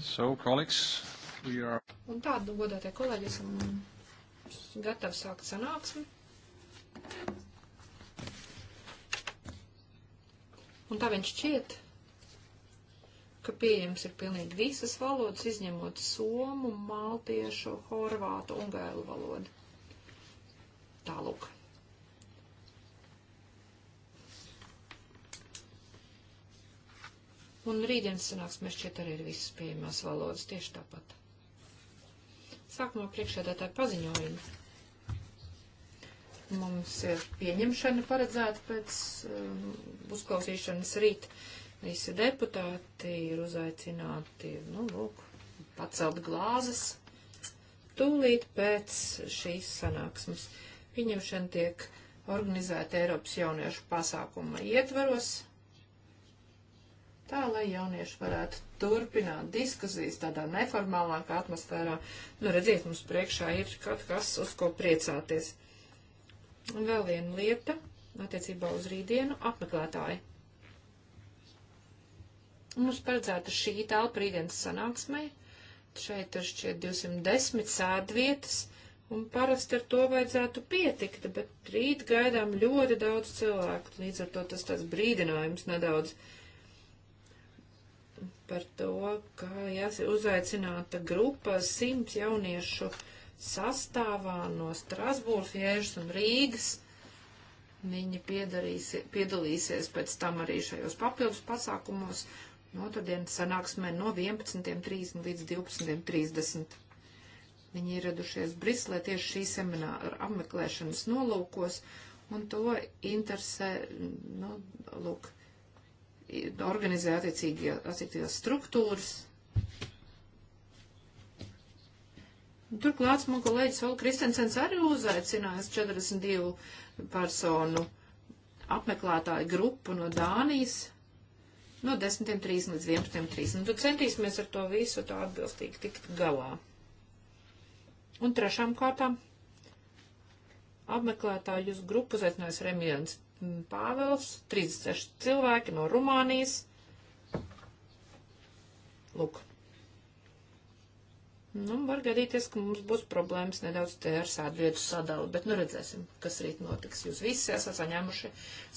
So, colleagues, we are... Un tā, godātie kolēģi, esam gatavi sākt sanāksmi. Un tā viņš šķiet, ka pieejams ir pilnīgi visas valodas, izņemot somu, maltiešu, horvātu un gēlu valodu. Tālūk. Un rītdienas sanāksmē šķiet arī ir visas pieejamās valodas tieši tāpat. Sākumā priekšēdētāji paziņojumi. Mums ir pieņemšana paredzēta pēc um, uzklausīšanas rīt. Visi deputāti ir uzaicināti, nu, lūk, pacelt glāzes tūlīt pēc šīs sanāksmes. Pieņemšana tiek organizēta Eiropas jauniešu pasākuma ietvaros tā, lai jaunieši varētu turpināt diskusijas tādā neformālākā atmosfērā. Nu, redziet, mums priekšā ir kaut kas, uz ko priecāties. Un vēl viena lieta attiecībā uz rītdienu - apmeklētāji. Mums paredzēta šī telpa rītdienas sanāksmē. Šeit ir šķiet 210 sēdvietas, un parasti ar to vajadzētu pietikt, bet rīt gaidām ļoti daudz cilvēku, līdz ar to tas tāds brīdinājums nedaudz. Uh, par to, ka uzaicināta grupa simts jauniešu sastāvā no Strasbūras, Jēžas un Rīgas. Viņi piedalīsies pēc tam arī šajos papildus pasākumos. Notradien nu, sanāksmē no 11.30 līdz 12.30. Viņi ieradušies Brislē tieši šī semināra apmeklēšanas nolūkos, un to interesē, nu, lūk, organizē attiecīgi, attiecīgās struktūras. Turklāt man kolēģis Ola Kristensens arī uzaicinājis 42 personu apmeklētāju grupu no Dānijas no 10.30 līdz 11.30. Nu, tad centīsimies ar to visu tā atbilstīgi tikt galā. Un trešām kārtām apmeklētājus grupu uzaicinājis Remjans Mm, Pāvels, 36 cilvēki no Rumānijas. Lūk. Nu, var gadīties, ka mums būs problēmas nedaudz te ar sēdvietu sadali, bet nu redzēsim, kas rīt notiks. Jūs visi esat saņēmuši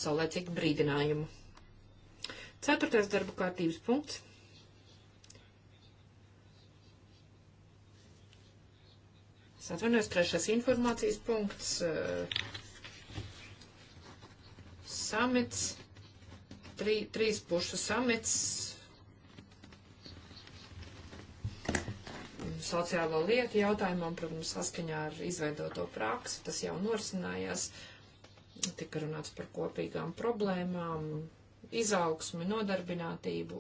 saulēcīgu brīdinājumu. Ceturtais darba kārtības punkts. Es atvainojos, trešais informācijas punkts. Uh, samits, trī, trīs pušu samits, sociālo lietu jautājumam, protams, saskaņā ar izveidoto praksi, tas jau norisinājās, tika runāts par kopīgām problēmām, izaugsmi, nodarbinātību,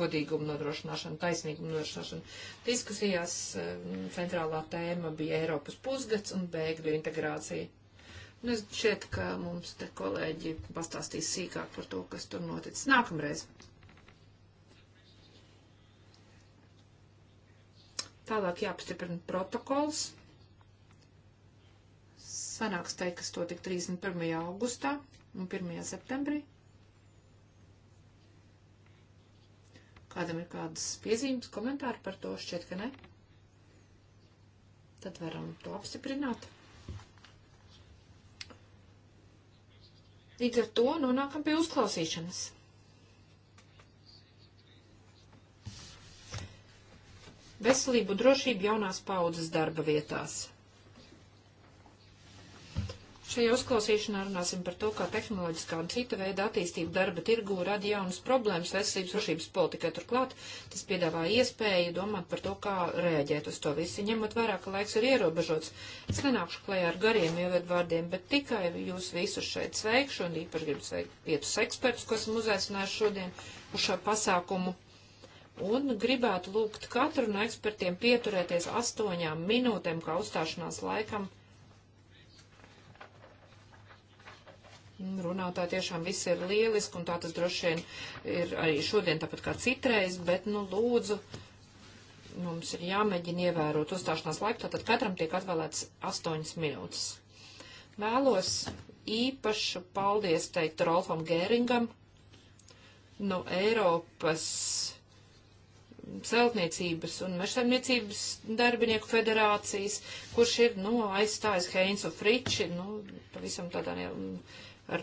godīgumu nodrošināšanu, taisnīgumu nodrošināšanu. Diskusijās eh, centrālā tēma bija Eiropas pusgads un bēgļu integrācija. Nu, es šķiet, ka mums te kolēģi pastāstīs sīkāk par to, kas tur noticis nākamreiz. Tālāk jāpastiprina protokols. Sanāks teikt, kas to tik 31. augustā un 1. septembrī. Kādam ir kādas piezīmes, komentāri par to? Šķiet, ka ne. Tad varam to apstiprināt. Līdz ar to nonākam pie uzklausīšanas. Veselību drošību jaunās paudzes darba vietās. Šajā uzklausīšanā runāsim par to, kā tehnoloģiskā un cita veida attīstība darba tirgū rada jaunas problēmas veselības drošības politikai. Turklāt tas piedāvā iespēju domāt par to, kā rēģēt uz to visu. Ņemot vērā, ka laiks ir ierobežots, es nenākšu klajā ar gariem ievadvārdiem, bet tikai jūs visus šeit sveikšu un īpaši gribu sveikt piecus ekspertus, ko esam uzaicinājuši šodien uz šo pasākumu un gribētu lūgt katru no ekspertiem pieturēties astoņām minūtēm kā uzstāšanās laikam, Runātāji tiešām viss ir lieliski, un tā tas droši vien ir arī šodien tāpat kā citreiz, bet, nu, lūdzu, mums ir jāmēģina ievērot uzstāšanās laiku, tātad katram tiek atvēlēts astoņas minūtes. Vēlos īpašu paldies teikt Rolfam Gēringam no Eiropas celtniecības un mežsaimniecības darbinieku federācijas, kurš ir, nu, aizstājis Heinzu Friči, nu, pavisam tādā ne, ar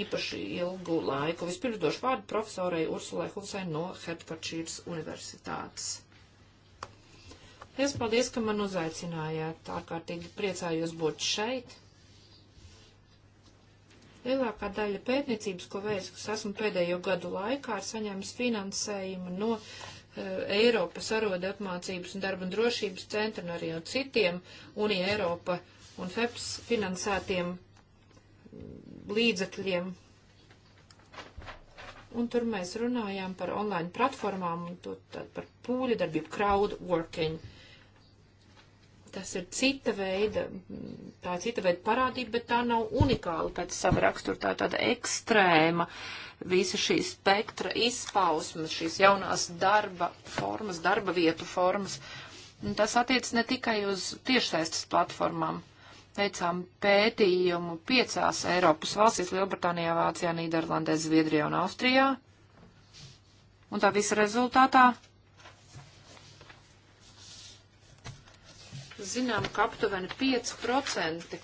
īpaši ilgu laiku. Vispirms došu vārdu profesorai Ursulai Hulsai no Hertfordshires universitātes. Es paldies, ka man uzaicinājāt. Ārkārtīgi priecājos būt šeit. Lielākā daļa pētniecības, ko veicu, kas esmu pēdējo gadu laikā, ir saņēmis finansējumu no e, Eiropas aroda apmācības un darba un drošības centra un arī no citiem Unija Eiropa un FEPS finansētiem līdzekļiem. Un tur mēs runājām par online platformām un to, tad par pūļu darbību, crowd working. Tas ir cita veida, tā ir cita veida parādība, bet tā nav unikāla pēc sava rakstura, tā tāda ekstrēma, visa šī spektra izpausme, šīs jaunās darba formas, darba vietu formas. Un tas attiec ne tikai uz tiešsaistes platformām veicām pētījumu piecās Eiropas valstīs - Lielbritānijā, Vācijā, Nīderlandē, Zviedrijā un Austrijā. Un tā visa rezultātā zinām, ka aptuveni 5%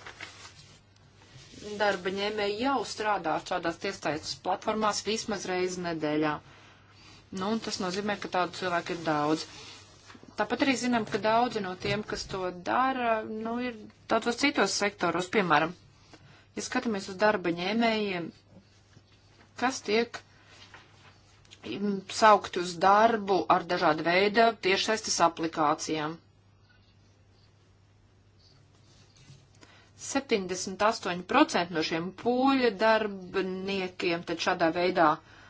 darba ņēmēji jau strādā šādās tiesaitas platformās vismaz reizi nedēļā. Nu, un tas nozīmē, ka tādu cilvēku ir daudz. Uh, Tāpat arī zinām, ka daudzi no tiem, kas to dara, nu, ir tādos citos sektoros, piemēram, ja skatāmies uz darba ņēmējiem, kas tiek mm, saukt uz darbu ar dažādu veidu tiešsaistes aplikācijām. 78% no šiem pūļa darbiniekiem tad šādā veidā uh,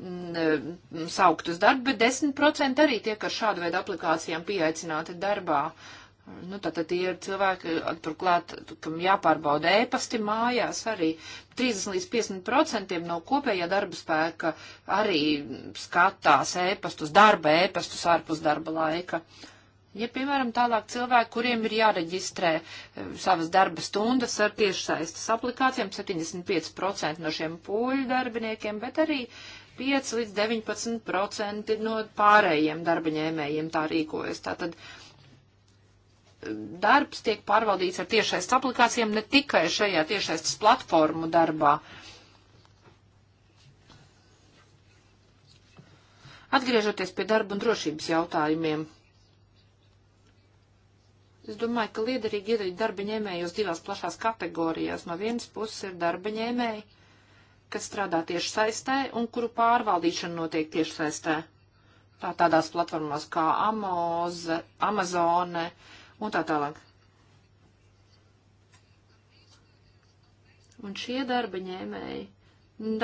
Mm, saukt uz darbu, bet 10% arī tiek ar šādu veidu aplikācijām pieaicināti darbā. Nu, tātad tie ir cilvēki, turklāt, kam jāpārbauda ēpasti mājās arī. 30 līdz 50% no kopējā darba spēka arī skatās ēpastus, darba ēpastus ārpus darba laika. Ja, piemēram, tālāk cilvēki, kuriem ir jāreģistrē eh, savas darba stundas ar tiešsaistes aplikācijām, 75% no šiem poļu darbiniekiem, bet arī 5 līdz 19% no pārējiem darbaņēmējiem tā rīkojas. Tātad eh, darbs tiek pārvaldīts ar tiešais aplikācijām ne tikai šajā tiešais platformu darbā. Atgriežoties pie darba un drošības jautājumiem, Es domāju, ka liederīgi iedalīt darba ņēmējus divās plašās kategorijās. No vienas puses ir darba ņēmēji, kas strādā tieši saistē un kuru pārvaldīšana notiek tieši saistē. Tā tādās platformās kā Amoze, Amazone un tā tālāk. Un šie darba ņēmēji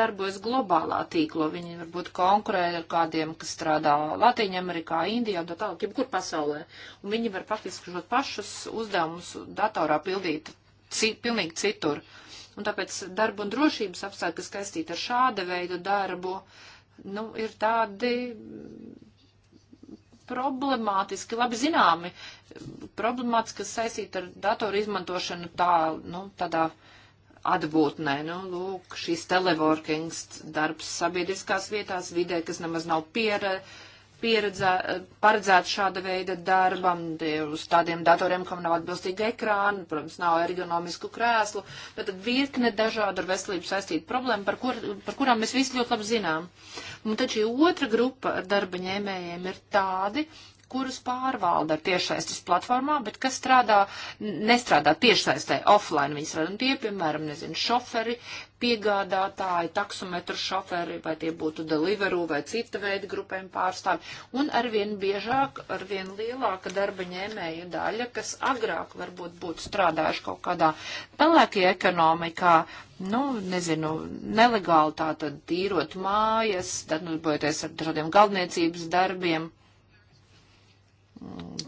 darbojas globālā tīklo. Viņi varbūt konkurē ar kādiem, kas strādā Latīņa Amerikā, Indijā un tā tālāk, jebkur pasaulē. Un viņi var faktiski šos pašus uzdevumus datorā pildīt ci, pilnīgi citur. Uh, Un tāpēc darba un drošības apstākļi, kas saistīti ar šāda veida darbu, nu, ir tādi problemātiski, labi zināmi, problemātiski, kas saistīti ar datoru izmantošanu tā, nu, tādā atbūtnē, nu, lūk, šīs teleworkings darbs sabiedriskās vietās, vidē, kas nemaz nav pieredzēta pieredzē, eh, paredzēti šāda veida darbam, uz tādiem datoriem, kam nav atbilstīga ekrāna, protams, nav ergonomisku krēslu, bet tad virkne dažādu ar veselību saistītu problēmu, par, kur, par kurām mēs visi ļoti labi zinām. Un tad šī otra grupa darba ņēmējiem ir tādi, kurus pārvalda ar tiešsaistes platformā, bet kas strādā, nestrādā tiešsaistē offline. Viņi strādā, un tie, piemēram, nezinu, šoferi, piegādātāji, taksometru šoferi, vai tie būtu deliveru vai cita veida grupēm pārstāvi. Un arvien biežāk, arvien lielāka darba ņēmēju daļa, kas agrāk varbūt būtu strādājuši kaut kādā pelēkajā ekonomikā, nu, nezinu, nelegāli tā tad tīrot mājas, tad nodarbojoties ar dažādiem galdniecības darbiem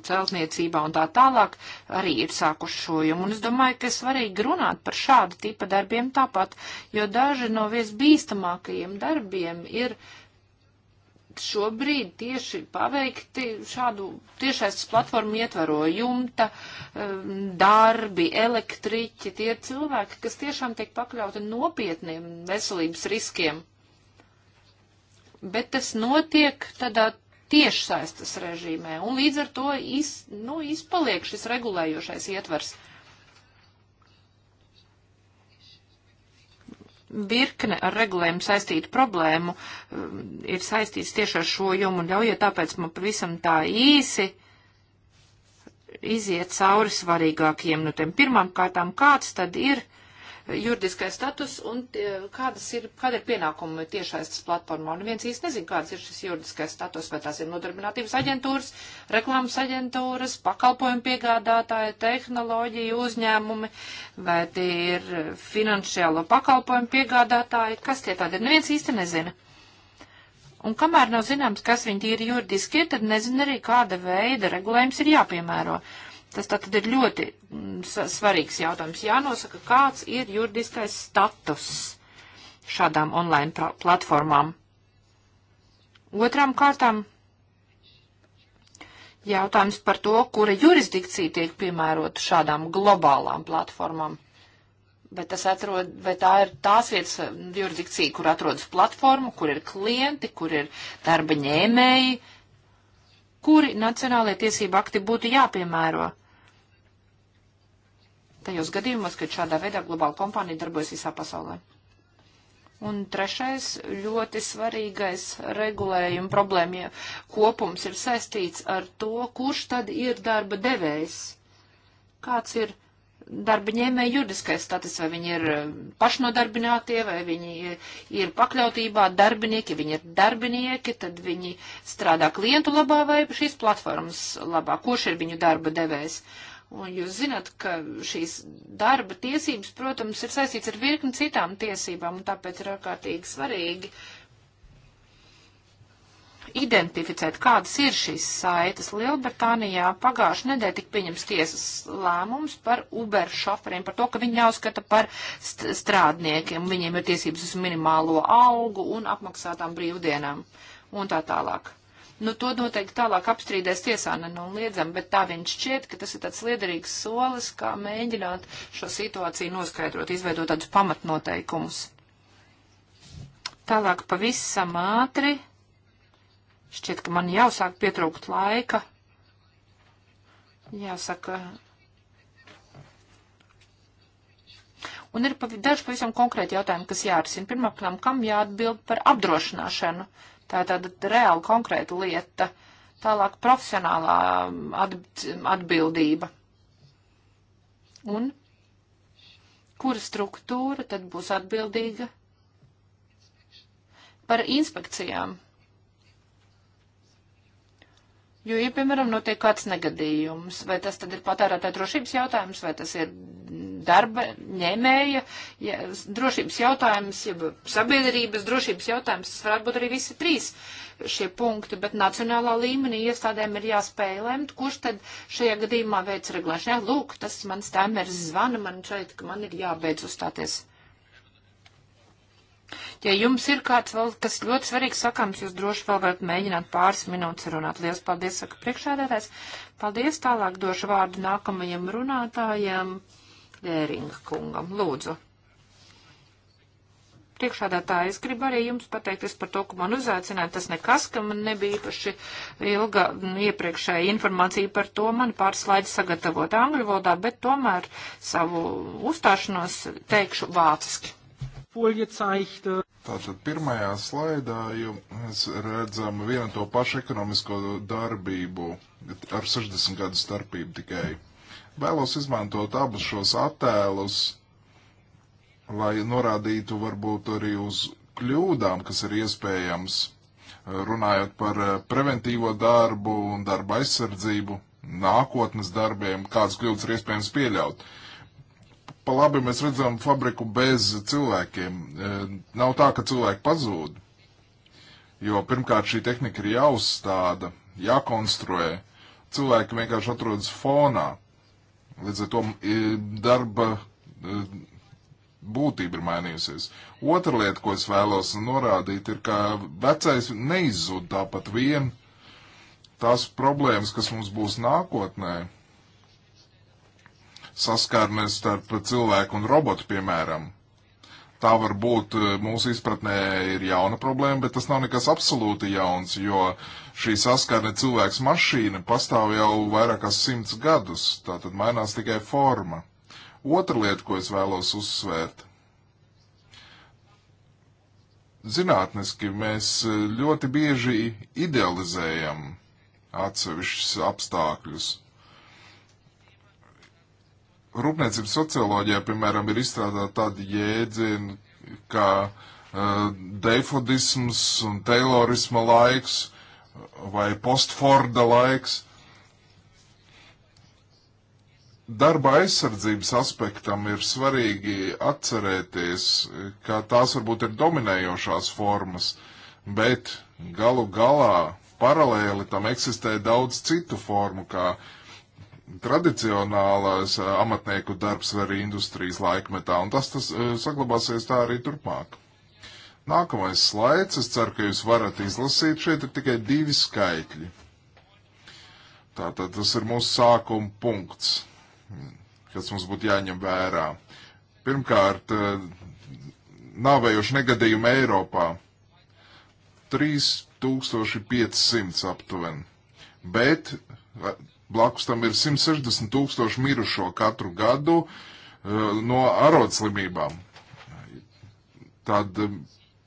celtniecībā un tā tālāk arī ir sākuši šo jomu. Un es domāju, ka svarīgi runāt par šādu tipu darbiem tāpat, jo daži no visbīstamākajiem darbiem ir šobrīd tieši paveikti šādu tiešais platformu ietvaro jumta, um, darbi, elektriķi, tie cilvēki, kas tiešām tiek pakļauti nopietniem veselības riskiem. Bet tas notiek tādā tiešsaistes režīmē, un līdz ar to iz, nu, izpaliek šis regulējošais ietvers. virkne ar regulējumu saistītu problēmu um, ir saistīts tieši ar šo jomu, un ļaujiet tāpēc man pavisam tā īsi iziet cauri svarīgākiem. Nu, tiem pirmām kārtām, kāds tad ir juridiskais status un e, kādas ir, kāda ir pienākuma tiešais platformā. Un viens īsti nezin, kāds ir šis juridiskais status, vai tās ir nodarbinātības aģentūras, reklāmas aģentūras, pakalpojumu piegādātāji, tehnoloģiju uzņēmumi, vai tie ir finansiālo pakalpojumu piegādātāji, kas tie tādi ir. Neviens nu, īsti nezina. Un kamēr nav zināms, kas viņi ir juridiski, tad nezinu arī, kāda veida regulējums ir jāpiemēro. Uh, Tas tātad ir ļoti mm, svarīgs jautājums. Jānosaka, kāds ir juridiskais status šādām online platformām. Otrām kārtām jautājums par to, kura jurisdikcija tiek piemērota šādām globālām platformām. Bet tas atrod, vai tā ir tās vietas mm, jurisdikcija, kur atrodas platforma, kur ir klienti, kur ir darba ņēmēji, uh, kuri nacionālajie tiesība akti būtu jāpiemēro. Tajos gadījumos, kad šādā veidā globāla kompānija darbojas visā pasaulē. Un trešais ļoti svarīgais regulējuma problēma kopums ir saistīts ar to, kurš tad ir darba devējs. Kāds ir darba ņēmēja juridiskais status, vai viņi ir eh, pašnodarbinātie, vai viņi ir pakļautībā darbinieki, ja viņi ir darbinieki, tad viņi strādā klientu labā vai šīs platformas labā, kurš ir viņu darba devējs. Un jūs zināt, ka šīs darba tiesības, protams, ir saistīts ar virkni citām tiesībām, un tāpēc ir ārkārtīgi svarīgi, uh, identificēt, kādas ir šīs saites. Lielbritānijā pagājušajā nedēļā tika pieņems tiesas lēmums par Uber šoferiem, par to, ka viņi jāuzskata par st strādniekiem, viņiem ir tiesības uz minimālo algu un apmaksātām brīvdienām un tā tālāk. Nu, to noteikti tālāk apstrīdēs tiesā nenoliedzam, bet tā viņš šķiet, ka tas ir tāds liederīgs solis, kā mēģināt šo situāciju noskaidrot, izveidot tādus pamatnoteikumus. Tālāk pavisam ātri Šķiet, ka man jāsāk pietrūkt laika. Jāsaka. Un ir pavi, daži pavisam konkrēti jautājumi, kas jārisina. Pirmkārt, kam jāatbild par apdrošināšanu? Tā ir tāda reāla konkrēta lieta. Tālāk profesionālā um, atbildība. Un kura struktūra tad būs atbildīga par inspekcijām? Jo, ja, piemēram, notiek kāds negadījums, vai tas tad ir patērētāja drošības jautājums, vai tas ir darba ņēmēja ja, drošības jautājums, ja sabiedrības drošības jautājums, tas varētu būt arī visi trīs šie punkti, bet nacionālā līmenī iestādēm ir jāspēj lemt, kurš tad šajā gadījumā veids regulēšanu. Jā, lūk, tas mans tēmērs zvana man šeit, ka man ir jābeidz uzstāties. Ja jums ir kāds vēl, kas ļoti svarīgs sakāms, jūs droši vēl varat mēģināt pāris minūtes runāt. Lielas paldies, saka priekšādātājs. Paldies, tālāk došu vārdu nākamajam runātājam, Dēringa kungam. Lūdzu. Priekšādātāji, es gribu arī jums pateikties par to, ka man uzaicināja. Tas nekas, ka man nebija īpaši ilga iepriekšēja informācija par to. Man pāris slaidi sagatavot angļu valodā, bet tomēr savu uzstāšanos teikšu vāciski vorgezeigte. Tātad pirmajā slaidā mēs redzam vienu to pašu ekonomisko darbību ar 60 gadu starpību tikai. Vēlos izmantot abus šos attēlus, lai norādītu varbūt arī uz kļūdām, kas ir iespējams, runājot par eh, preventīvo darbu un darba aizsardzību, nākotnes darbiem, kādas kļūdas ir iespējams pieļaut. Uh, pa labi mēs redzam fabriku bez cilvēkiem. E, nav tā, ka cilvēki pazūd. Jo pirmkārt šī tehnika ir jāuzstāda, jākonstruē. Cilvēki vienkārši atrodas fonā. Līdz ar to e, darba e, būtība ir mainījusies. Otra lieta, ko es vēlos norādīt, ir, ka vecais neizzūd tāpat vien. Tās problēmas, kas mums būs nākotnē, saskārnes starp cilvēku un robotu, piemēram. Tā var būt eh, mūsu izpratnē ir jauna problēma, bet tas nav nekas absolūti jauns, jo šī saskarne cilvēks mašīna pastāv jau vairākas simts gadus, tātad mainās tikai forma. Otra lieta, ko es vēlos uzsvērt. Zinātniski mēs eh, ļoti bieži idealizējam atsevišķus apstākļus. Rūpniecības socioloģijā, piemēram, ir izstrādāta tāda jēdziena, kā uh, deifodisms un teilorisma laiks vai postforda laiks. Darba aizsardzības aspektam ir svarīgi atcerēties, ka tās varbūt ir dominējošās formas, bet galu galā paralēli tam eksistē daudz citu formu, kā uh, tradicionālais eh, amatnieku darbs var arī industrijas laikmetā, un tas, tas eh, saglabāsies tā arī turpmāk. Nākamais slaids, es ceru, ka jūs varat izlasīt, šeit ir tikai divi skaitļi. Tātad tas ir mūsu sākuma punkts, hmm, kas mums būtu jāņem vērā. Pirmkārt, eh, nāvējoši negadījumi Eiropā 3500 aptuveni, bet Blakus tam ir 160 tūkstoši mirušo katru gadu eh, no arodslimībām. Tad eh,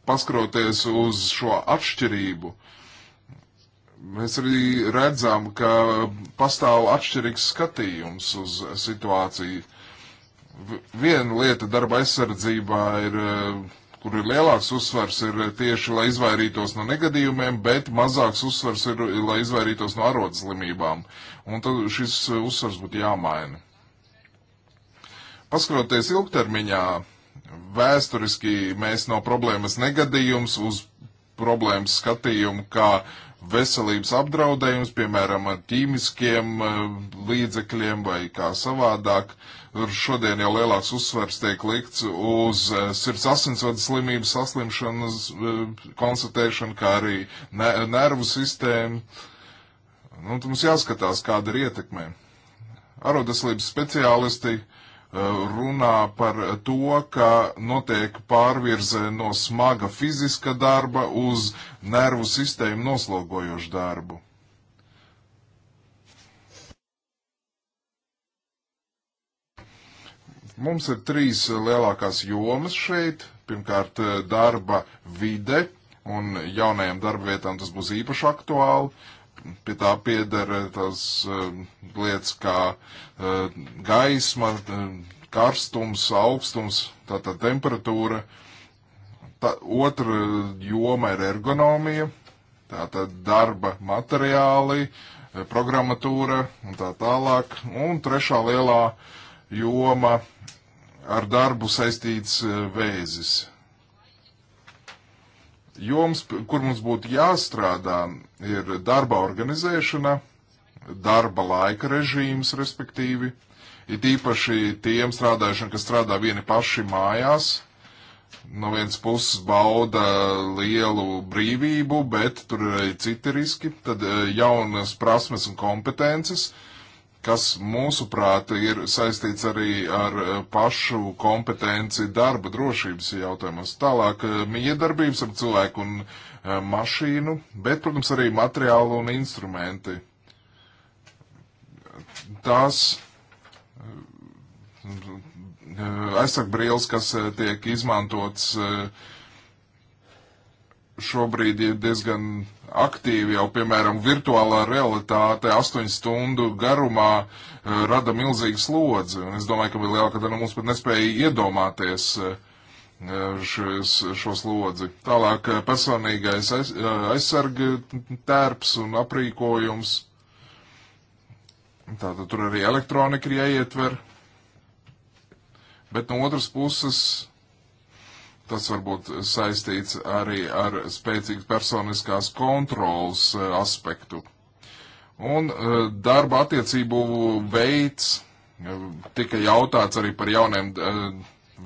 paskroties uz šo atšķirību, mēs arī redzam, ka pastāv atšķirīgs skatījums uz situāciju. Viena lieta darba aizsardzībā ir uh, kur ir lielāks uzsvars, ir tieši, lai izvairītos no negadījumiem, bet mazāks uzsvars ir, lai izvairītos no arotslimībām. Un tad šis uzsvars būtu jāmaina. Paskatoties ilgtermiņā, vēsturiski mēs no problēmas negadījums uz problēmas skatījumu kā veselības apdraudējums, piemēram, ar ķīmiskiem eh, līdzekļiem vai kā savādāk. Uh, Šodien jau lielāks uzsvers tiek likts uz eh, sirds asinsvadu slimību saslimšanas eh, konstatēšanu, kā arī ne nervu sistēmu. Nu, mums jāskatās, kāda ir ietekme. Arodaslības speciālisti eh, runā par to, ka notiek pārvirze no smaga fiziska darba uz nervu sistēmu noslogojošu darbu. Mums ir trīs lielākās jomas šeit. Pirmkārt, eh, darba vide, un jaunajām darba vietām tas būs īpaši aktuāli. Pie tā piedara eh, tās eh, lietas kā gaisma, karstums, augstums, tātad temperatūra. Tā, otra joma ir ergonomija, tātad darba materiāli, programmatūra un tā tālāk. Un trešā lielā uh, joma ar darbu saistīts eh, vēzis. Joms, kur mums būtu jāstrādā, ir darba organizēšana, darba laika režīms, respektīvi, it īpaši tiem strādājušiem, kas strādā vieni paši mājās, no vienas puses bauda lielu brīvību, bet tur ir arī citi riski, tad eh, jaunas prasmes un kompetences, uh, kas mūsuprāt ir saistīts arī ar eh, pašu kompetenci darba drošības jautājumos. Tālāk eh, miedarbības ar cilvēku un eh, mašīnu, bet, protams, arī materiālu un instrumenti. Tās aizsakbrīls, kas tiek izmantots šobrīd ir diezgan aktīvi jau, piemēram, virtuālā realitāte 8 stundu garumā eh, rada milzīgu slodzi. Un es domāju, ka lielākā daļa mums pat nespēja iedomāties eh, šos, šo slodzi. Tālāk eh, personīgais aiz, aizsarga tērps un aprīkojums. Tātad tur arī elektronika ir jāietver. Bet no otras puses Tas varbūt saistīts arī ar spēcīgas personiskās kontrolas eh, aspektu. Un eh, darba attiecību veids, eh, tika jautāts arī par jauniem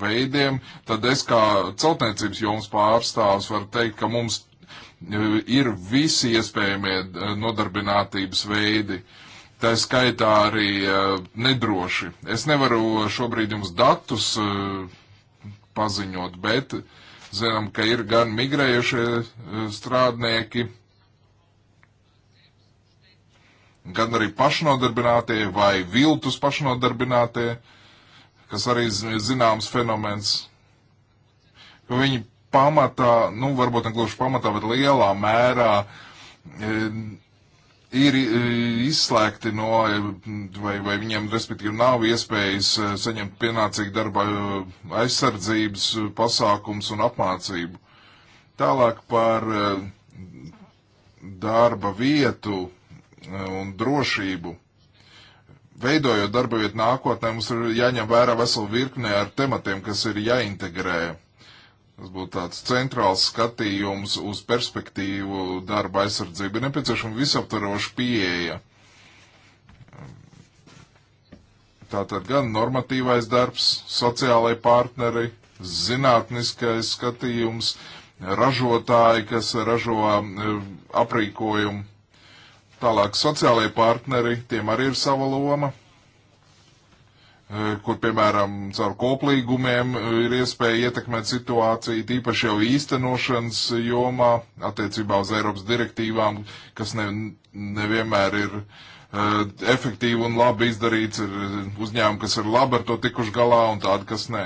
veidiem, tad es kā celtniecības joms pārstāvs varu teikt, ka mums ir visi iespējamie nodarbinātības veidi. Tā skaitā arī nedroši. Es nevaru šobrīd jums datus uh, paziņot, bet zinām, ka ir gan migrējušie e, strādnieki, gan arī pašnodarbinātie vai viltus pašnodarbinātie, kas arī zināms fenomens, ka viņi pamatā, nu varbūt ne gluži pamatā, bet lielā mērā e, ir e, izslēgti no, e, vai, vai viņiem, respektīvi, nav iespējas e, saņemt pienācīgu darba aizsardzības pasākums un apmācību. Tālāk par darba vietu un drošību. Veidojot darba vietu nākotnē, mums ir jāņem vērā veselu virknē ar tematiem, kas ir jāintegrē Tas būtu tāds centrāls skatījums uz perspektīvu darba aizsardzību. Ir nepieciešama visaptvaroša pieeja. Tātad gan normatīvais darbs, sociālai partneri, zinātniskais skatījums, ražotāji, kas ražo e, aprīkojumu. Tālāk sociālai partneri, tiem arī ir sava loma. Eh, kur, piemēram, caur koplīgumiem eh, ir iespēja ietekmēt situāciju, tīpaši jau īstenošanas jomā attiecībā uz Eiropas direktīvām, kas ne, nevienmēr ir uh, efektīvi un labi izdarīts, ir uzņēmumi, kas ir labi ar to tikuši galā un tādi, kas nē.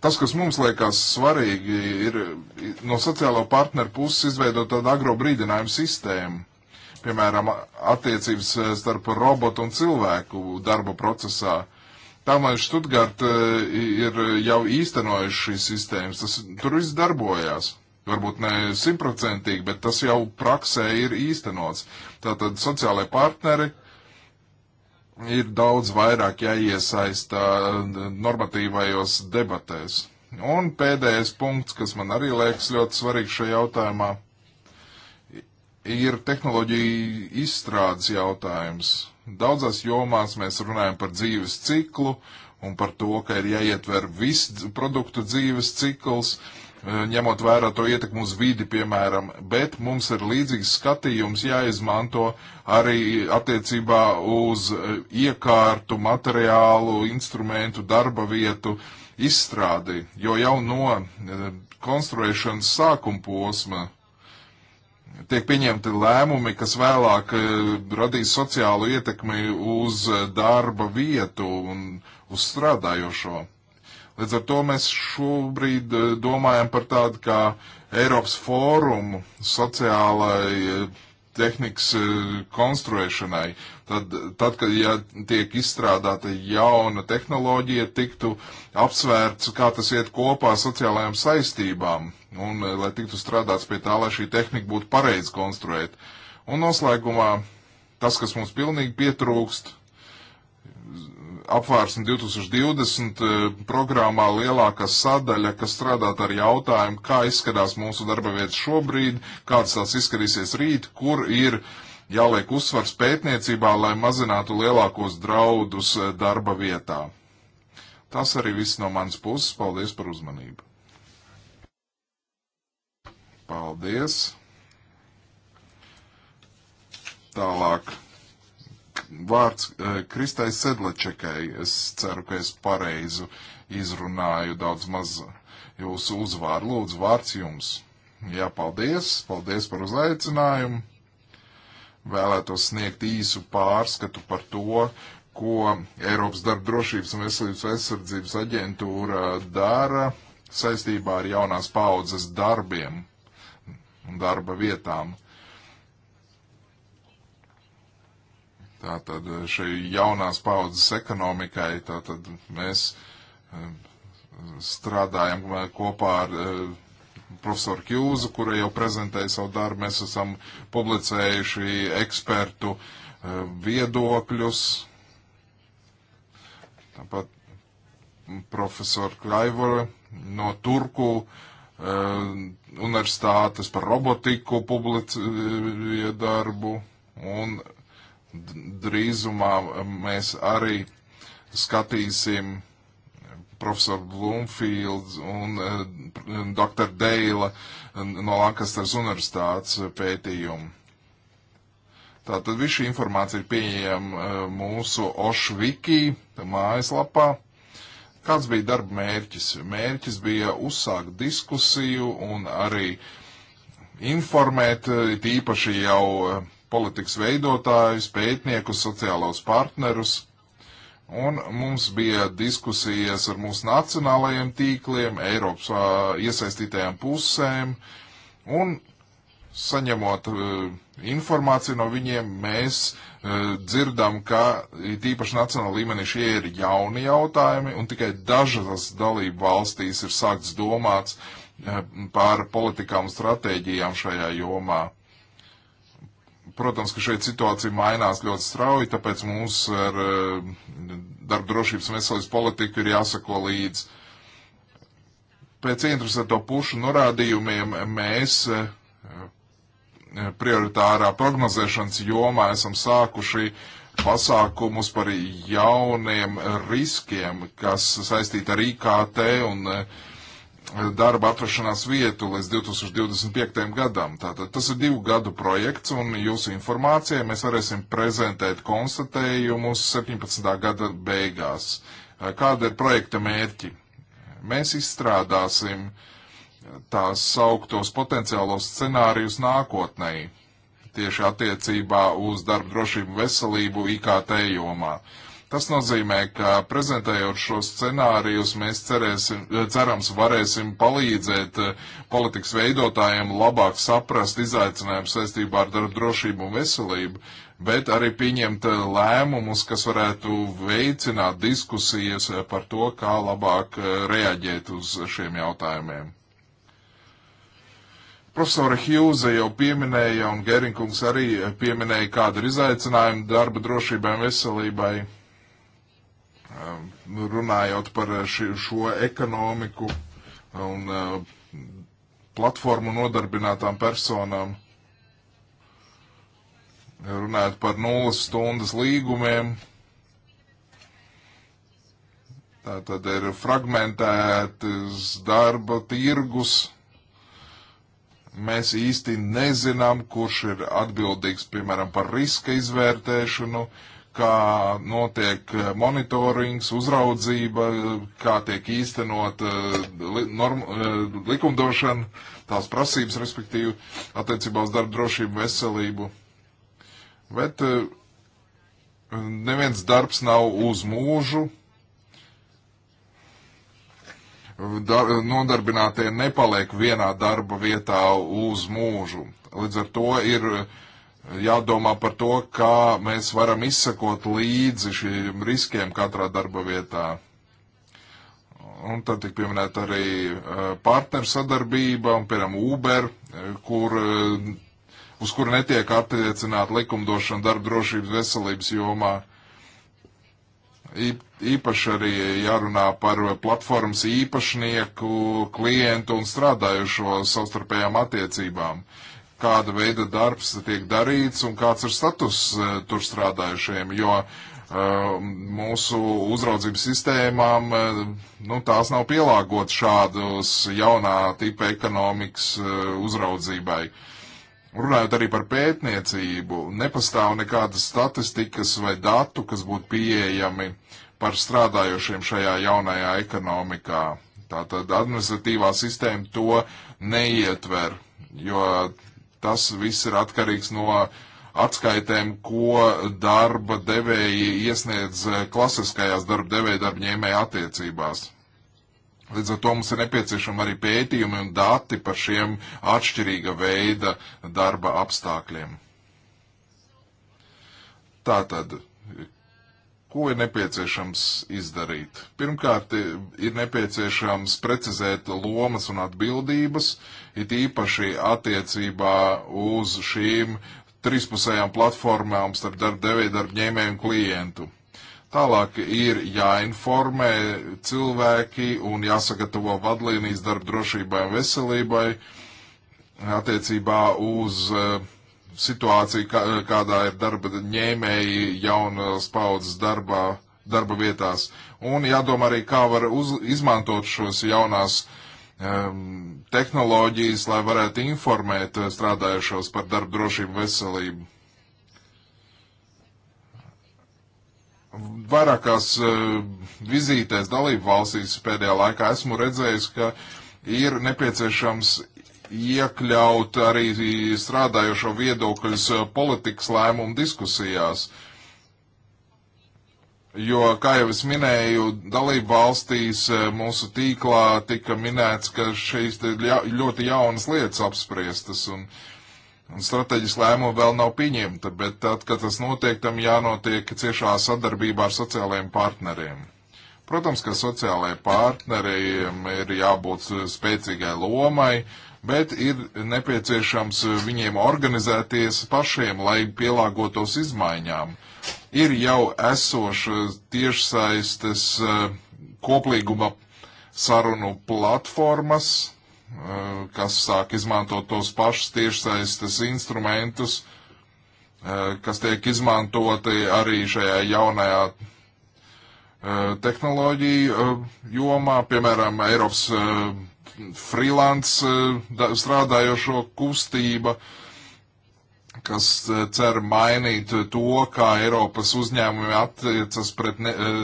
Tas, kas mums liekas svarīgi, ir no sociālo partneru puses izveidot tādu agro brīdinājumu sistēmu, piemēram, attiecības eh, starp robotu un cilvēku darba procesā. Tāmēr Študgart eh, ir jau īstenojuši šīs sistēmas, tas, tur viss darbojās. Varbūt ne simtprocentīgi, bet tas jau praksē ir īstenots. Tātad sociālai partneri ir daudz vairāk jāiesaista eh, normatīvajos debatēs. Un pēdējais punkts, kas man arī liekas ļoti svarīgs šajā jautājumā ir tehnoloģija izstrādes jautājums. Daudzās jomās mēs runājam par dzīves ciklu un par to, ka ir jāietver viss produktu dzīves cikls, e, ņemot vērā to ietekmu uz vidi, piemēram, bet mums ir līdzīgs skatījums jāizmanto arī attiecībā uz e, iekārtu, materiālu, instrumentu, darba vietu izstrādi, jo jau no e, konstruēšanas sākuma posma tiek pieņemti lēmumi, kas vēlāk eh, radīs sociālu ietekmi uz eh, darba vietu un uz strādājošo. Līdz ar to mēs šobrīd eh, domājam par tādu kā Eiropas fórumu sociālai tehnikas e, konstruēšanai. Tad, tad kad ja tiek izstrādāta jauna tehnoloģija, tiktu apsvērts, kā tas iet kopā sociālajām saistībām, un e, lai tiktu strādāts pie tā, lai šī tehnika būtu pareizi konstruēta. Un noslēgumā tas, kas mums pilnīgi pietrūkst, apvārsni 2020 eh, programmā lielākā sadaļa, kas strādāt ar jautājumu, kā izskatās mūsu darba vietas šobrīd, kāds tās izskatīsies rīt, kur ir jāliek uzsvars pētniecībā, lai mazinātu lielākos draudus eh, darba vietā. Tas arī viss no manas puses. Paldies par uzmanību. Paldies. Tālāk. Vārds eh, Kristai Sedlačekai. Es ceru, ka es pareizu izrunāju daudz maz jūsu uzvāru. Lūdzu, vārds jums. Jā, paldies. Paldies par uzaicinājumu. Vēlētos sniegt īsu pārskatu par to, ko Eiropas darba drošības un veselības aizsardzības aģentūra dara saistībā ar jaunās paudzes darbiem un darba vietām. Tātad šai jaunās paudzes ekonomikai, tātad mēs eh, strādājam eh, kopā ar eh, profesoru Kjūzu, kura jau prezentēja savu darbu. Mēs esam publicējuši ekspertu viedokļus. Tāpat profesora Kraivora no Turku universitātes par robotiku publicēja darbu. Un drīzumā mēs arī skatīsim profesoru Blumfields un uh, e, e, doktora Deila e, no Lankastras universitātes pētījumu. Tātad visu šī informācija ir pieejama uh, mūsu Ošviki mājaslapā. Kāds bija darba mērķis? Mērķis bija uzsākt diskusiju un arī informēt, tīpaši jau uh, politikas veidotājus, pētniekus, sociālos partnerus. Un mums bija diskusijas ar mūsu nacionālajiem tīkliem, Eiropas iesaistītajām pusēm, un saņemot uh, informāciju no viņiem, mēs uh, dzirdam, ka tīpaši nacionāla līmenī šie ir jauni jautājumi, un tikai dažas dalību valstīs ir sākts domāts uh, par politikām un stratēģijām šajā jomā. Protams, ka šeit situācija mainās ļoti strauji, tāpēc mums ar eh, darba drošības un veselības politiku ir jāsako līdz. Pēc interesēto pušu norādījumiem mēs eh, eh, prioritārā prognozēšanas jomā esam sākuši pasākumus par jauniem riskiem, kas saistīti ar IKT un uh, darba atrašanās vietu līdz 2025. gadam. Tātad tas ir divu gadu projekts, un jūsu informācijai mēs varēsim prezentēt konstatējumus 17. gada beigās. Kāda ir projekta mērķi? Mēs izstrādāsim tās sauktos potenciālos scenārijus nākotnēji, tieši attiecībā uz darba drošību veselību IKT jomā. Uh, Tas nozīmē, ka prezentējot šos scenārijus, mēs cerēsim, cerams varēsim palīdzēt eh, politikas veidotājiem labāk saprast izaicinājumu saistībā ar darba drošību un veselību, bet arī pieņemt eh, lēmumus, kas varētu veicināt diskusijas par to, kā labāk eh, reaģēt uz šiem jautājumiem. Profesora Hjūze jau pieminēja, un Gerinkungs arī pieminēja, kāda ir izaicinājuma darba drošībai un veselībai Um, runājot par šo ekonomiku un uh, platformu nodarbinātām personām, runājot par nulles stundas līgumiem. Tā tad ir fragmentētas darba tirgus. Mēs īsti nezinām, kurš ir atbildīgs, piemēram, par riska izvērtēšanu. Uh, kā notiek eh, monitorings, uzraudzība, eh, kā tiek īstenot eh, li, norm, likumdošana, tās prasības, respektīvi, attiecībā uz darba drošību, veselību. Bet neviens darbs nav uz mūžu. Dar, nodarbinātie nepaliek vienā darba vietā uz mūžu. Līdz ar to ir uh, jādomā par to, kā mēs varam izsekot līdzi šiem riskiem katrā darba vietā. Un tad tik pieminēt arī eh, partneru sadarbība, un, piemēram, Uber, eh, kur, eh, uz kuru netiek attiecināta likumdošana darba drošības veselības jomā. Īpaši arī jārunā par platformas īpašnieku, klientu un strādājušo savstarpējām attiecībām. Uh, kāda veida darbs tiek darīts un kāds ir status e, tur strādājušiem, jo e, mūsu uzraudzības sistēmām, e, nu, tās nav pielāgotas šādos jaunā tipa ekonomikas uzraudzībai. Runājot arī par pētniecību, nepastāv nekādas statistikas vai datu, kas būtu pieejami par strādājošiem šajā jaunajā ekonomikā. Tātad administratīvā sistēma to neietver, jo tas viss ir atkarīgs no atskaitēm, ko darba devēji iesniedz klasiskajās darba devēja darba ņēmēja attiecībās. Līdz ar to mums ir nepieciešama arī pētījumi un dati par šiem atšķirīga veida darba apstākļiem. Tātad Ko ir nepieciešams izdarīt? Pirmkārt, ir nepieciešams precizēt lomas un atbildības, it īpaši attiecībā uz šīm trispusējām platformām starp darba devēju, darba ņēmēju un klientu. Tālāk ir jāinformē cilvēki un jāsagatavo vadlīnijas darba drošībai un veselībai attiecībā uz uh, situāciju, kā, kādā ir darba ņēmēji jaunas paudzes darbā, darba vietās. Un jādomā arī, kā var uz, izmantot šos jaunās um, tehnoloģijas, lai varētu informēt eh, strādājušos par darba drošību veselību. vairākās uh, vizītēs dalību valstīs pēdējā laikā esmu redzējis, ka ir nepieciešams iekļaut arī strādājošo viedokļus eh, politikas lēmumu diskusijās. Jo, kā jau es minēju, dalību valstīs eh, mūsu tīklā tika minēts, ka šīs ļoti jaunas lietas apspriestas un, un strateģiski lēmumi vēl nav pieņemta, bet tad, kad tas notiek, tam jānotiek ciešā sadarbībā ar sociālajiem partneriem. Protams, ka sociālajiem partneriem ir jābūt spēcīgai lomai, uh, bet ir nepieciešams eh, viņiem organizēties pašiem, lai pielāgotos izmaiņām. Ir jau esošas tiešsaistes eh, koplīguma sarunu platformas, eh, kas sāk izmantot tos pašus tiešsaistes instrumentus, kas tiek izmantoti arī šajā jaunajā tehnoloģiju jomā, piemēram, Eiropas freelance eh, strādājošo kustība, kas eh, cer mainīt to, kā Eiropas uzņēmumi attiecas pret ne, eh,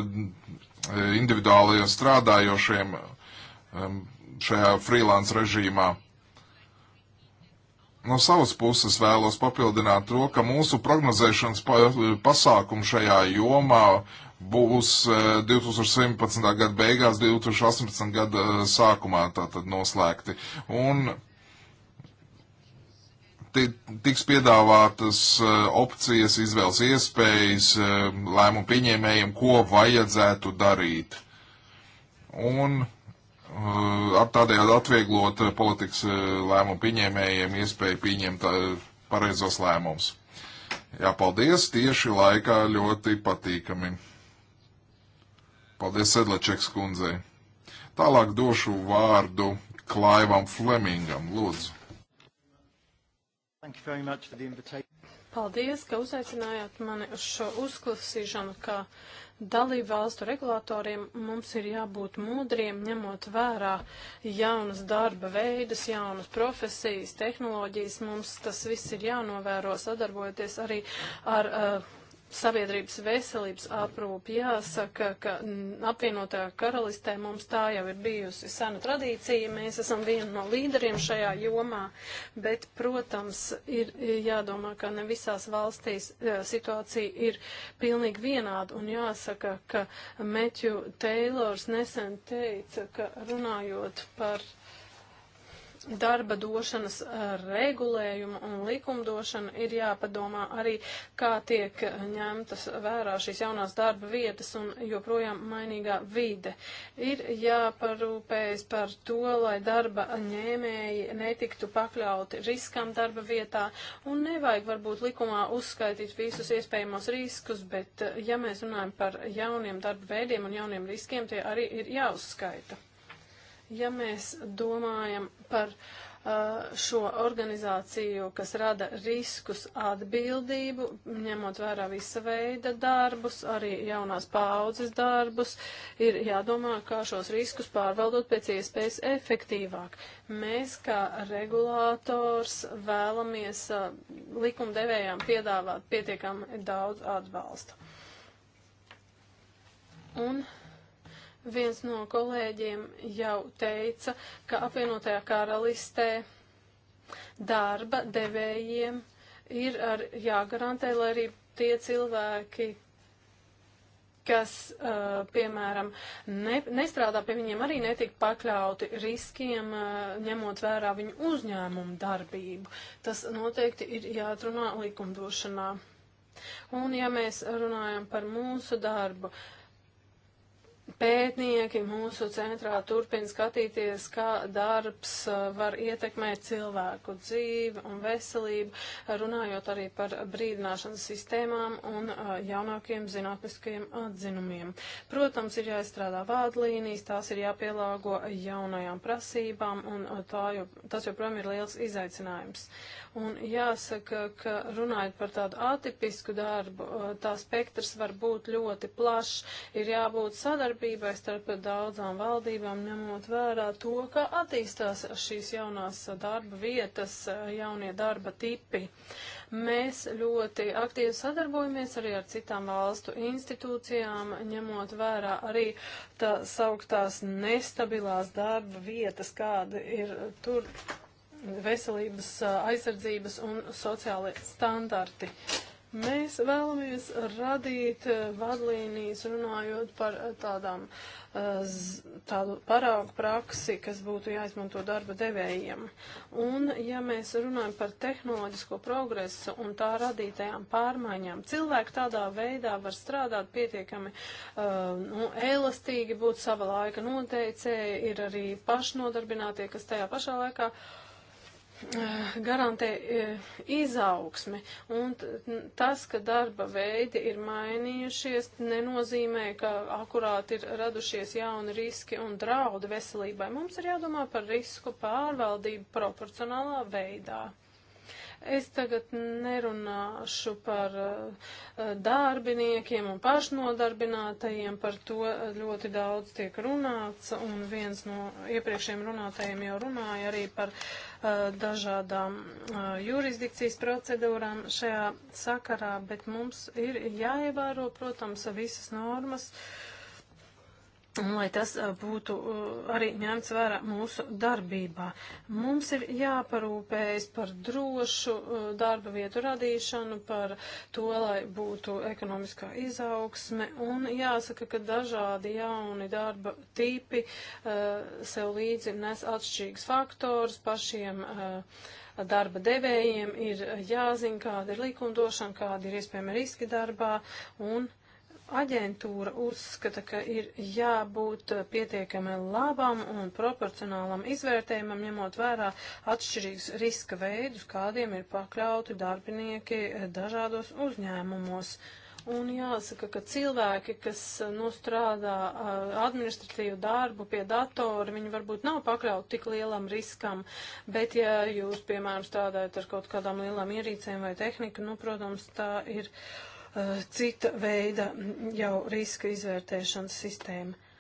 individuālajiem strādājošiem šajā freelance režīmā. No savas puses vēlos papildināt to, ka mūsu prognozēšanas pasākumu šajā jomā būs 2017. Eh, gada beigās, 2018. gada eh, sākumā tātad noslēgti. Un tiks piedāvātas eh, opcijas, izvēles iespējas lēmumu pieņēmējiem, ko vajadzētu darīt. Un ar tādējādi atvieglot politikas lēmumu pieņēmējiem iespēju pieņemt pareizos lēmumus. Jā, paldies, tieši laikā ļoti patīkami. Paldies Sedlačeks kundzei. Tālāk došu vārdu Klaivam Flemingam. Lūdzu. Paldies, ka uzaicinājāt mani uz šo uzklausīšanu, kā dalību valstu regulātoriem mums ir jābūt modriem, ņemot vērā jaunas darba veidus, jaunas profesijas, tehnoloģijas. Mums tas viss ir jānovēro, sadarbojoties arī ar. Uh, sabiedrības veselības aprūpi. Jāsaka, ka apvienotajā karalistē mums tā jau ir bijusi sena tradīcija, mēs esam vieni no līderiem šajā jomā, bet, protams, ir jādomā, ka ne visās valstīs e, situācija ir pilnīgi vienāda, un jāsaka, ka Matthew Taylors nesen teica, ka runājot par darba došanas eh, regulējumu un likumdošanu ir jāpadomā arī, kā tiek eh, ņemtas vērā šīs jaunās darba vietas un joprojām mainīgā vide. Ir jāparūpējas par to, lai darba ņēmēji netiktu pakļauti riskam darba vietā un nevajag varbūt likumā uzskaitīt visus iespējamos riskus, bet eh, ja mēs runājam par jauniem darba veidiem un jauniem riskiem, tie arī ir jāuzskaita. Ja mēs domājam par uh, šo organizāciju, kas rada riskus atbildību, ņemot vērā visa veida darbus, arī jaunās paaudzes darbus, ir jādomā, kā šos riskus pārvaldot pēc iespējas efektīvāk. Mēs, kā regulators, vēlamies uh, likumdevējām piedāvāt pietiekami daudz atbalsta. Un Viens no kolēģiem jau teica, ka apvienotajā karalistē darba devējiem ir ar, jāgarantē, lai arī tie cilvēki, kas, uh, piemēram, ne, nestrādā pie viņiem, arī netika pakļauti riskiem, uh, ņemot vērā viņu uzņēmumu darbību. Tas noteikti ir jāatrunā likumdošanā. Un ja mēs runājam par mūsu darbu, uh, Pētnieki mūsu centrā turpina skatīties, kā darbs uh, var ietekmēt cilvēku dzīvi un veselību, runājot arī par brīdināšanas sistēmām un uh, jaunākiem zinātniskajiem atzinumiem. Protams, ir jāizstrādā vādlīnijas, tās ir jāpielāgo jaunajām prasībām un uh, jo, tas joprojām ir liels izaicinājums. Un jāsaka, ka runājot par tādu atipisku darbu, tā spektrs var būt ļoti plašs, ir jābūt sadarbībā sadarbībai starp daudzām valdībām, ņemot vērā to, kā attīstās šīs jaunās darba vietas, jaunie darba tipi. Mēs ļoti aktīvi sadarbojamies arī ar citām valstu institūcijām, ņemot vērā arī tā sauktās nestabilās darba vietas, kāda ir tur veselības aizsardzības un sociālie standarti. Uh, Mēs vēlamies radīt eh, vadlīnijas runājot par eh, tādām, eh, tādu paraugu praksi, kas būtu jāizmanto darba devējiem. Un ja mēs runājam par tehnoloģisko progresu un tā radītajām pārmaiņām, cilvēki tādā veidā var strādāt pietiekami nu, elastīgi, būt sava laika noteicēji, ir arī pašnodarbinātie, kas tajā pašā laikā. Uh, Eh, garantē eh, izaugsmi. Un tas, ka darba veidi ir mainījušies, nenozīmē, ka akurāt ir radušies jauni riski un draudi veselībai. Mums ir jādomā par risku pārvaldību proporcionālā veidā. Es tagad nerunāšu par eh, darbiniekiem un pašnodarbinātajiem, par to eh, ļoti daudz tiek runāts, un viens no iepriekšējiem runātajiem jau runāja arī par eh, dažādām jurisdikcijas procedūrām šajā sakarā, bet mums ir jāievēro, protams, visas normas. Uh, lai tas būtu arī ņemts vērā mūsu darbībā. Mums ir jāparūpējas par drošu darba vietu radīšanu, par to, lai būtu ekonomiskā izaugsme, un jāsaka, ka dažādi jauni darba tipi sev līdzi nes atšķirīgs faktors pašiem darba devējiem, ir jāzina, kāda ir likumdošana, kāda ir iespējama riski darbā, un Aģentūra uzskata, ka ir jābūt pietiekami labam un proporcionālam izvērtējumam, ņemot vērā atšķirīgus riska veidus, kādiem ir pakļauti darbinieki dažādos uzņēmumos. Un jāsaka, ka cilvēki, kas nostrādā administratīvu darbu pie datora, viņi varbūt nav pakļauti tik lielam riskam, bet ja jūs, piemēram, strādājat ar kaut kādām lielām ierīcēm vai tehniku, nu, protams, tā ir. Uh, Eh, cita veida mm, jau riska izvērtēšanas sistēma.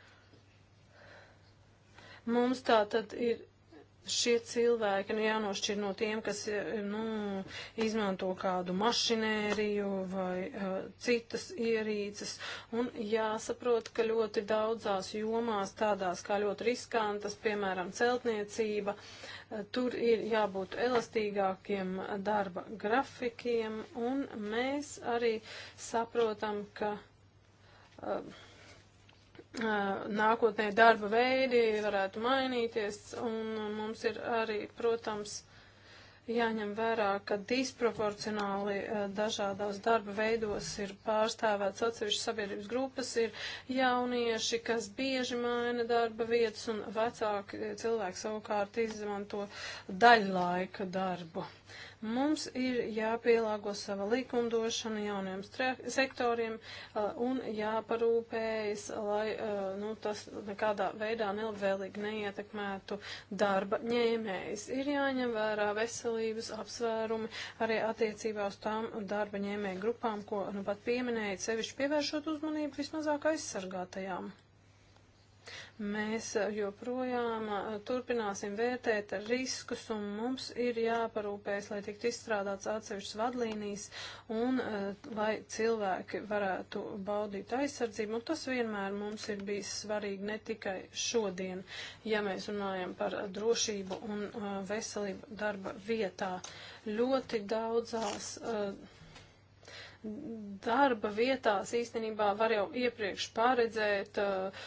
Mums tā tad ir šie cilvēki nu, jānošķir no tiem, kas eh, nu, izmanto kādu mašinēriju vai uh, citas ierīces. Un jāsaprot, ka ļoti daudzās jomās, tādās kā ļoti riskantas, piemēram, celtniecība, uh, tur ir jābūt elastīgākiem darba grafikiem. Un mēs arī saprotam, ka. Uh, nākotnē darba veidi varētu mainīties, un mums ir arī, protams, jāņem vērā, ka disproporcionāli dažādās darba veidos ir pārstāvēts atsevišķas sabiedrības grupas, ir jaunieši, kas bieži maina darba vietas, un vecāki cilvēki savukārt izmanto daļlaika darbu. Mums ir jāpielāgo sava likumdošana jauniem sektoriem un jāparūpējas, lai nu, tas nekādā veidā nelabvēlīgi neietekmētu darba ņēmējs. Ir jāņem vērā veselības apsvērumi arī attiecībā uz tām darba ņēmēju grupām, ko nu pat pieminēja, sevišķi pievēršot uzmanību vismazāk aizsargātajām. Mēs joprojām turpināsim vērtēt riskus un mums ir jāparūpējas, lai tiktu izstrādāts atsevišķas vadlīnijas un lai cilvēki varētu baudīt aizsardzību. Un tas vienmēr mums ir bijis svarīgi ne tikai šodien, ja mēs runājam par drošību un veselību darba vietā. Ļoti daudzās darba vietās īstenībā var jau iepriekš paredzēt uh,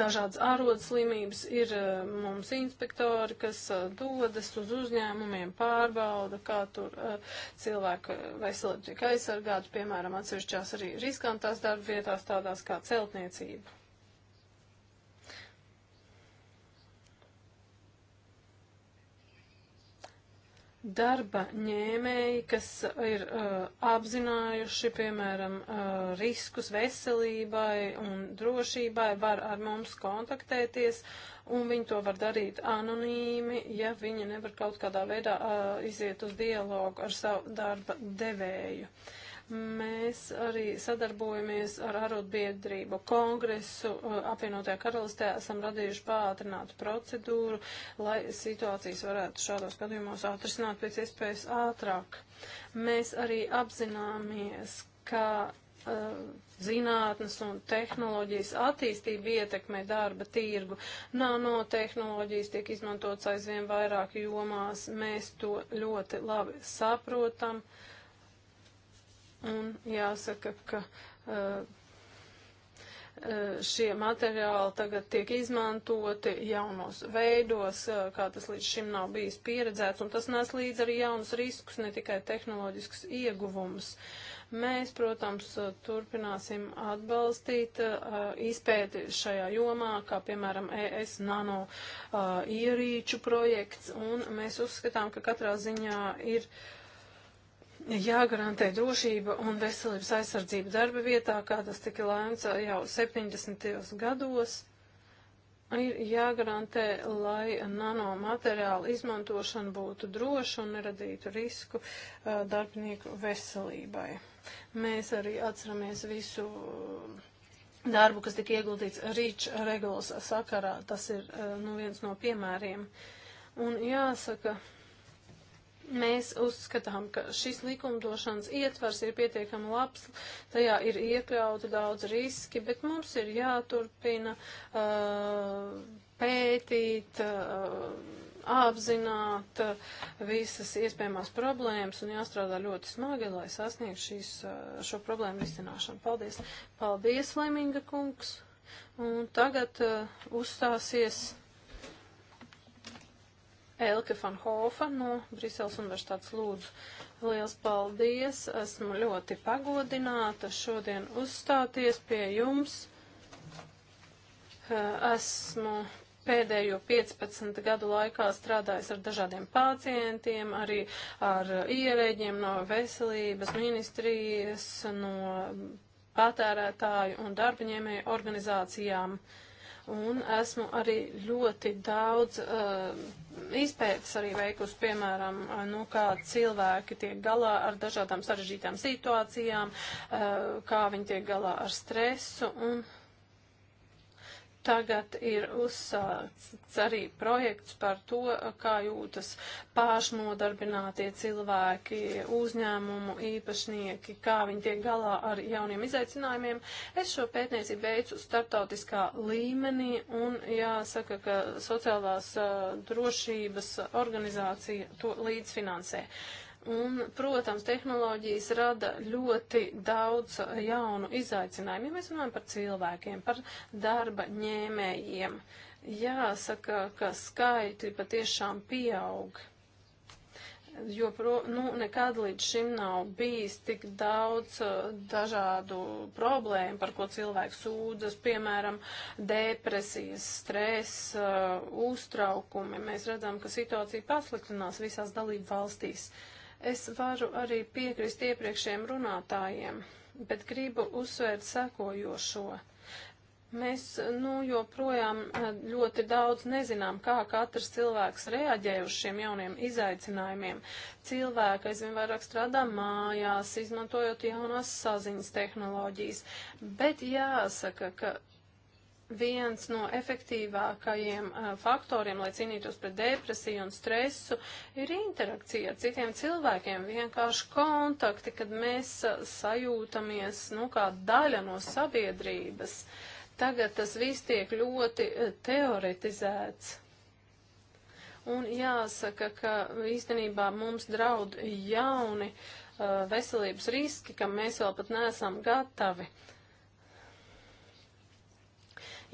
dažādas ārodslimības, ir eh, mums inspektori, kas eh, dodas uz uzņēmumiem, pārbauda, kā tur eh, cilvēka veselība tiek aizsargāta, piemēram, atsevišķās arī riskantās darba vietās, tādās kā celtniecība. darba ņēmēji, kas ir uh, apzinājuši, piemēram, uh, riskus veselībai un drošībai, var ar mums kontaktēties, un viņi to var darīt anonīmi, ja viņi nevar kaut kādā veidā uh, iziet uz dialogu ar savu darba devēju. Uh, Mēs arī sadarbojamies ar arotbiedrību kongresu. Uh, apvienotajā karalistē esam radījuši pātrinātu procedūru, lai situācijas varētu šādos gadījumos atrisināt pēc iespējas ātrāk. Mēs arī apzināmies, ka uh, zinātnes un tehnoloģijas attīstība ietekmē darba tirgu. Nanotehnoloģijas tiek izmantotas aizvien vairāk jomās, mēs to ļoti labi saprotam. Uh, Un jāsaka, ka uh, šie materiāli tagad tiek izmantoti jaunos veidos, eh, kā tas līdz šim nav bijis pieredzēts, un tas nes līdz arī jaunus riskus, ne tikai tehnoloģiskus ieguvumus. Mēs, protams, turpināsim atbalstīt uh, izpēti šajā jomā, kā piemēram ES nano uh, ierīču projekts, un mēs uzskatām, ka katrā ziņā ir uh, jāgarantē drošība un veselības aizsardzība darba vietā, kā tas tika lēmts jau 70. gados. Ir jāgarantē, lai nanomateriāla izmantošana būtu droša un neradītu risku uh, darbinieku veselībai. Mēs arī atceramies visu darbu, kas tika ieguldīts Rīč regulas sakarā. Tas ir uh, nu, viens no piemēriem. Un jāsaka, uh, Mēs uzskatām, ka šis likumdošanas ietvars ir pietiekami labs, tajā ir iekļauti daudz riski, bet mums ir jāturpina uh, pētīt. Uh, apzināt uh, visas iespējamās problēmas un jāstrādā ļoti smagi, lai sasniegtu šīs, uh, šo problēmu risināšanu. Paldies! Paldies, Leminga kungs! Un tagad uh, uzstāsies Elke van Hofa no Briseles Universitātes lūdzu. Liels paldies! Esmu ļoti pagodināta šodien uzstāties pie jums. Esmu pēdējo 15 gadu laikā strādājis ar dažādiem pacientiem, arī ar ierēģiem no veselības ministrijas, no patērētāju un darbaņēmēju organizācijām. Uh, un esmu arī ļoti daudz uh, izpētes arī veikusi, piemēram, uh, nu, kā cilvēki tiek galā ar dažādām sarežģītām situācijām, uh, kā viņi tiek galā ar stresu un Tagad ir uzsākts arī projekts par to, kā jūtas pašnodarbinātie cilvēki, uzņēmumu īpašnieki, kā viņi tiek galā ar jauniem izaicinājumiem. Es šo pētniecību veicu starptautiskā līmenī un jāsaka, ka sociālās uh, drošības organizācija to līdzfinansē. Un, protams, tehnoloģijas rada ļoti daudz uh, jaunu izaicinājumu. Ja mēs runājam par cilvēkiem, par darba ņēmējiem, jāsaka, ka skaitļi patiešām pieaug jo pro, nu, nekad līdz šim nav bijis tik daudz uh, dažādu problēmu, par ko cilvēks sūdzas, piemēram, depresijas, stress, uh, uztraukumi. Mēs redzam, ka situācija pasliktinās visās dalību valstīs. Uh, Es varu arī piekrist iepriekšējiem runātājiem, bet gribu uzsvērt sekojošo. Mēs nu, joprojām eh, ļoti daudz nezinām, kā katrs cilvēks reaģē uz šiem jauniem izaicinājumiem. Cilvēki aizvien vairāk strādā mājās, izmantojot jaunās saziņas tehnoloģijas. Bet jāsaka, ka viens no efektīvākajiem uh, faktoriem, lai cīnītos pret depresiju un stresu, ir interakcija ar citiem cilvēkiem, vienkārši kontakti, kad mēs uh, sajūtamies nu, kā daļa no sabiedrības. Tagad tas viss tiek ļoti uh, teoretizēts. Un jāsaka, ka īstenībā mums draud jauni uh, veselības riski, kam mēs vēl pat neesam gatavi. Uh,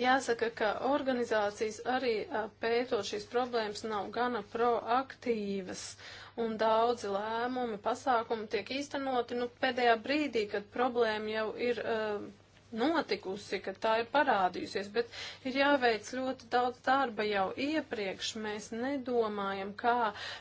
Jāsaka, ka organizācijas arī pēto šīs problēmas nav gana proaktīvas, un daudzi lēmumi, pasākumi tiek īstenoti nu, pēdējā brīdī, kad problēma jau ir uh, notikusi, ka tā ir parādījusies, bet ir jāveic ļoti daudz darba jau iepriekš. Mēs nedomājam, kā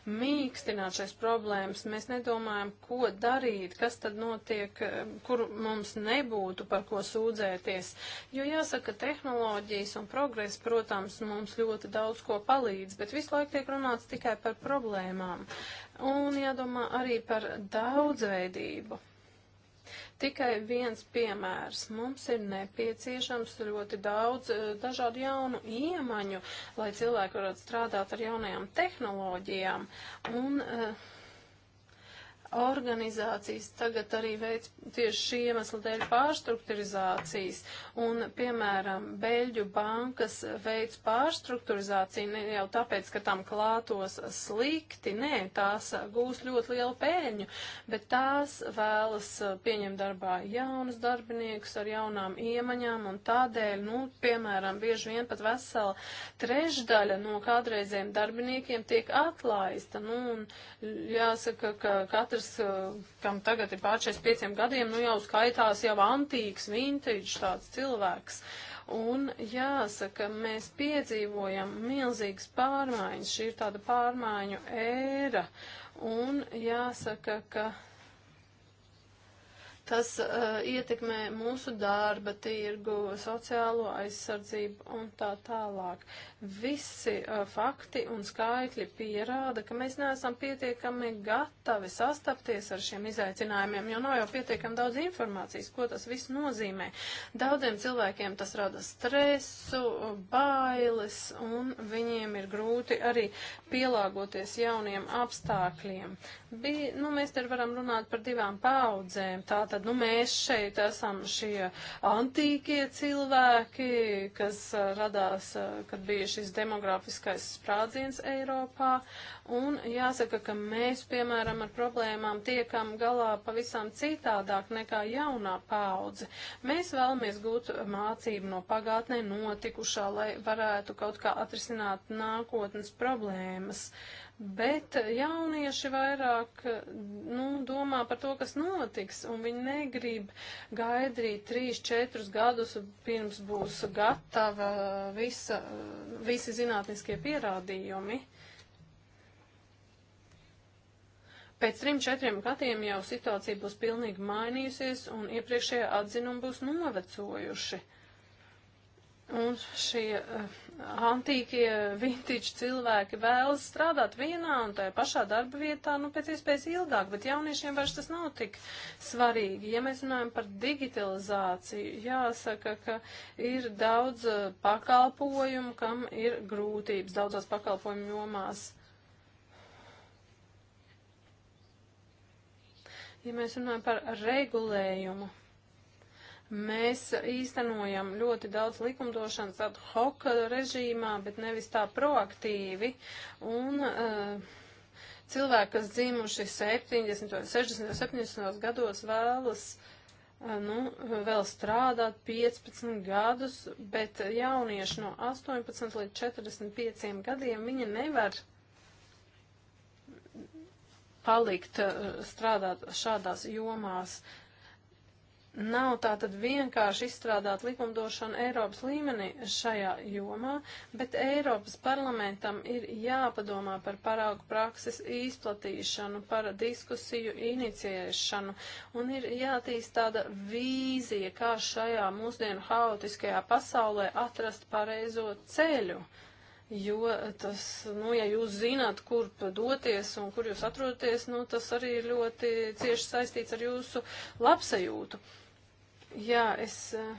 mīkstināt šīs problēmas, mēs nedomājam, ko darīt, kas tad notiek, eh, kur mums nebūtu par ko sūdzēties. Jo jāsaka, tehnoloģijas un progress, protams, mums ļoti daudz ko palīdz, bet visu laiku tiek runāts tikai par problēmām. Un jādomā arī par daudzveidību. Tikai viens piemērs. Mums ir nepieciešams ļoti daudz eh, dažādu jaunu iemaņu, lai cilvēki varētu strādāt ar jaunajām tehnoloģijām. Un, uh, organizācijas tagad arī veic tieši šī iemesla dēļ pārstrukturizācijas, un, piemēram, Beļģu bankas veic pārstrukturizāciju ne jau tāpēc, ka tam klātos slikti, nē, tās gūs ļoti lielu pēļņu, bet tās vēlas pieņemt darbā jaunus darbiniekus ar jaunām iemaņām, un tādēļ, nu, piemēram, bieži vien pat vesela trešdaļa no kādreizējiem darbiniekiem tiek atlaista, nu, un jāsaka, ka katrs kas, uh, kam tagad ir pār 45 gadiem, nu jau skaitās jau antīks, vintage tāds cilvēks. Un jāsaka, mēs piedzīvojam milzīgas pārmaiņas. Šī ir tāda pārmaiņu ēra. Un jāsaka, ka tas uh, ietekmē mūsu darba tirgu, sociālo aizsardzību un tā tālāk. Visi uh, fakti un skaitļi pierāda, ka mēs neesam pietiekami gatavi sastapties ar šiem izaicinājumiem, jo nav jau pietiekami daudz informācijas, ko tas viss nozīmē. Daudziem cilvēkiem tas rada stresu, bailes, un viņiem ir grūti arī pielāgoties jauniem apstākļiem. Bija, nu, mēs te varam runāt par divām paudzēm. Tātad, nu, mēs šeit esam šie antīkie cilvēki, kas uh, radās, uh, kad bija šis demografiskais sprādziens Eiropā, un jāsaka, ka mēs, piemēram, ar problēmām tiekam galā pavisam citādāk nekā jaunā paudze. Mēs vēlamies gūt mācību no pagātnē notikušā, lai varētu kaut kā atrisināt nākotnes problēmas. Uh, bet jaunieši vairāk nu, domā par to, kas notiks, un viņi negrib gaidīt 3-4 gadus, pirms būs gatava visa, visi zinātniskie pierādījumi. Pēc trim, četriem gadiem jau situācija būs pilnīgi mainījusies, un iepriekšējie atzinumi būs novecojuši. Un šie eh, antīkie vintage cilvēki vēlas strādāt vienā un tajā pašā darba vietā, nu, pēc iespējas ilgāk, bet jauniešiem vairs tas nav tik svarīgi. Ja mēs runājam par digitalizāciju, jāsaka, ka ir daudz eh, pakalpojumu, kam ir grūtības daudzās pakalpojumu jomās. Ja mēs runājam par regulējumu Mēs īstenojam ļoti daudz likumdošanas ad hoc režīmā, bet nevis tā proaktīvi. Un, uh, cilvēki, kas dzimuši 70, 60, 70 gados, vēlas eh, nu, vēl strādāt 15 gadus, bet jaunieši no 18 līdz 45 gadiem viņi nevar palikt eh, strādāt šādās jomās. Uh, Nav tā tad vienkārši izstrādāt likumdošanu Eiropas līmenī šajā jomā, bet Eiropas parlamentam ir jāpadomā par paraugu prakses izplatīšanu, par diskusiju iniciēšanu un ir jātīst tāda vīzija, kā šajā mūsdienu haotiskajā pasaulē atrast pareizo ceļu. Jo tas, nu, ja jūs zināt, kur doties un kur jūs atrodaties, nu, tas arī ļoti cieši saistīts ar jūsu labsajūtu. Uh, Jā, es. Uh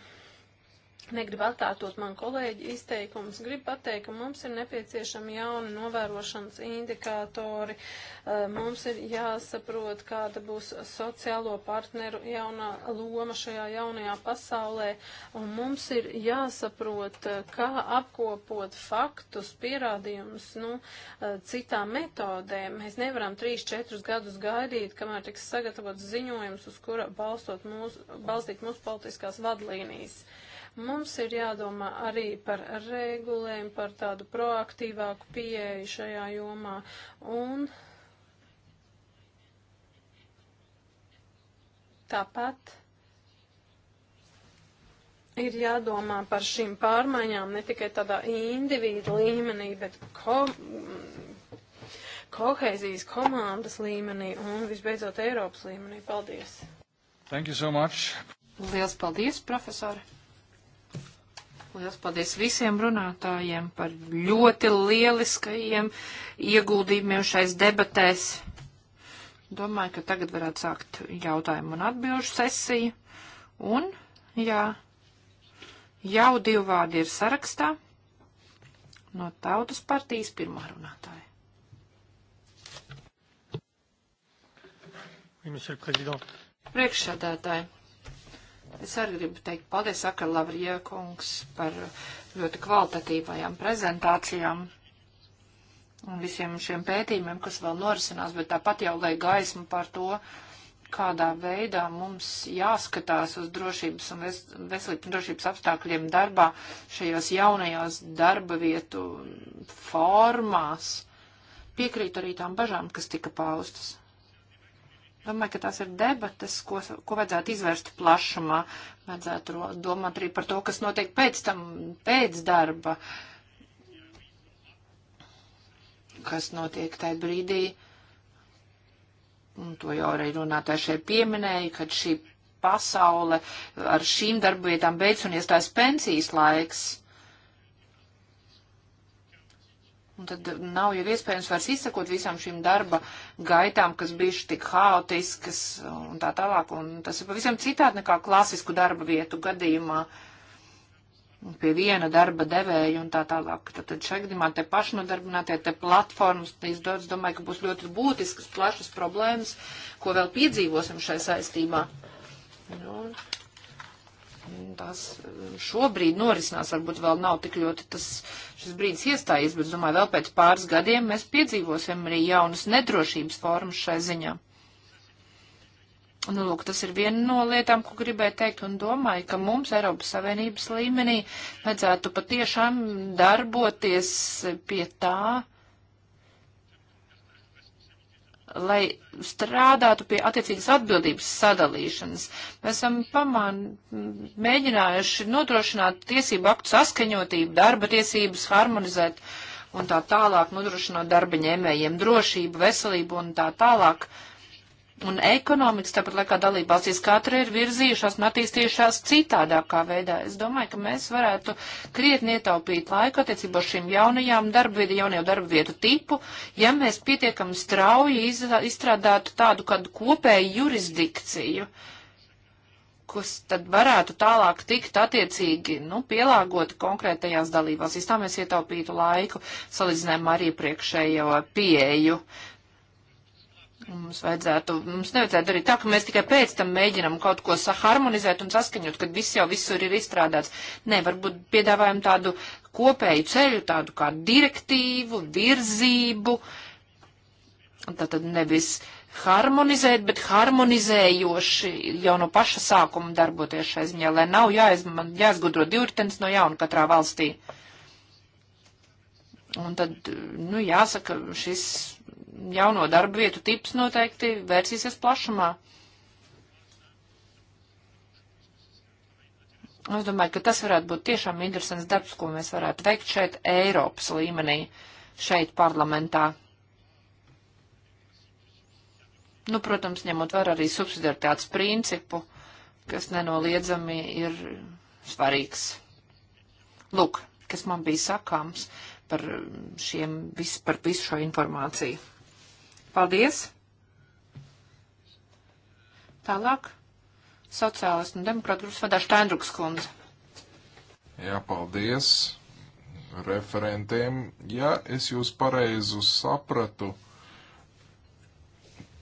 Negribu atkārtot man kolēģi izteikums. Gribu pateikt, ka mums ir nepieciešami jauni novērošanas indikātori. Eh, mums ir jāsaprot, kāda būs sociālo partneru jaunā loma šajā jaunajā pasaulē. Un mums ir jāsaprot, eh, kā apkopot faktus, pierādījumus, nu, eh, citām metodēm. Mēs nevaram 3-4 gadus gaidīt, kamēr tiks sagatavots ziņojums, uz kura balstot mūsu, balstīt mūsu politiskās vadlīnijas. Uh, Mums ir jādomā arī par regulēm, par tādu proaktīvāku pieeju šajā jomā. Un tāpat ir jādomā par šīm pārmaiņām ne tikai tādā individu līmenī, bet ko, koheizijas komandas līmenī un visbeidzot Eiropas līmenī. Paldies! Thank you so much! Liels paldies, profesori! Lielas paldies visiem runātājiem par ļoti lieliskajiem ieguldījumiem šais debatēs. Domāju, ka tagad varētu sākt jautājumu un atbilžu sesiju. Un, jā, jau divi vārdi ir sarakstā no Tautas partijas pirmā runātāja. Priekšsādātāji. Es arī gribu teikt paldies, saka Lavrie kungs, par ļoti kvalitatīvajām prezentācijām un visiem šiem pētījumiem, kas vēl norisinās, bet tāpat jau lai gaismu par to, kādā veidā mums jāskatās uz drošības un ves veselības un drošības apstākļiem darbā šajos jaunajās darba vietu formās. Piekrītu arī tām bažām, kas tika paustas. Domāju, ka tās ir debatas, ko, ko vajadzētu izvērst plašumā. Vajadzētu domāt arī par to, kas notiek pēc tam, pēc darba, kas notiek tajā brīdī. Un to jau arī runātāji šeit pieminēja, kad šī pasaule ar šīm darba vietām beidz un iestājas pensijas laiks. Un tad nav jau iespējams vairs izsekot visām šīm darba gaitām, kas bijuši tik haotiskas un tā tālāk. Un tas ir pavisam citādi nekā klasisku darba vietu gadījumā pie viena darba devēja un tā tālāk. Tad, tad šajā gadījumā te pašnodarbinātie, te platformas, izdodas, domāju, ka būs ļoti būtiskas, plašas problēmas, ko vēl piedzīvosim šai saistībā. Nu, tās eh, šobrīd norisinās, varbūt vēl nav tik ļoti tas, šis brīdis iestājies, bet domāju, vēl pēc pāris gadiem mēs piedzīvosim arī jaunas nedrošības formas šai ziņā. Nu, lūk, tas ir viena no lietām, ko gribēju teikt, un domāju, ka mums Eiropas Savienības līmenī vajadzētu patiešām darboties pie tā, lai strādātu pie attiecīgas atbildības sadalīšanas. Mēs esam pamān, mēģinājuši nodrošināt tiesību aktu saskaņotību, darba tiesības harmonizēt un tā tālāk, nodrošinot darba ņēmējiem drošību, veselību un tā tālāk. Uh, un ekonomikas, tāpat laikā dalībvalstīs katra ir virzījušās un attīstījušās citādākā veidā. Es domāju, ka mēs varētu krietni ietaupīt laiku attiecībā šīm jaunajām darbvietu, jaunajo darbvietu tipu, ja mēs pietiekami strauji izstrādātu tādu kādu kopēju jurisdikciju kas tad varētu tālāk tikt attiecīgi, nu, pielāgota konkrētajās dalībvalstīs. Tā mēs ietaupītu laiku, salīdzinājumā ar iepriekšējo pieeju. Uh, Mums vajadzētu, mums nevajadzētu darīt tā, ka mēs tikai pēc tam mēģinam kaut ko saharmonizēt un saskaņot, kad viss jau visur ir izstrādāts. Nē, varbūt piedāvājam tādu kopēju ceļu, tādu kā direktīvu, virzību. Tātad nevis harmonizēt, bet harmonizējoši jau no paša sākuma darboties šai ziņā, lai nav jāizman, jāizgudro divritenis no jauna katrā valstī. Un tad, nu, jāsaka, šis jauno darba vietu tips noteikti vērsīsies plašumā. Es domāju, ka tas varētu būt tiešām interesants darbs, ko mēs varētu veikt šeit Eiropas līmenī, šeit parlamentā. Nu, protams, ņemot vērā arī subsidiaritātes principu, kas nenoliedzami ir svarīgs. Lūk, kas man bija sakāms par šiem, vis, par visu šo informāciju. Paldies! Tālāk sociālistu un demokrātu grupas vadā Štaindruks kundze. Jā, paldies referentiem. Ja es jūs pareizu sapratu,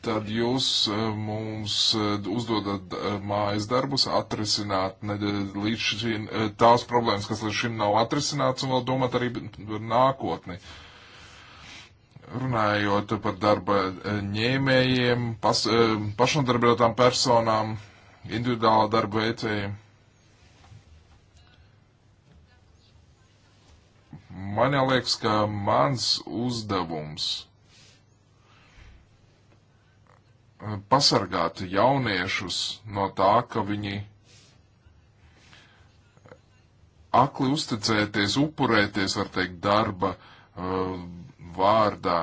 tad jūs eh, mums eh, uzdodat eh, mājas darbus atrisināt ne, līdz šim tās problēmas, kas līdz šim nav atrisināts, un vēl domāt arī par nākotni. Uh, Runājot par darba ņēmējiem, pas, eh, pašnodarbinātām personām, individuālā darba veicējiem. Man liekas, ka mans uzdevums eh, pasargāt jauniešus no tā, ka viņi akli uzticēties, upurēties, var teikt, darba uh, vārdā.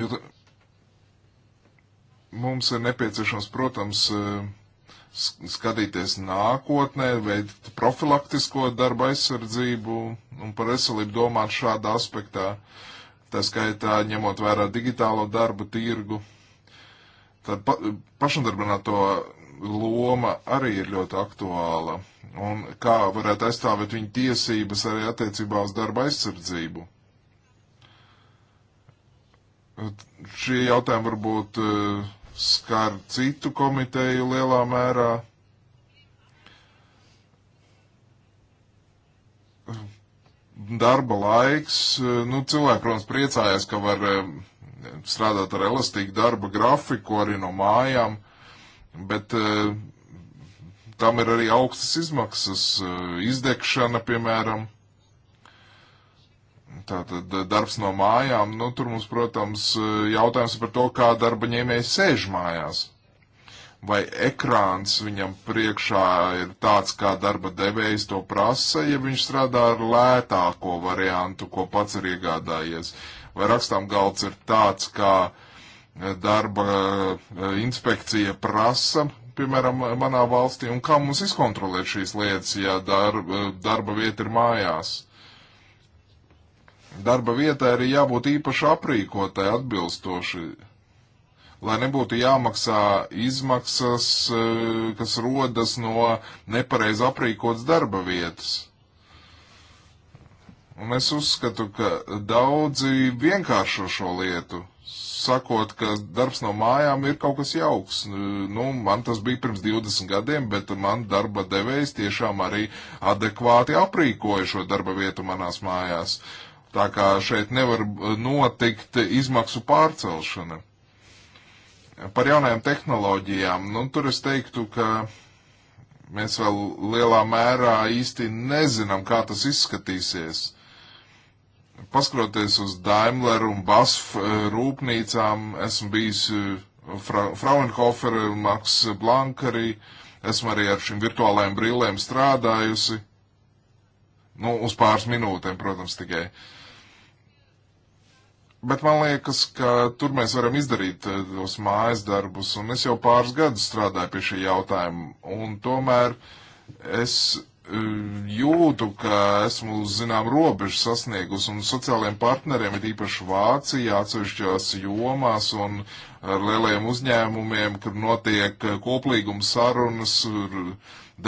Jo mums ir nepieciešams, protams, e, skatīties nākotnē, veikt profilaktisko darba aizsardzību un par veselību domāt šādā aspektā, tā skaitā ņemot vērā digitālo darba tirgu. Tad pa, pašnodarbināto loma arī ir ļoti aktuāla un kā varētu aizstāvēt viņu tiesības arī attiecībā uz darba aizsardzību. Šie jautājumi varbūt eh, skar citu komiteju lielā mērā. Darba laiks, eh, nu cilvēki, protams, priecājās, ka var eh, strādāt ar elastīgu darba grafiku arī no mājām, bet tam ir arī augstas izmaksas, izdegšana, piemēram. Tātad eh, darbs no mājām, nu tur mums, protams, eh, jautājums par to, kā darba ņēmējs sēž mājās. Vai ekrāns viņam priekšā ir tāds, kā darba devējs to prasa, ja viņš strādā ar lētāko variantu, ko pats ir iegādājies. Vai rakstām galds ir tāds, kā eh, darba inspekcija prasa, piemēram, manā valstī, un kā mums izkontrolēt šīs lietas, ja darba, darba vieta ir mājās Darba vietai arī jābūt īpaši aprīkotai atbilstoši, lai nebūtu jāmaksā izmaksas, e, kas rodas no nepareiz aprīkotas darba vietas. Un es uzskatu, ka daudzi vienkāršo šo lietu, sakot, ka darbs no mājām ir kaut kas jauks. Nu, man tas bija pirms 20 gadiem, bet man darba devējs tiešām arī adekvāti aprīkoja šo darba vietu manās mājās. Uh, Tā kā šeit nevar notikt izmaksu pārcelšana. Par jaunajām tehnoloģijām, nu, tur es teiktu, ka mēs vēl lielā mērā īsti nezinām, kā tas izskatīsies. Paskroties uz Daimler un Basf eh, rūpnīcām, esmu bijis eh, Fra Fraunhofer un Max Blank arī, esmu arī ar šīm virtuālajām brillēm strādājusi. Nu, uz pāris minūtēm, protams, tikai. Uh, Bet man liekas, ka tur mēs varam izdarīt eh, tos mājas darbus, un es jau pāris gadus strādāju pie šī jautājuma, un tomēr es eh, jūtu, ka esmu zinām robežu sasniegus un sociālajiem partneriem, ir īpaši Vācija, atsevišķās jomās un ar lielajiem uzņēmumiem, kur notiek eh, koplīguma sarunas,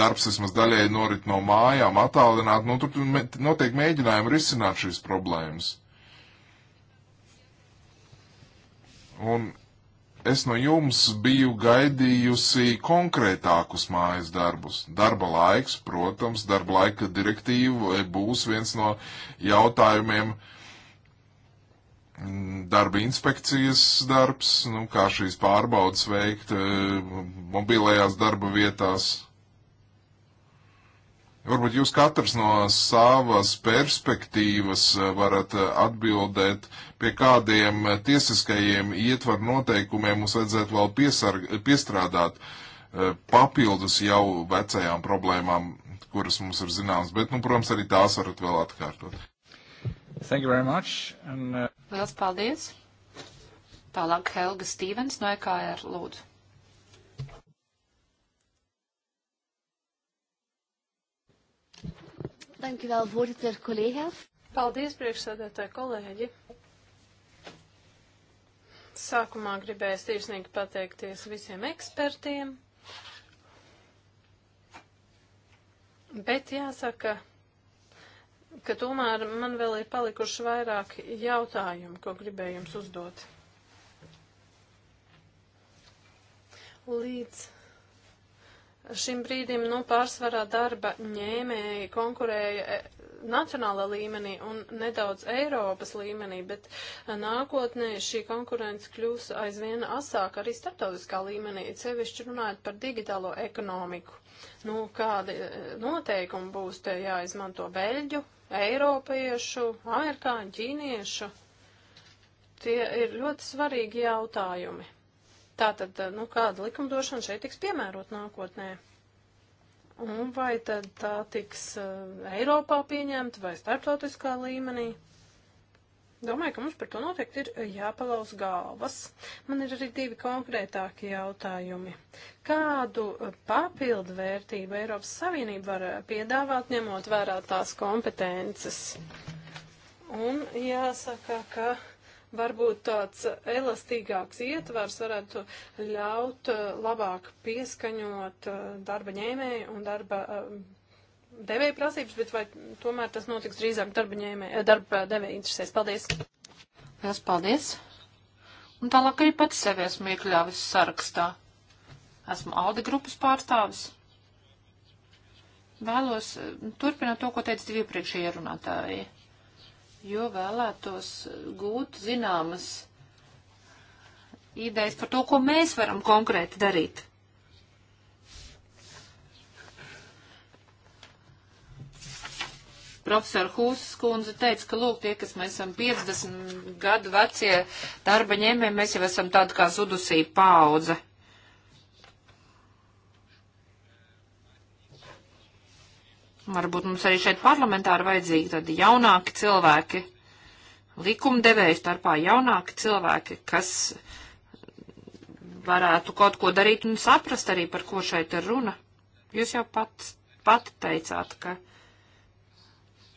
darbs vismaz daļēji norit no mājām, attālināt, nu tur notiek mēģinājumi risināt šīs problēmas. Un es no jums biju gaidījusi konkrētākus mājas darbus. Darba laiks, protams, darba laika direktīva eh, būs viens no jautājumiem. Mm, darba inspekcijas darbs, nu, kā šīs pārbaudas veikt eh, mobilajās darba vietās, Varbūt jūs katrs no savas perspektīvas eh, varat eh, atbildēt, pie kādiem eh, tiesiskajiem ietvaru noteikumiem mums vajadzētu vēl piesarg, piestrādāt papildus jau vecajām problēmām, kuras mums ir zināmas, bet, nu, protams, arī tās varat vēl atkārtot. Thank you very much. And, uh... Liels paldies. Tālāk Helga Stīvens no EKR lūdzu. Dank u wel, voorzitter, collega's. Paldies, priekšsēdētāji kolēģi. Sākumā gribēju sirsnīgi pateikties visiem ekspertiem. Bet jāsaka, ka tomēr man vēl ir palikuši vairāki jautājumi, ko gribēju jums uzdot. Līdz šim brīdim nu, pārsvarā darba ņēmēji konkurēja e, nacionālā līmenī un nedaudz Eiropas līmenī, bet e, nākotnē šī konkurence kļūs aizvien asāka arī starptautiskā līmenī, sevišķi runājot par digitālo ekonomiku. Nu, kādi e, noteikumi būs te jāizmanto beļģu, eiropiešu, amerikāņu, ķīniešu? Tie ir ļoti svarīgi jautājumi. Tātad, eh, nu, kāda likumdošana šeit tiks piemērot nākotnē? Un vai tad tā tiks uh, Eiropā pieņemta vai starptautiskā līmenī? Domāju, ka mums par to noteikti ir eh, jāpalauz galvas. Man ir arī divi konkrētāki jautājumi. Kādu papildu vērtību Eiropas Savienība var piedāvāt, ņemot vērā tās kompetences? Un jāsaka, ka varbūt tāds elastīgāks ietvars varētu ļaut uh, labāk pieskaņot uh, darba ņēmēju un darba uh, devēja prasības, bet vai tomēr tas notiks drīzāk darba ņēmē, darba devēja interesēs. Paldies! Lielas paldies! Un tālāk arī pats sevi esmu iekļāvis sarakstā. Esmu Alde grupas pārstāvis. Vēlos turpināt to, ko teica divi iepriekšējie runātāji jo vēlētos gūt zināmas idejas par to, ko mēs varam konkrēti darīt. Profesora Hūsas kundze teica, ka lūk, tie, kas mēs esam 50 gadu vecie darba ņēmēji, mēs jau esam tādi kā zudusī paudze. Varbūt mums arī šeit parlamentā ir vajadzīgi tādi jaunāki cilvēki, likumdevēji starpā jaunāki cilvēki, kas varētu kaut ko darīt un saprast arī, par ko šeit ir runa. Jūs jau pat, pat teicāt, ka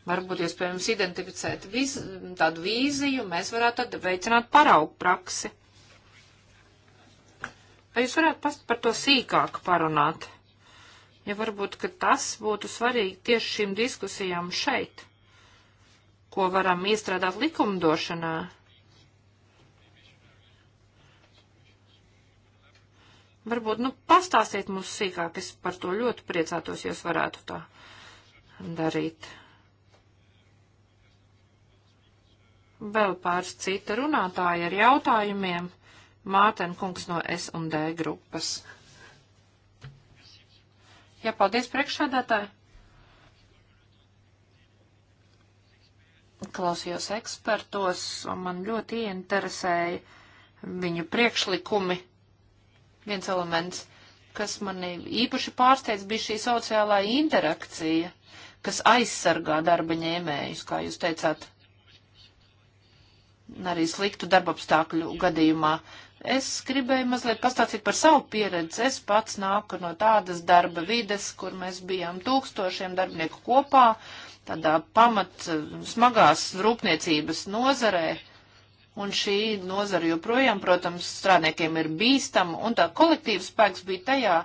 varbūt iespējams identificēt viz, tādu vīziju, mēs varētu tad veicināt paraugu praksi. Vai jūs varētu par to sīkāk parunāt? ja varbūt, ka tas būtu svarīgi tieši šīm diskusijām šeit, ko varam iestrādāt likumdošanā. Varbūt, nu, pastāstiet mums sīkāk, es par to ļoti priecātos, ja jūs varētu tā darīt. Vēl pāris cita runātāja ar jautājumiem. Mārten kungs no S&D grupas. Jā, paldies priekšsēdētāji. Klausījos ekspertos, un man ļoti ieinteresēja viņu priekšlikumi. Viens elements, kas mani īpaši pārsteidz, bija šī sociālā interakcija, kas aizsargā darba ņēmējus, kā jūs teicāt, arī sliktu darba apstākļu gadījumā. Uh, Es gribēju mazliet pastāstīt par savu pieredzi. Es pats nāku no tādas darba vides, kur mēs bijām tūkstošiem darbinieku kopā, tādā pamat eh, smagās rūpniecības nozarē. Un šī nozara joprojām, protams, strādniekiem ir bīstama, un tā kolektīvs spēks bija tajā,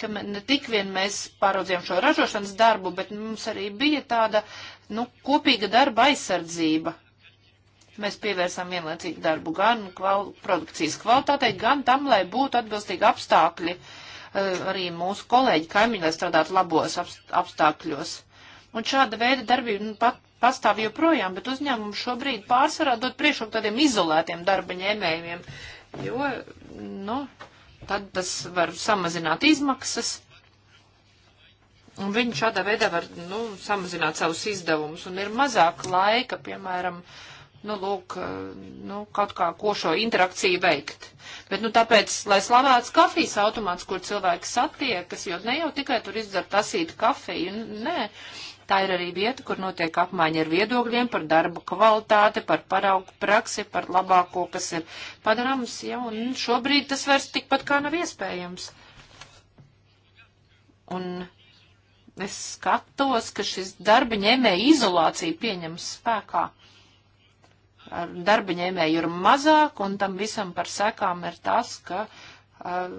ka ne tik vien mēs pāraudzījām šo ražošanas darbu, bet mums arī bija tāda, nu, kopīga darba aizsardzība, Mēs pievērsām vienlaicīgi darbu gan kval produkcijas kvalitātei, gan tam, lai būtu atbilstīgi apstākļi eh, arī mūsu kolēģi kaimiņi, lai strādātu labos apstākļos. Un šāda veida darbība nu, pat pastāv joprojām, bet uzņēmumi šobrīd pārsvarā dod priekšroku tādiem izolētiem darba ņēmējiem, jo, nu, tad tas var samazināt izmaksas. Un viņi šādā veidā var, nu, samazināt savus izdevumus un ir mazāk laika, piemēram, uh, nu, lūk, eh, nu, kaut kā ko šo interakciju veikt. Bet, nu, tāpēc, lai slavēts kafijas automāts, kur cilvēki satiekas, jo ne jau tikai tur izdzert asīt kafiju, nē, tā ir arī vieta, kur notiek apmaiņa ar viedokļiem par darba kvalitāti, par paraugu praksi, par labāko, kas ir padarāms, ja, un šobrīd tas vairs tikpat kā nav iespējams. Un es skatos, ka šis darba ņēmē izolācija pieņems spēkā darba ņēmēju ir mazāk, un tam visam par sekām ir tas, ka um,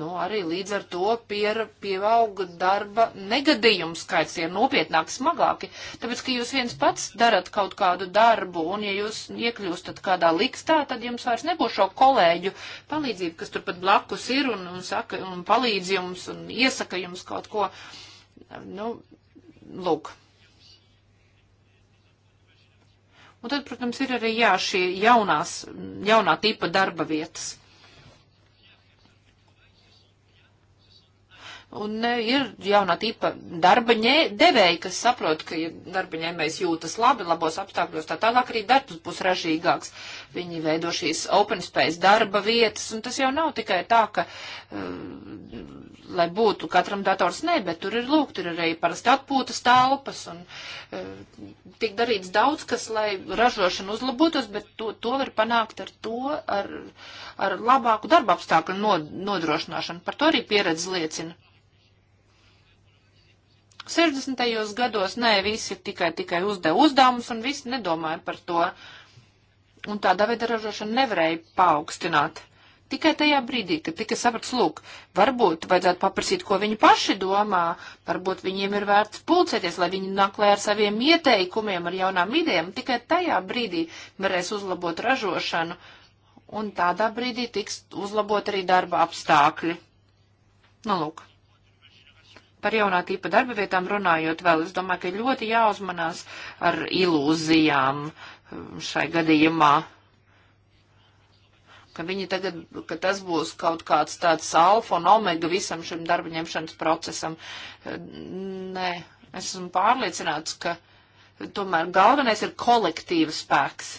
nu, arī līdz ar to pier, pieauga darba negadījumu skaits, tie ir nopietnāki, smagāki. Tāpēc, ka jūs viens pats darat kaut kādu darbu, un ja jūs iekļūstat kādā likstā, tad jums vairs nebūs šo kolēģu palīdzību, kas turpat blakus ir un, un, saka, un palīdz jums un iesaka jums kaut ko. Nu, lūk. Un tad, protams, ir arī jā, šie jaunās, jaunā tipa darba vietas. Un e, ir jaunā tipa darba devēja, kas saprot, ka ja darba ņēmējs jūtas labi, labos apstākļos, tā tālāk arī darbs būs ražīgāks. Viņi veido šīs open space darba vietas, un tas jau nav tikai tā, ka, um, lai būtu katram dators, nē, bet tur ir lūk, tur ir arī parasti atpūtas telpas, un um, tiek darīts daudz, kas, lai ražošana uzlabotos, bet to, to var panākt ar to, ar, ar labāku darba apstākļu nodrošināšanu. Par to arī pieredze liecina. 60. gados, nē, visi tikai, tikai uzdeva uzdevumus un visi nedomāja par to. Un tādā veidā ražošana nevarēja paaugstināt. Tikai tajā brīdī, kad tika saprats, lūk, varbūt vajadzētu paprasīt, ko viņi paši domā, varbūt viņiem ir vērts pulcēties, lai viņi naklē ar saviem ieteikumiem, ar jaunām idejām, tikai tajā brīdī varēs uzlabot ražošanu, un tādā brīdī tiks uzlabot arī darba apstākļi. Nu, lūk par jaunā tipa darba vietām runājot vēl, es domāju, ka ļoti jāuzmanās ar ilūzijām um, šai gadījumā. Ka viņi tagad, ka tas būs kaut kāds tāds alfa un omega visam šim darba ņemšanas procesam. Uh, nē, es esmu pārliecināts, ka tomēr galvenais ir kolektīva spēks.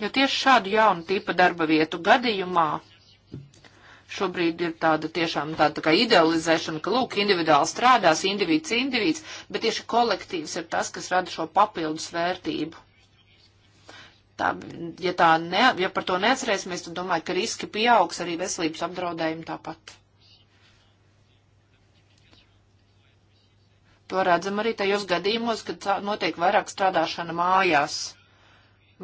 Jo tieši šādu jaunu tipa darba vietu gadījumā Šobrīd ir tāda tiešām tāda tā kā idealizēšana, ka lūk, individuāli strādās, individs, individs, bet tieši kolektīvs ir tas, kas rada šo papildus vērtību. Tā, ja, tā ne, ja par to neatcerēsimies, tad domāju, ka riski pieaugs arī veselības apdraudējumi tāpat. To redzam arī tajos gadījumos, kad notiek vairāk strādāšana mājās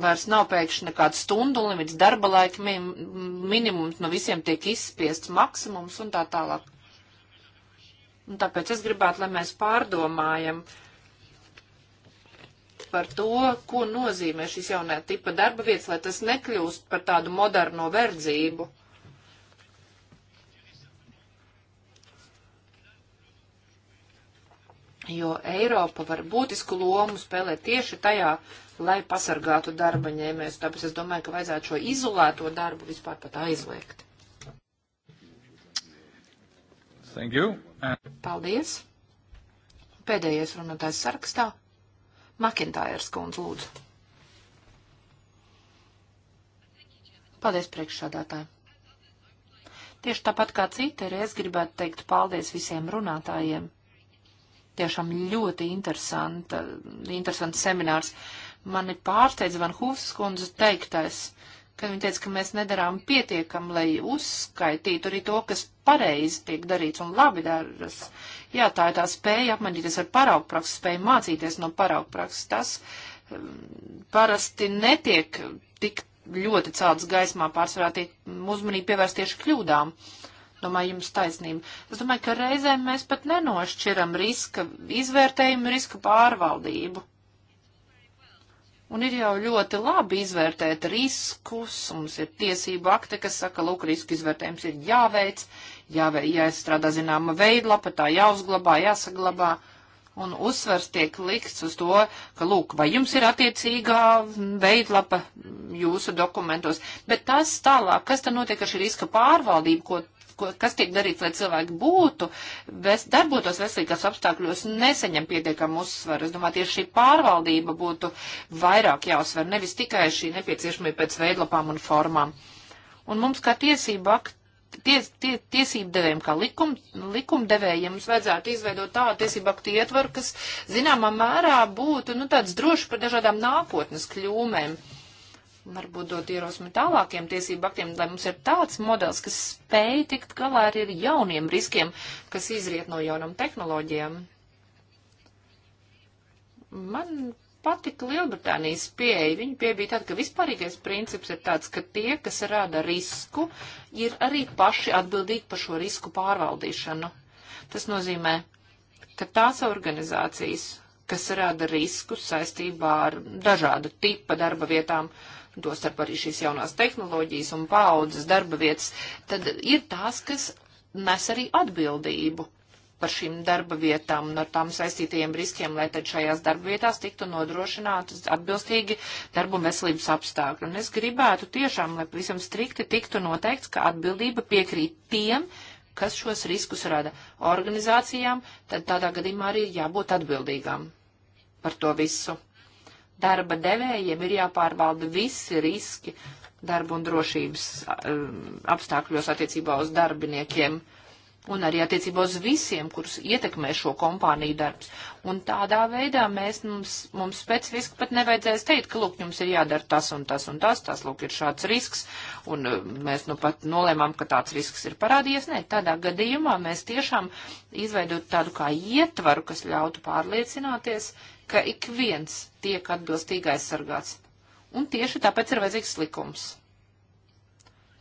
Vairs nav pēkšņi nekāds stundu limits, darba laika minimums, no visiem tiek izspiests maksimums un tā tālāk. Un tāpēc es gribētu, lai mēs pārdomājam par to, ko nozīmē šis jaunā tipa darba vietas, lai tas nekļūst par tādu moderno verdzību. Jo Eiropa var būtisku lomu spēlēt tieši tajā, uh, lai pasargātu darba ņēmējus. Tāpēc es domāju, ka vajadzētu šo izolēto darbu vispār pat aizliegt. Thank you. And... Paldies. Pēdējais runātājs sarakstā. Makintājas kundze, lūdzu. Paldies priekšsādātājiem. Tieši tāpat kā citi, arī es gribētu teikt paldies visiem runātājiem. Tiešām ļoti interesanta, interesants seminārs. Mani pārsteidz Van Hūsas kundze teiktais, kad viņa teica, ka mēs nedarām pietiekam, lai uzskaitītu arī to, kas pareizi tiek darīts un labi daras. Jā, tā ir tā spēja apmainīties ar paraugprakses, spēja mācīties no paraugprakses. Tas um, parasti netiek tik ļoti cēlts gaismā, pārsvarā tiek uzmanība pievērst tieši kļūdām. Domāju, jums taisnība. Es domāju, ka reizēm mēs pat nenošķiram riska izvērtējumu, riska pārvaldību. Un ir jau ļoti labi izvērtēt riskus, mums ir tiesību akti, kas saka, lūk, risku izvērtējums ir jāveic, jāveic, jāizstrādā zināma veidlapa, tā jāuzglabā, jāsaglabā. Un uzsvers tiek likts uz to, ka, lūk, vai jums ir attiecīgā veidlapa jūsu dokumentos. Bet tas tālāk, kas tad notiek ar šī riska pārvaldību, ko ko, kas tiek darīts, lai cilvēki būtu, ves, darbotos veselīgās apstākļos, neseņem pietiekamu uzsvaru. Es domāju, tieši šī pārvaldība būtu vairāk jāuzsver, nevis tikai šī nepieciešamība pēc veidlapām un formām. Un mums kā tiesība akt ties, tie, tiesību devējiem, kā likum, likumdevējiem, mums vajadzētu izveidot tādu tiesību aktu ietvaru, kas zināmā mērā būtu nu, tāds drošs par dažādām nākotnes kļūmēm. Uh, varbūt dot ierosmi tālākiem tiesību aktiem, lai mums ir tāds modelis, kas spēj tikt galā arī ar jauniem riskiem, kas izriet no jaunam tehnoloģijām. Man patika Lielbritānijas pieeja. Viņa pieeja bija tāda, ka vispārīgais princips ir tāds, ka tie, kas rada risku, ir arī paši atbildīgi par šo risku pārvaldīšanu. Tas nozīmē, ka tās organizācijas, kas rada riskus saistībā ar dažādu tipa darba vietām, uh, tostarp arī šīs jaunās tehnoloģijas un paudzes darba vietas, tad ir tās, kas nes arī atbildību par šīm darba vietām un ar tām saistītajiem riskiem, lai tad šajās darba vietās tiktu nodrošinātas atbilstīgi darbu un veselības apstākļi. Un es gribētu tiešām, lai pavisam strikti tiktu noteikts, ka atbildība piekrīt tiem, kas šos riskus rada organizācijām, tad tādā gadījumā arī jābūt atbildīgām par to visu darba devējiem ir jāpārvalda visi riski darba un drošības um, apstākļos attiecībā uz darbiniekiem un arī attiecībā uz visiem, kurus ietekmē šo kompāniju darbs. Un tādā veidā mēs, mums, mums specifiski pat nevajadzēs teikt, ka, lūk, jums ir jādara tas un tas un tas, tas, lūk, ir šāds risks, un um, mēs nu pat nolēmām, ka tāds risks ir parādījies. Nē, tādā gadījumā mēs tiešām izveidot tādu kā ietvaru, kas ļautu pārliecināties, ka ik viens tiek atbilstīgi aizsargāts. Un tieši tāpēc ir vajadzīgs likums.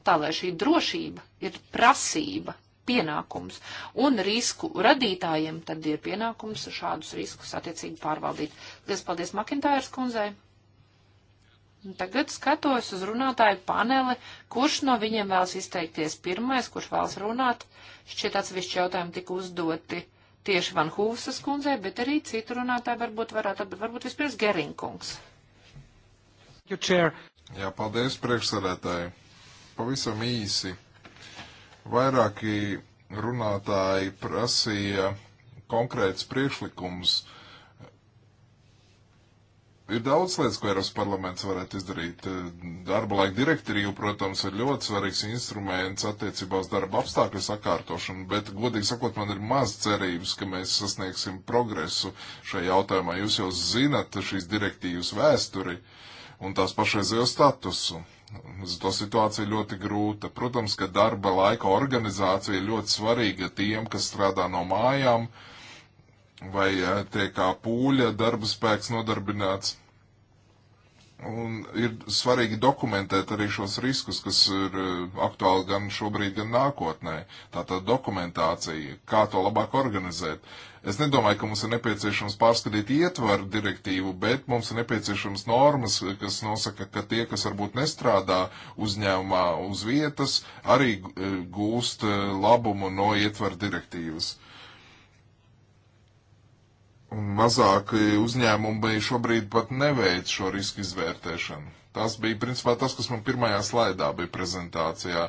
Tā lai šī drošība ir prasība, pienākums, un risku radītājiem tad ir pienākums šādus riskus attiecīgi pārvaldīt. Lies paldies Makintājas kundzei. Tagad skatos uz runātāju paneli, kurš no viņiem vēlas izteikties pirmais, kurš vēlas runāt. Šķiet atsevišķi jautājumi tika uzdoti. Uh, tieši Van Hūsas kundzei, bet arī citu runātāju varbūt varētu, varbūt vispirms Gerinkungs. Jā, paldies priekšsarētāji. Pavisam īsi. Vairāki runātāji prasīja konkrēts priekšlikums uh, Ir daudz lietas, ko Eiropas parlaments varētu izdarīt. Darba laika direktīva, protams, ir ļoti svarīgs instruments attiecībā uz darba apstākļu sakārtošanu, bet, godīgi sakot, man ir maz cerības, ka mēs sasniegsim progresu šajā jautājumā. Jūs jau zinat šīs direktīvas vēsturi un tās pašreizējo statusu. Uz to situācija ļoti grūta. Protams, ka darba laika organizācija ir ļoti svarīga tiem, kas strādā no mājām vai eh, tiek kā pūļa darba spēks nodarbināts. Un ir svarīgi dokumentēt arī šos riskus, kas ir eh, aktuāli gan šobrīd, gan nākotnē. Tātad dokumentācija, kā to labāk organizēt. Es nedomāju, ka mums ir nepieciešams pārskatīt ietvaru direktīvu, bet mums ir nepieciešams normas, kas nosaka, ka tie, kas varbūt nestrādā uzņēmumā uz vietas, arī eh, gūst eh, labumu no ietvaru direktīvas. Un mazāki uzņēmumi šobrīd pat neveic šo risku izvērtēšanu. Tas bija principā tas, kas man pirmajā slaidā bija prezentācijā.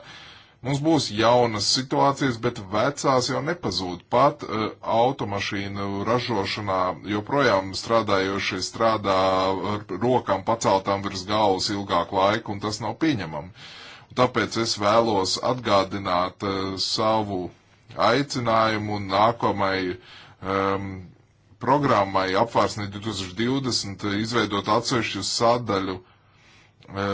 Mums būs jaunas situācijas, bet vecās jau nepazūd. Pat uh, automašīnu ražošanā joprojām strādājošie strādā ar rokām paceltām virs galvas ilgāku laiku, un tas nav pieņemami. Tāpēc es vēlos atgādināt uh, savu aicinājumu nākamai um, programmai apvārsnē 2020 izveidot atsevišķu sadaļu, e,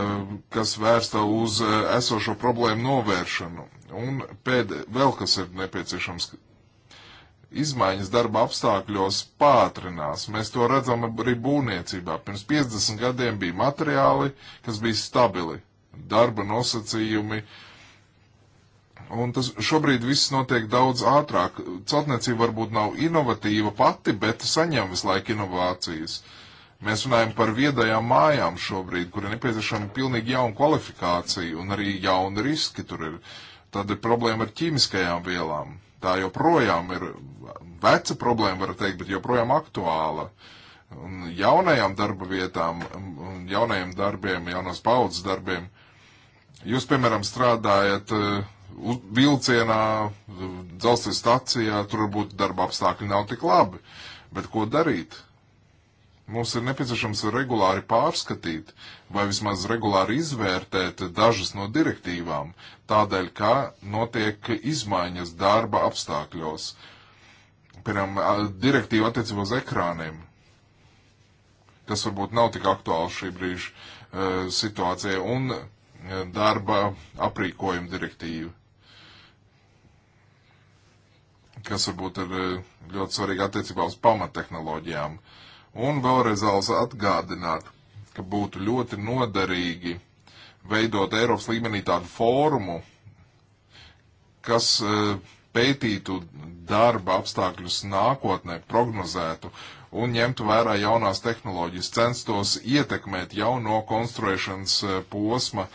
kas vērsta uz e, esošo problēmu novēršanu. Un pēd, vēl kas ir nepieciešams, izmaiņas darba apstākļos pātrinās. Mēs to redzam arī būvniecībā. Pirms 50 gadiem bija materiāli, kas bija stabili, darba nosacījumi, uh, Un tas šobrīd viss notiek daudz ātrāk. Celtniecība varbūt nav inovatīva pati, bet saņem visu laiku inovācijas. Mēs runājam par viedajām mājām šobrīd, kur ir nepieciešama pilnīgi jauna kvalifikācija un arī jauni riski tur ir. Tad ir problēma ar ķīmiskajām vielām. Tā joprojām ir veca problēma, var teikt, bet joprojām aktuāla. Un jaunajām darba vietām, jaunajiem darbiem, jaunās paudzes darbiem. Jūs, piemēram, strādājat uh, vilcienā, dzelzceļa stacijā, tur varbūt darba apstākļi nav tik labi. Bet ko darīt? Mums ir nepieciešams regulāri pārskatīt vai vismaz regulāri izvērtēt dažas no direktīvām, tādēļ, ka notiek izmaiņas darba apstākļos. Piemēram, direktīva attiecībā uz ekrāniem, kas varbūt nav tik aktuāls šī brīža uh, e, situācija, un e, darba aprīkojuma direktīva. kas varbūt ir eh, ļoti svarīgi attiecībā uz pamattehnoloģijām. Un vēlreiz vēlas atgādināt, ka būtu ļoti noderīgi veidot Eiropas līmenī tādu fórumu, kas eh, pētītu darba apstākļus nākotnē, prognozētu un ņemtu vērā jaunās tehnoloģijas, censtos ietekmēt jauno konstruēšanas eh, posma,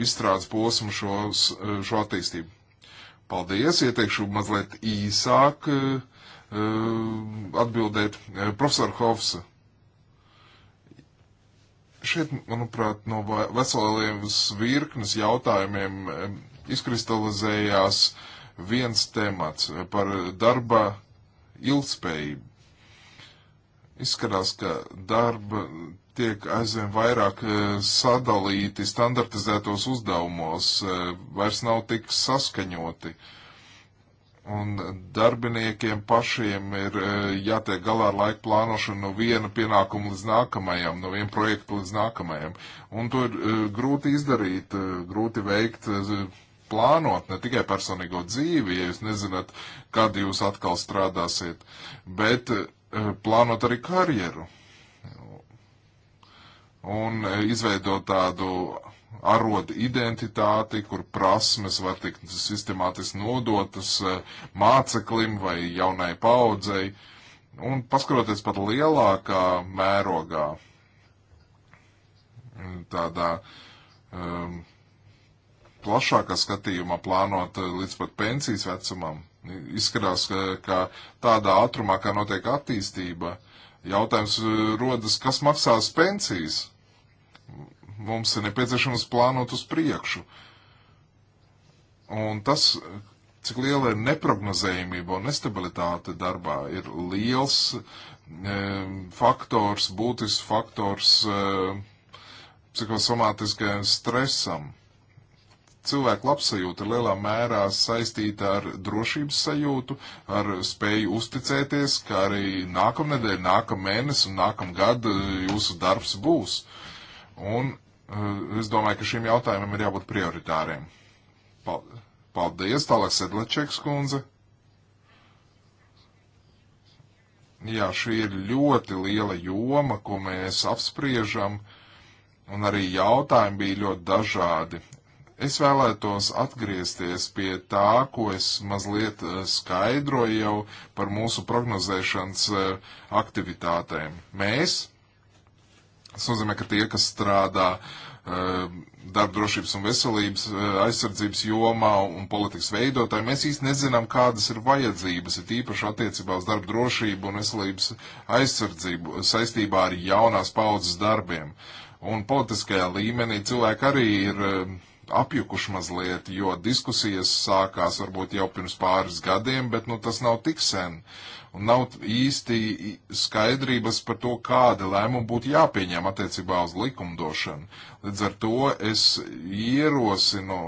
izstrādes posmu šos, šo attīstību. Paldies, ieteikšu mazliet īsāk uh, atbildēt eh, profesoru Hovsa. Šeit, manuprāt, no veseliem virknes jautājumiem izkristalizējās viens temats par darba ilgspējību. Izskatās, ka darba tiek aizvien vairāk eh, sadalīti standartizētos uzdevumos, eh, vairs nav tik saskaņoti. Un darbiniekiem pašiem ir eh, jātiek galā ar laika plānošanu no viena pienākuma līdz nākamajam, no viena projekta līdz nākamajam. Un to ir grūti izdarīt, grūti veikt, plānot ne tikai personīgo dzīvi, ja jūs nezināt, kad jūs atkal strādāsiet, bet plānot arī karjeru un e, izveidot tādu arodu identitāti, kur prasmes var tikt sistemātiski nodotas e, māceklim vai jaunai paudzei, un paskatoties pat lielākā mērogā, tādā um, plašākā skatījumā plānot līdz pat pensijas vecumam. Izskatās, ka, ka tādā ātrumā, kā notiek attīstība, uh, Jautājums e, rodas, kas maksās pensijas? Mums ir nepieciešams plānot uz priekšu. Un tas, cik liela ir neprognozējumība un nestabilitāte darbā, ir liels e, faktors, būtisks faktors e, psihosomātiskajam stresam cilvēku labsajūta lielā mērā saistīta ar drošības sajūtu, ar spēju uzticēties, ka arī nākamnedēļ, nākamēnes un nākamgad eh, jūsu darbs būs. Un eh, es domāju, ka šiem jautājumiem ir jābūt prioritāriem. Paldies, tālāk Sedlačeks kundze. Jā, šī ir ļoti liela joma, ko mēs apspriežam, un arī jautājumi bija ļoti dažādi Es vēlētos atgriezties pie tā, ko es mazliet eh, skaidroju jau par mūsu prognozēšanas eh, aktivitātēm. Mēs, tas nozīmē, ka tie, kas strādā eh, darba drošības un veselības aizsardzības jomā un politikas veidotāji, mēs īsti nezinām, kādas ir vajadzības, ir īpaši attiecībā uz darba drošību un veselības aizsardzību saistībā ar jaunās paudzes darbiem. Un politiskajā līmenī cilvēki arī ir apjukuši mazliet, jo diskusijas sākās varbūt jau pirms pāris gadiem, bet nu, tas nav tik sen. Un nav īsti skaidrības par to, kāda lēmuma būtu jāpieņem attiecībā uz likumdošanu. Līdz ar to es ierosinu,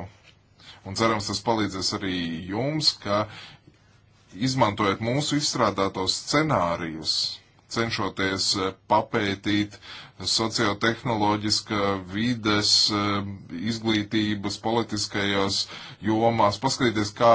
un cerams, tas palīdzēs arī jums, ka izmantojot mūsu izstrādātos scenārijus, cenšoties eh, papētīt sociotehnoloģiska vides, eh, izglītības, politiskajās jomās, paskatīties, kā,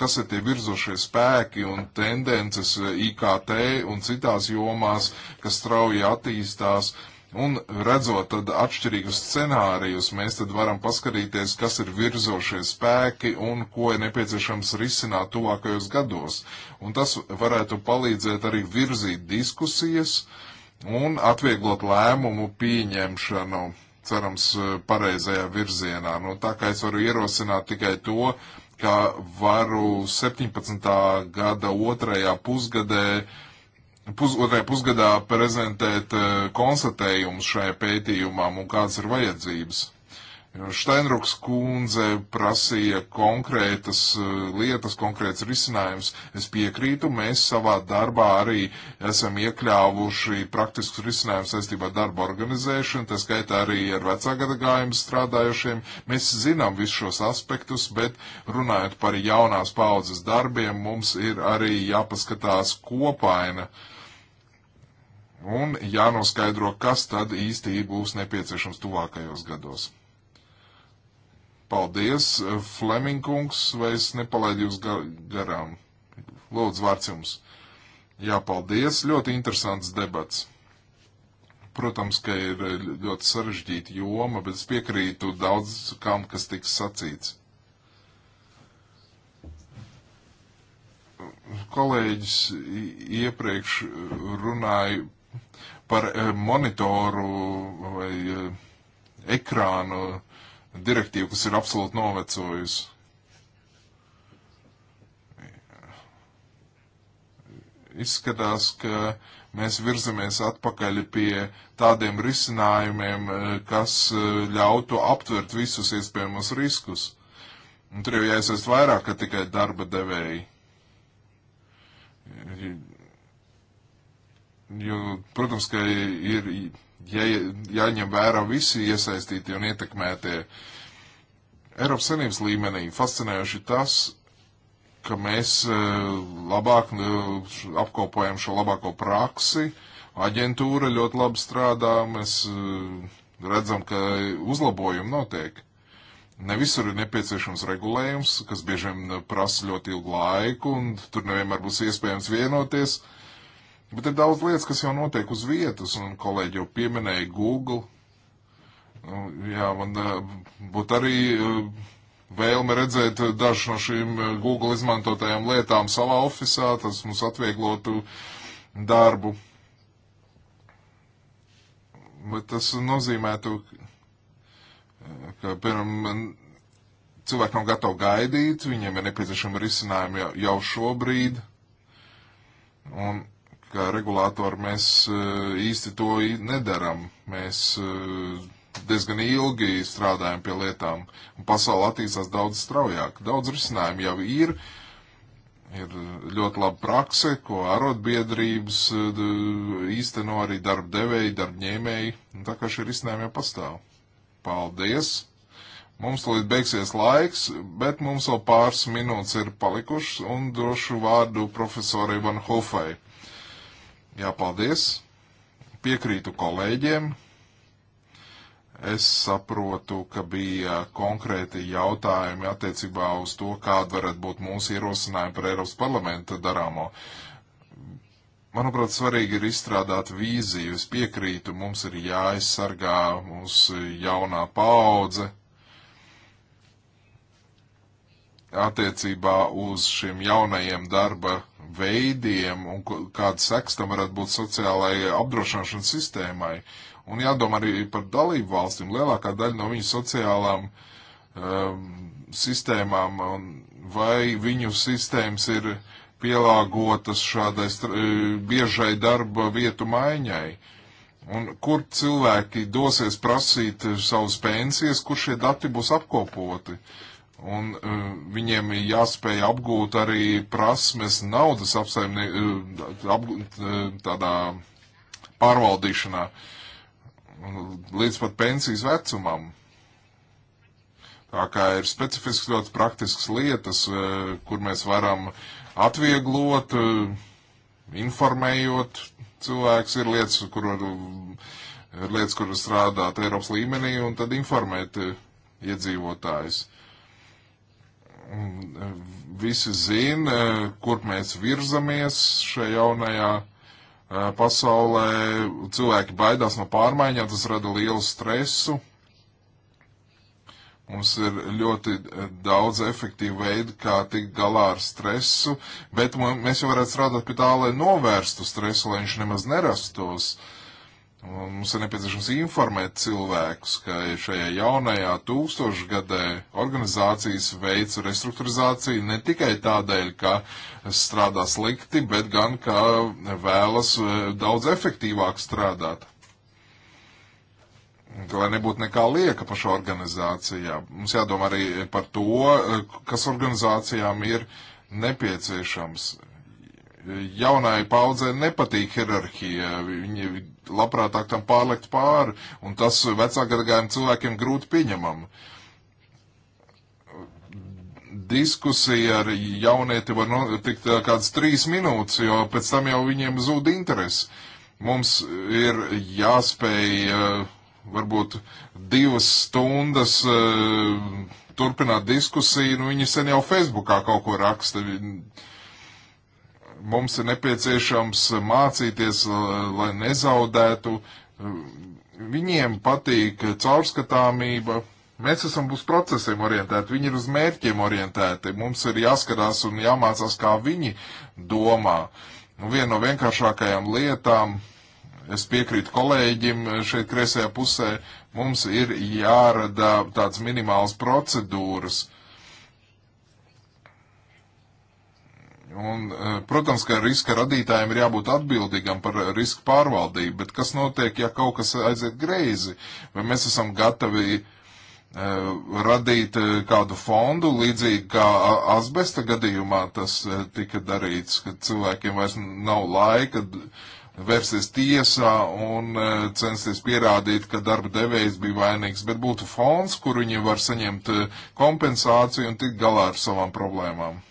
kas ir tie virzošie spēki un tendences eh, IKT un citās jomās, kas strauji attīstās. Uh, Un redzot tad atšķirīgus scenārijus, mēs tad varam paskatīties, kas ir virzošie spēki un ko ir nepieciešams risināt tuvākajos gados. Un tas varētu palīdzēt arī virzīt diskusijas un atvieglot lēmumu pieņemšanu, cerams, pareizajā virzienā. Nu, tā kā es varu ierosināt tikai to, ka varu 17. gada otrajā pusgadē uh, pusotē pusgadā prezentēt e, konstatējumus šajā pētījumam un kādas ir vajadzības. Steinruks kundze prasīja konkrētas e, lietas, konkrēts risinājums. Es piekrītu, mēs savā darbā arī esam iekļāvuši praktiskus risinājumus saistībā ar darba organizēšanu, tā skaitā arī ar vecākatagājumu strādājušiem. Mēs zinām visus šos aspektus, bet runājot par jaunās paudzes darbiem, mums ir arī jāpaskatās kopaina. Uh, un jānoskaidro, kas tad īsti būs nepieciešams tuvākajos gados. Paldies, Fleminkungs, vai es nepalaidu jūs garām? Lūdzu, vārds jums. Jā, paldies, ļoti interesants debats. Protams, ka ir ļoti sarežģīta joma, bet es piekrītu daudz kam, kas tiks sacīts. kolēģis iepriekš runāja par eh, monitoru vai eh, ekrānu direktīvu, kas ir absolūti novecojusi. Izskatās, ka mēs virzamies atpakaļ pie tādiem risinājumiem, eh, kas ļautu aptvert visus iespējamos riskus. Un tur jau jāiesaist vairāk, ka tikai darba devēji Jo, protams, ka ir jā, jāņem vērā visi iesaistītie un ietekmētie. Eiropas Savienības līmenī fascinējoši tas, ka mēs e, labāk e, apkopojam šo labāko praksi, aģentūra ļoti labi strādā, mēs e, redzam, ka uzlabojumi notiek. Ne visur ir nepieciešams regulējums, kas bieži vien prasa ļoti ilgu laiku, un tur nevienmēr būs iespējams vienoties. Uh, Bet ir daudz lietas, kas jau notiek uz vietas, un kolēģi jau pieminēja Google. Nu, jā, man eh, būtu arī eh, vēlme redzēt eh, dažu no šīm Google izmantotajām lietām savā ofisā, tas mums atvieglotu darbu. Bet tas nozīmētu, ka, piemēram, cilvēki nav gatavi gaidīt, viņiem ir nepieciešami risinājumi jau šobrīd. Un kā regulātori mēs eh, īsti to nedaram. Mēs eh, diezgan ilgi strādājam pie lietām, un pasaule attīstās daudz straujāk. Daudz risinājumu jau ir. Ir ļoti laba prakse, ko arotbiedrības eh, īsteno arī darba devēji, darba ņēmēji. Tā kā šie risinājumi jau pastāv. Paldies! Mums līdz beigsies laiks, bet mums vēl pāris minūtes ir palikušas, un došu vārdu profesorai Van Hofai. Jā, paldies. Piekrītu kolēģiem. Es saprotu, ka bija konkrēti jautājumi attiecībā uz to, kāda varētu būt mūsu ierosinājuma par Eiropas parlamenta darāmo. Manuprāt, svarīgi ir izstrādāt vīziju. Es piekrītu, mums ir jāaizsargā mūsu jaunā paudze attiecībā uz šiem jaunajiem darba veidiem un kāds seks tam varētu būt sociālajai apdrošināšanas sistēmai. Un jādomā arī par dalību valstīm. Lielākā daļa no viņu sociālām um, sistēmām un vai viņu sistēmas ir pielāgotas šādai e, biežai darba vietu maiņai. Un kur cilvēki dosies prasīt savus pensijas, kur šie dati būs apkopoti. Uh, Un uh, viņiem jāspēj apgūt arī prasmes naudas apsaimnie, uh, apgūt, uh, tādā pārvaldīšanā līdz pat pensijas vecumam. Tā kā ir specifisks ļoti praktisks lietas, uh, kur mēs varam atvieglot, uh, informējot cilvēks, ir lietas, kur, ir lietas, kur strādāt Eiropas līmenī un tad informēt uh, iedzīvotājus. E, visi zina, e, kur mēs virzamies šajā jaunajā e, pasaulē. Cilvēki baidās no pārmaiņām, tas rada lielu stresu. Mums ir ļoti daudz efektīvu veidu, kā tikt galā ar stresu, bet mēs jau varētu strādāt pie tā, lai novērstu stresu, lai viņš nemaz nerastos. Uh, Mums ir nepieciešams informēt cilvēkus, ka šajā jaunajā tūkstošgadē organizācijas veids restruktūrizāciju ne tikai tādēļ, ka strādā slikti, bet gan, ka vēlas e, daudz efektīvāk strādāt. Lai nebūtu nekā lieka pašā organizācijā. Mums jādomā arī par to, e, kas organizācijām ir nepieciešams jaunai paudzē nepatīk hierarhija, viņi labprātāk tam pārlekt pāri, un tas vecākajiem cilvēkiem grūti pieņemam. Diskusija ar jaunieti var notikt eh, kādas trīs minūtes, jo pēc tam jau viņiem zūd interesi. Mums ir jāspēj eh, varbūt divas stundas eh, turpināt diskusiju, nu viņi sen jau Facebookā kaut ko raksta. Viņi Mums ir nepieciešams mācīties, lai nezaudētu. Viņiem patīk caurskatāmība. Mēs esam uz procesiem orientēti, viņi ir uz mērķiem orientēti. Mums ir jāskatās un jāmācās, kā viņi domā. Nu, viena no vienkāršākajām lietām, es piekrītu kolēģim šeit kreisajā pusē, mums ir jārada tāds minimāls procedūras, uh, Un, e, protams, ka riska radītājiem ir jābūt atbildīgam par riska pārvaldību, bet kas notiek, ja kaut kas aiziet greizi? Vai mēs esam gatavi uh, radīt e, kādu fondu, līdzīgi kā asbesta gadījumā tas tika darīts, ka cilvēkiem vairs nav laika vērsties tiesā un censties pierādīt, ka darba devējs bija vainīgs, bet būtu fonds, kur viņi var saņemt kompensāciju un tikt galā ar savām problēmām.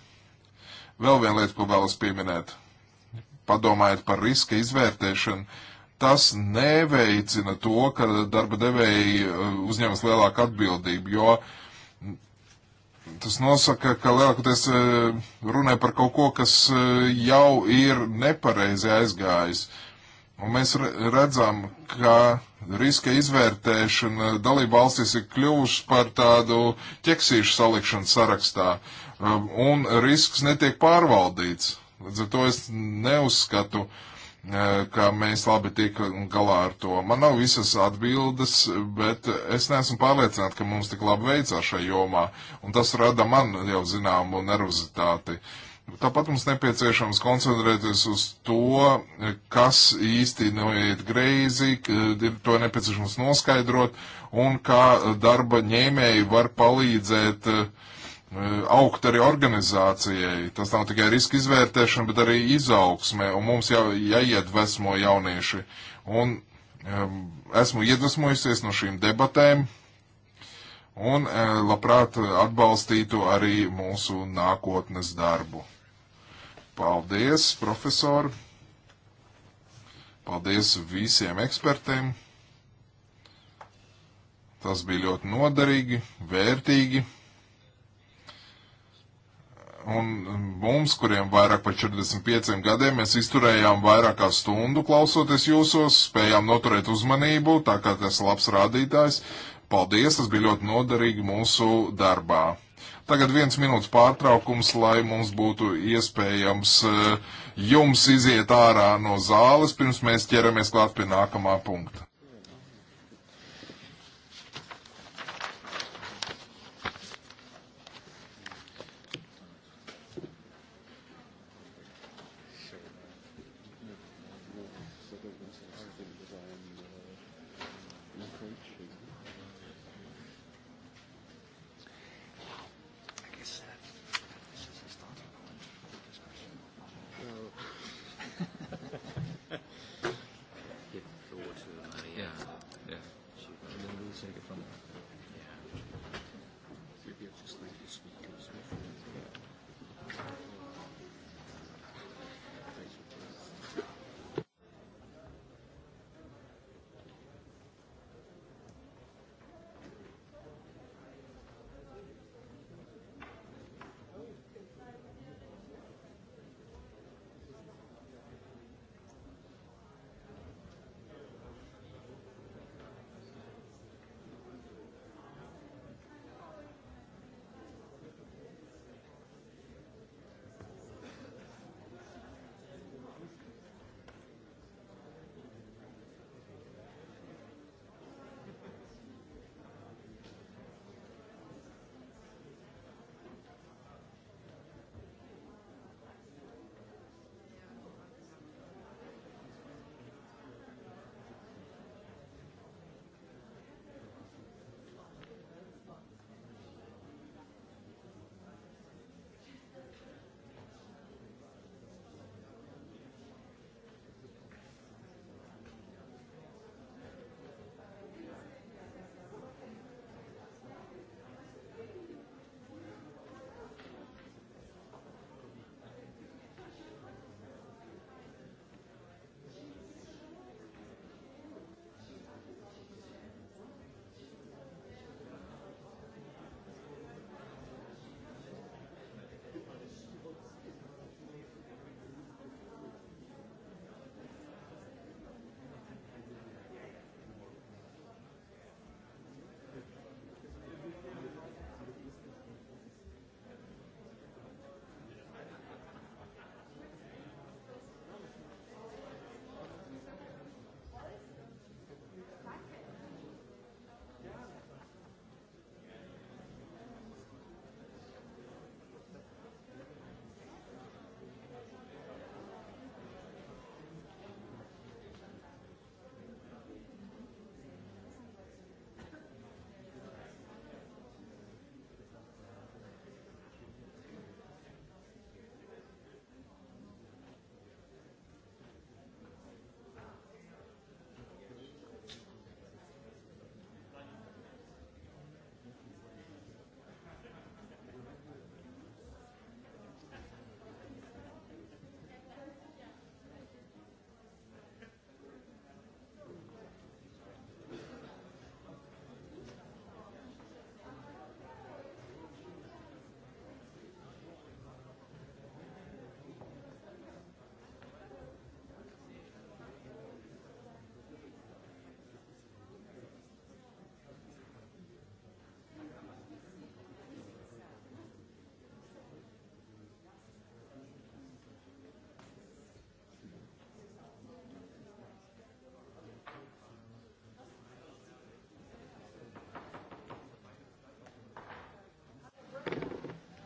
Vēl viena lieta, ko vēlos pieminēt. Padomājiet par riska izvērtēšanu. Tas neveicina to, ka darba devēji uh, uzņemas lielāku atbildību, jo tas nosaka, ka lielākoties uh, runē par kaut ko, kas uh, jau ir nepareizi aizgājis. Un mēs redzam, ka riska izvērtēšana dalība valstis ir kļuvusi par tādu ķeksīšu salikšanu sarakstā. Uh, Um, un risks netiek pārvaldīts. Līdz ar to es neuzskatu, uh, ka mēs labi tiekam galā ar to. Man nav visas atbildes, bet es neesmu pārliecināts, ka mums tik labi veicās šajā jomā, un tas rada man jau zināmu nervozitāti. Tāpat mums nepieciešams koncentrēties uz to, kas īsti noiet greizi, to nepieciešams noskaidrot, un kā darba ņēmēji var palīdzēt uh, augt arī organizācijai. Tas nav tikai riska izvērtēšana, bet arī izaugsme, un mums jau jāiedvesmo jaunieši. Un um, esmu iedvesmojusies no šīm debatēm, un um, labprāt atbalstītu arī mūsu nākotnes darbu. Paldies, profesori! Paldies visiem ekspertiem! Tas bija ļoti noderīgi, vērtīgi. Un mums, kuriem vairāk par 45 gadiem, mēs izturējām vairāk kā stundu klausoties jūsos, spējām noturēt uzmanību, tā kā tas labs rādītājs. Paldies, tas bija ļoti noderīgi mūsu darbā. Tagad viens minūtes pārtraukums, lai mums būtu iespējams eh, jums iziet ārā no zāles, pirms mēs ķeramies klāt pie nākamā punkta.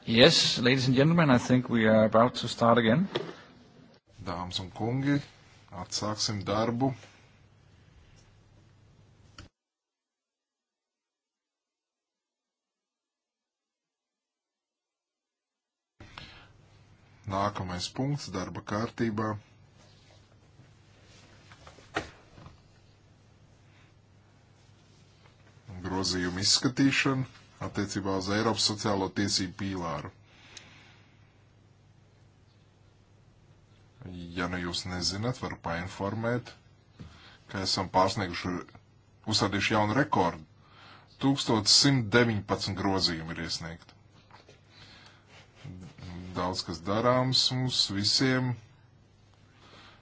Yes, ladies and gentlemen, I think we are about to start again. Dāmas un kungi, atsāksim darbu. Nākamais punkts darba kārtībā. Grozījumu izskatīšana attiecībā uz Eiropas sociālo tiesību pīlāru. Ja nu jūs nezināt, varu painformēt, ka esam pārsnieguši, uzsādījuši jaunu rekordu. 1119 grozījumi ir iesniegti. Daudz kas darāms mums visiem.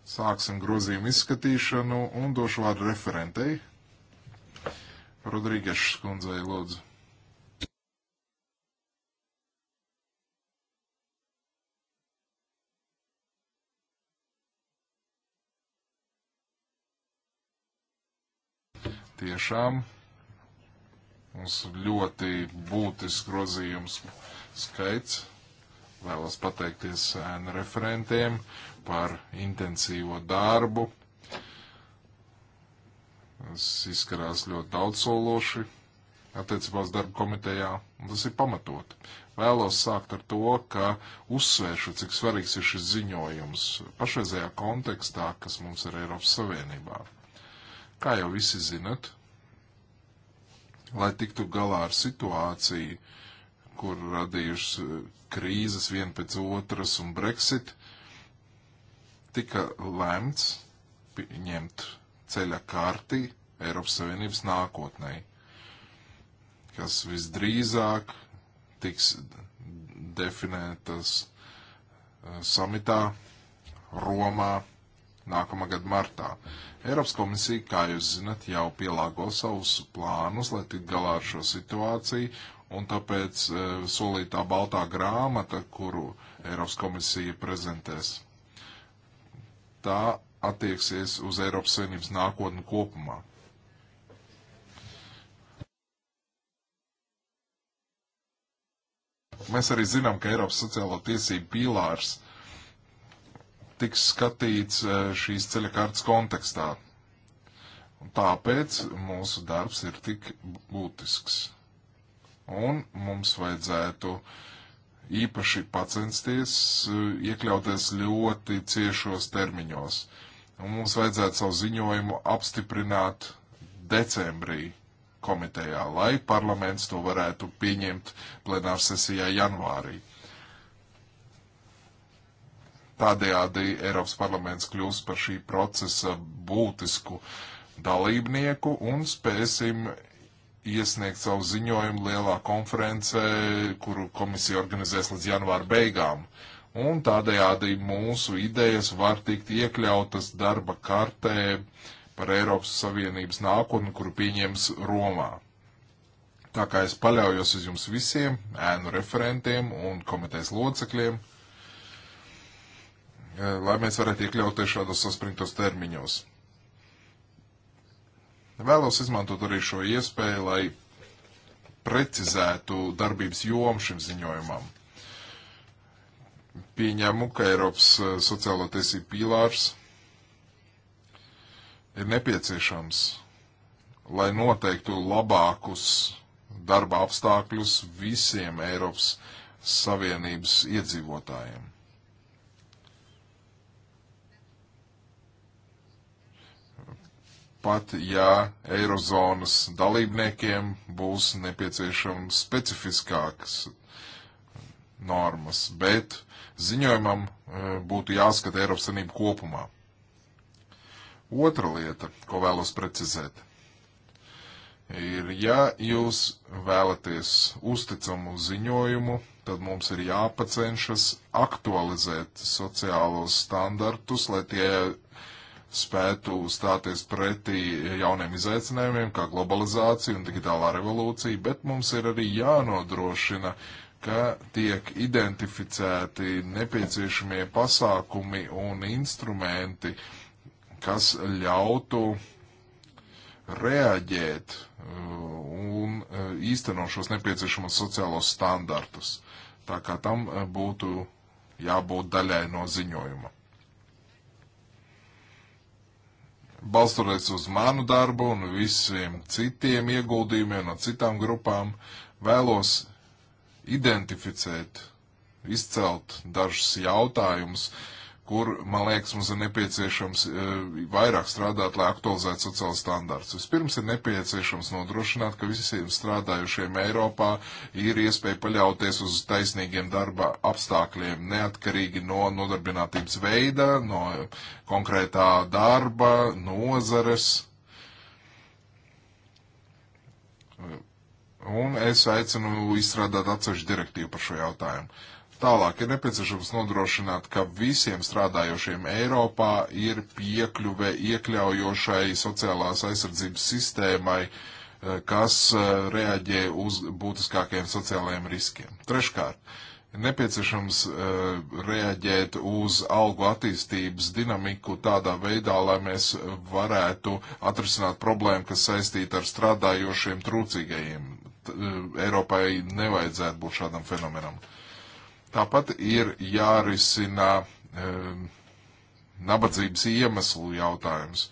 Sāksim grozījumu izskatīšanu un došu vārdu referentei. Rodrīgešs kundzei lūdzu. tiešām mums ļoti būtisks grozījums skaits. Vēlos pateikties ēnu referentiem par intensīvo darbu. Tas izskatās ļoti daudzsološi attiecībā uz darbu komitejā, un tas ir pamatot. Vēlos sākt ar to, ka uzsvēršu, cik svarīgs ir šis ziņojums pašreizējā kontekstā, kas mums ir Eiropas Savienībā. Kā jau visi zinat, lai tiktu galā ar situāciju, kur radījušas eh, krīzes vien pēc otras un Brexit, tika lemts ņemt ceļa karti Eiropas Savienības nākotnē, kas visdrīzāk tiks definētas eh, samitā Romā nākamā gada martā. Eiropas komisija, kā jūs zinat, jau pielāgo savus plānus, lai tik galā ar šo situāciju, un tāpēc e, solītā baltā grāmata, kuru Eiropas komisija prezentēs, tā attieksies uz Eiropas Savienības nākotni kopumā. Mēs arī zinām, ka Eiropas sociālo tiesību pīlārs tiks skatīts e, šīs ceļa kārtas kontekstā. Un tāpēc mūsu darbs ir tik būtisks. Un mums vajadzētu īpaši pacensties, e, iekļauties ļoti ciešos termiņos. Un mums vajadzētu savu ziņojumu apstiprināt decembrī komitejā, lai parlaments to varētu pieņemt plenārsesijā janvārī. Tādējādi Eiropas parlaments kļūs par šī procesa būtisku dalībnieku un spēsim iesniegt savu ziņojumu lielā konferencē, kuru komisija organizēs līdz janvāra beigām. Un tādējādi mūsu idejas var tikt iekļautas darba kartē par Eiropas Savienības nākotni, kuru pieņems Romā. Tā kā es paļaujos uz jums visiem, ēnu referentiem un komitejas locekļiem. Eh, lai mēs varētu iekļauties šādos saspringtos termiņos. Vēlos izmantot arī šo iespēju, lai precizētu darbības jomu šim ziņojumam. Pieņemu, ka Eiropas eh, sociālo tiesību pīlārs ir nepieciešams, lai noteiktu labākus darba apstākļus visiem Eiropas Savienības iedzīvotājiem. pat ja Eirozonas dalībniekiem būs nepieciešams specifiskākas normas, bet ziņojumam e, būtu jāskata Eiropas Savienība kopumā. Otra lieta, ko vēlos precizēt, ir, ja jūs vēlaties uzticamu ziņojumu, tad mums ir jāpacenšas aktualizēt sociālos standartus, lai tie spētu stāties pretī jauniem izaicinājumiem, kā globalizācija un digitālā revolūcija, bet mums ir arī jānodrošina, ka tiek identificēti nepieciešamie pasākumi un instrumenti, kas ļautu reaģēt uh, un uh, īstenot šos nepieciešamos sociālos standartus. Tā kā tam uh, būtu jābūt daļai no ziņojuma. balstoties uz manu darbu un visiem citiem ieguldījumiem no citām grupām, vēlos identificēt, izcelt dažus jautājumus, uh, kur, man liekas, mums ir nepieciešams e, vairāk strādāt, lai aktualizētu sociālos standārts. Vispirms ir nepieciešams nodrošināt, ka visiem strādājušiem Eiropā ir iespēja paļauties uz taisnīgiem darba apstākļiem, neatkarīgi no nodarbinātības veida, no konkrētā darba, nozares. Un es aicinu izstrādāt atsevišķu direktīvu par šo jautājumu. Tālāk ir nepieciešams nodrošināt, ka visiem strādājošiem Eiropā ir piekļuve iekļaujošai sociālās aizsardzības sistēmai, eh, kas eh, reaģē uz būtiskākajiem sociālajiem riskiem. Treškārt, nepieciešams eh, reaģēt uz algu attīstības dinamiku tādā veidā, lai mēs varētu atrisināt problēmu, kas saistīta ar strādājošiem trūcīgajiem. Eiropai nevajadzētu būt šādam fenomenam. Uh, Tāpat ir jārisina um, nabadzības iemeslu jautājums.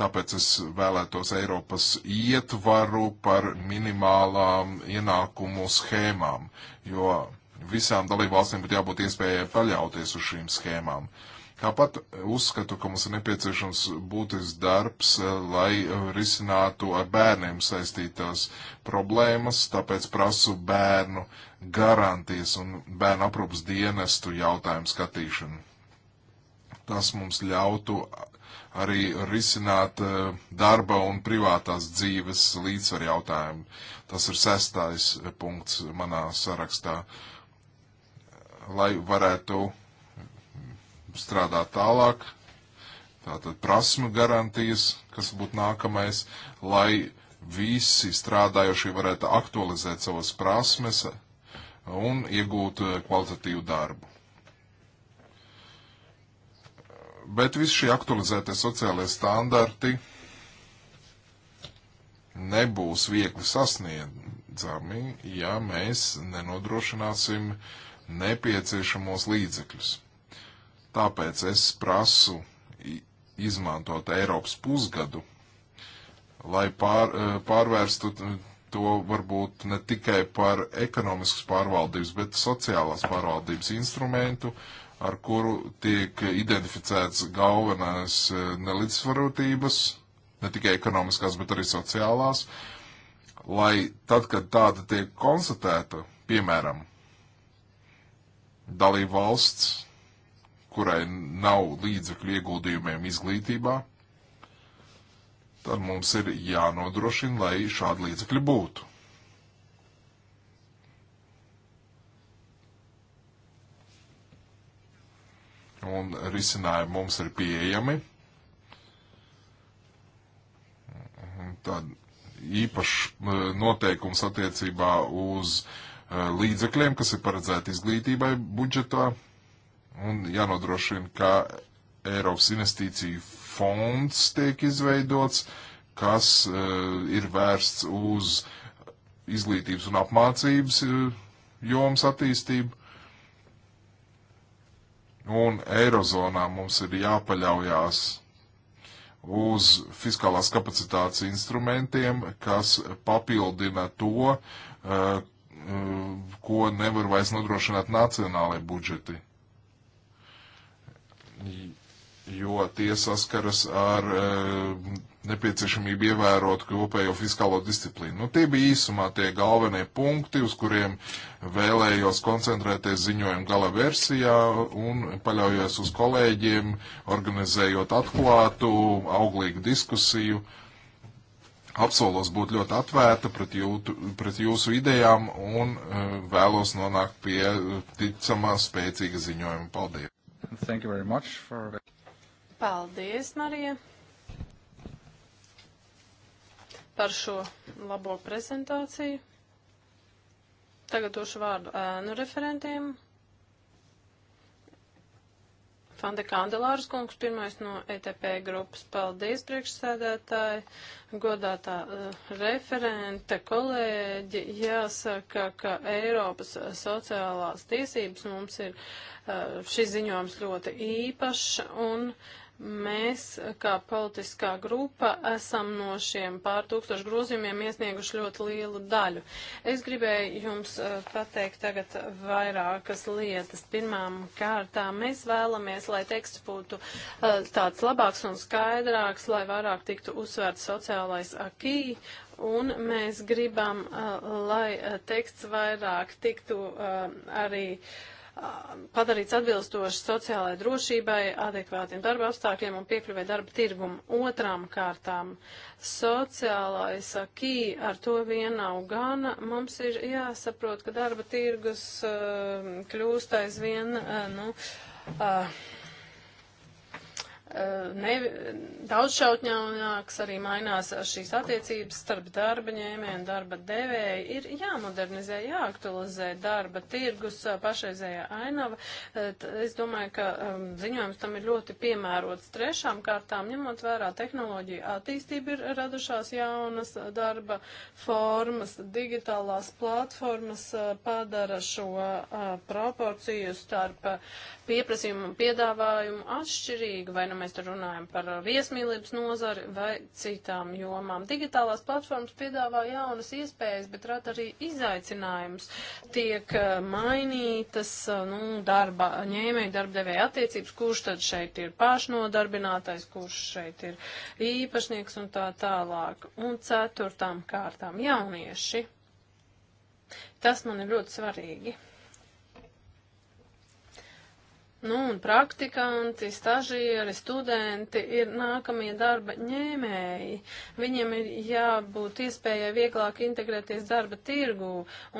Tāpēc es vēlētos Eiropas ietvaru par minimālām ienākumu schēmām, jo visām dalībvalstīm būtu jābūt iespējai paļauties uz šīm schēmām. Uh, Tāpat uzskatu, ka mums ir nepieciešams būtisks darbs, eh, lai eh, risinātu ar bērniem saistītās problēmas, tāpēc prasu bērnu garantijas un bērnu aprūpas dienestu jautājumu skatīšanu. Tas mums ļautu arī risināt eh, darba un privātās dzīves līdzsvaru jautājumu. Tas ir sestais punkts manā sarakstā, lai varētu strādāt tālāk, tātad prasmu garantijas, kas būtu nākamais, lai visi strādājošie varētu aktualizēt savas prasmes un iegūt eh, kvalitatīvu darbu. Bet visi šie aktualizētie sociālie standarti nebūs viegli sasniedzami, ja mēs nenodrošināsim nepieciešamos līdzekļus. Tāpēc es prasu izmantot Eiropas pusgadu, lai pār, e, pārvērstu to varbūt ne tikai par ekonomiskas pārvaldības, bet sociālās pārvaldības instrumentu, ar kuru tiek identificēts galvenās e, nelīdzsvarotības, ne tikai ekonomiskās, bet arī sociālās, lai tad, kad tāda tiek konstatēta, piemēram, dalība valsts kurai nav līdzekļu ieguldījumiem izglītībā, tad mums ir jānodrošina, lai šādi līdzekļi būtu. Un risinājumi mums ir pieejami. Tad īpašs noteikums attiecībā uz e, līdzekļiem, kas ir paredzēti izglītībai budžetā, un jānodrošina, ka Eiropas investīciju fonds tiek izveidots, kas uh, ir vērsts uz izglītības un apmācības uh, jomas attīstību. Un Eirozonā mums ir jāpaļaujās uz fiskālās kapacitātes instrumentiem, kas papildina to, uh, ko nevar vairs nodrošināt nacionālajie budžeti jo tie saskaras ar e, nepieciešamību ievērot kopējo fiskālo disciplīnu. Nu, tie bija īsumā tie galvenie punkti, uz kuriem vēlējos koncentrēties ziņojuma gala versijā un paļaujos uz kolēģiem, organizējot atklātu, auglīgu diskusiju. Apsolos būt ļoti atvērta pret, jūtu, pret jūsu idejām un e, vēlos nonākt pie ticamā spēcīga ziņojuma. Paldies! Thank you very much for... Paldies, Marija, par šo labo prezentāciju. Tagad došu vārdu ēnu referentiem. Fanda Kandelāras kungs, pirmais no ETP grupas. Paldies, priekšsēdētāji, godātā uh, referente, kolēģi. Jāsaka, ka Eiropas sociālās tiesības mums ir uh, šis ziņojums ļoti īpašs un uh, Mēs, kā politiskā grupa, esam no šiem pār tūkstošu grozījumiem iesnieguši ļoti lielu daļu. Es gribēju jums eh, pateikt tagad vairākas lietas. Pirmām kārtām mēs vēlamies, lai teksts būtu eh, tāds labāks un skaidrāks, lai vairāk tiktu uzsvērts sociālais akī un mēs gribam, eh, lai teksts vairāk tiktu arī Um, padarīts atbilstoši sociālai drošībai, adekvātiem darba apstākļiem un piekļuvai darba tirgumu. Otrām kārtām sociālais akī ar to vien nav gana. Mums ir jāsaprot, ka darba tirgus uh, kļūst aizvien, uh, nu, uh, ne, daudzšautņaunāks arī mainās šīs attiecības starp darba ņēmēju un darba devēju. Ir jāmodernizē, jāaktualizē darba tirgus pašreizējā ainava. Es domāju, ka ziņojums tam ir ļoti piemērots trešām kārtām, ņemot vērā tehnoloģiju attīstību ir radušās jaunas darba formas, digitālās platformas padara šo proporciju starp pieprasījumu un piedāvājumu atšķirīgi, vai nu mēs te runājam par viesmīlības nozari vai citām jomām. Digitālās platformas piedāvā jaunas iespējas, bet rada arī izaicinājums. Tiek eh, mainītas eh, nu, darba ņēmēju, darbdevēja attiecības, kurš tad šeit ir pašnodarbinātais, kurš šeit ir īpašnieks un tā tālāk. Un ceturtām kārtām jaunieši. Tas man ir ļoti svarīgi. Nu, un praktikanti, stažieri, studenti ir nākamie darba ņēmēji. Viņiem ir jābūt iespējai vieglāk integrēties darba tirgū,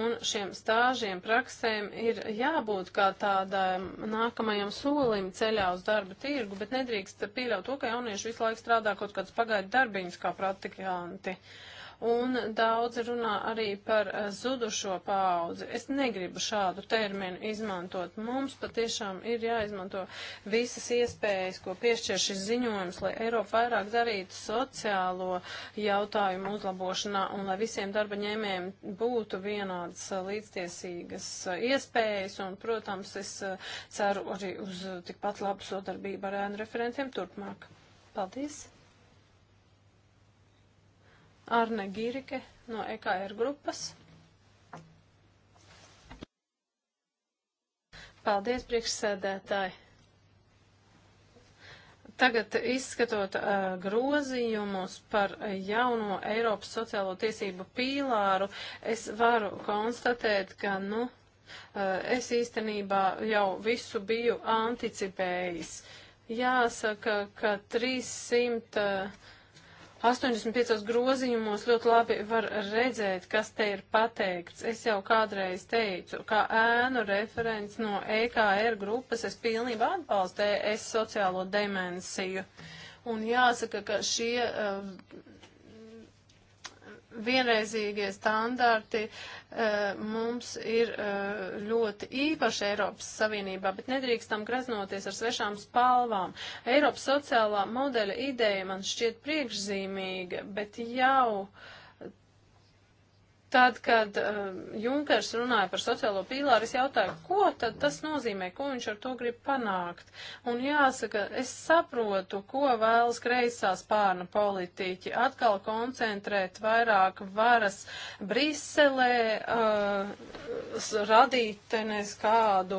un šiem stāžiem, praksēm ir jābūt kā tādam nākamajam solim ceļā uz darba tirgu, bet nedrīkst pieļaut to, ka jaunieši visu laiku strādā kaut kādas pagaidu darbiņas kā praktikanti. Uh, un daudz runā arī par eh, zudušo paudzi. Es negribu šādu terminu izmantot. Mums patiešām ir jāizmanto visas iespējas, ko piešķir šis ziņojums, lai Eiropa vairāk darītu sociālo jautājumu uzlabošanā un lai visiem darba ņēmējiem būtu vienādas eh, līdztiesīgas eh, iespējas. Un, protams, es ceru arī uz tikpat labu sodarbību ar ēnu referentiem turpmāk. Paldies! Arne Girike no EKR grupas. Paldies, priekšsēdētāji! Tagad izskatot uh, grozījumus par jauno Eiropas sociālo tiesību pīlāru, es varu konstatēt, ka, nu, uh, es īstenībā jau visu biju anticipējis. Jāsaka, ka 300. Uh, 85 grozījumos ļoti labi var redzēt, kas te ir pateikts. Es jau kādreiz teicu, kā ēnu referents no EKR grupas, es pilnībā atbalstu es sociālo dimensiju. Un jāsaka, ka šie uh, vienreizīgie standarti eh, mums ir eh, ļoti īpaši Eiropas Savienībā, bet nedrīkstam graznoties ar svešām spalvām. Eiropas sociālā modeļa ideja man šķiet priekšzīmīga, bet jau uh, Tad, kad uh, Junkers runāja par sociālo pīlāru, es jautāju, ko tad tas nozīmē, ko viņš ar to grib panākt. Un jāsaka, es saprotu, ko vēlas kreisā spārna politiķi atkal koncentrēt vairāk varas Briselē, uh, radīt nes kādu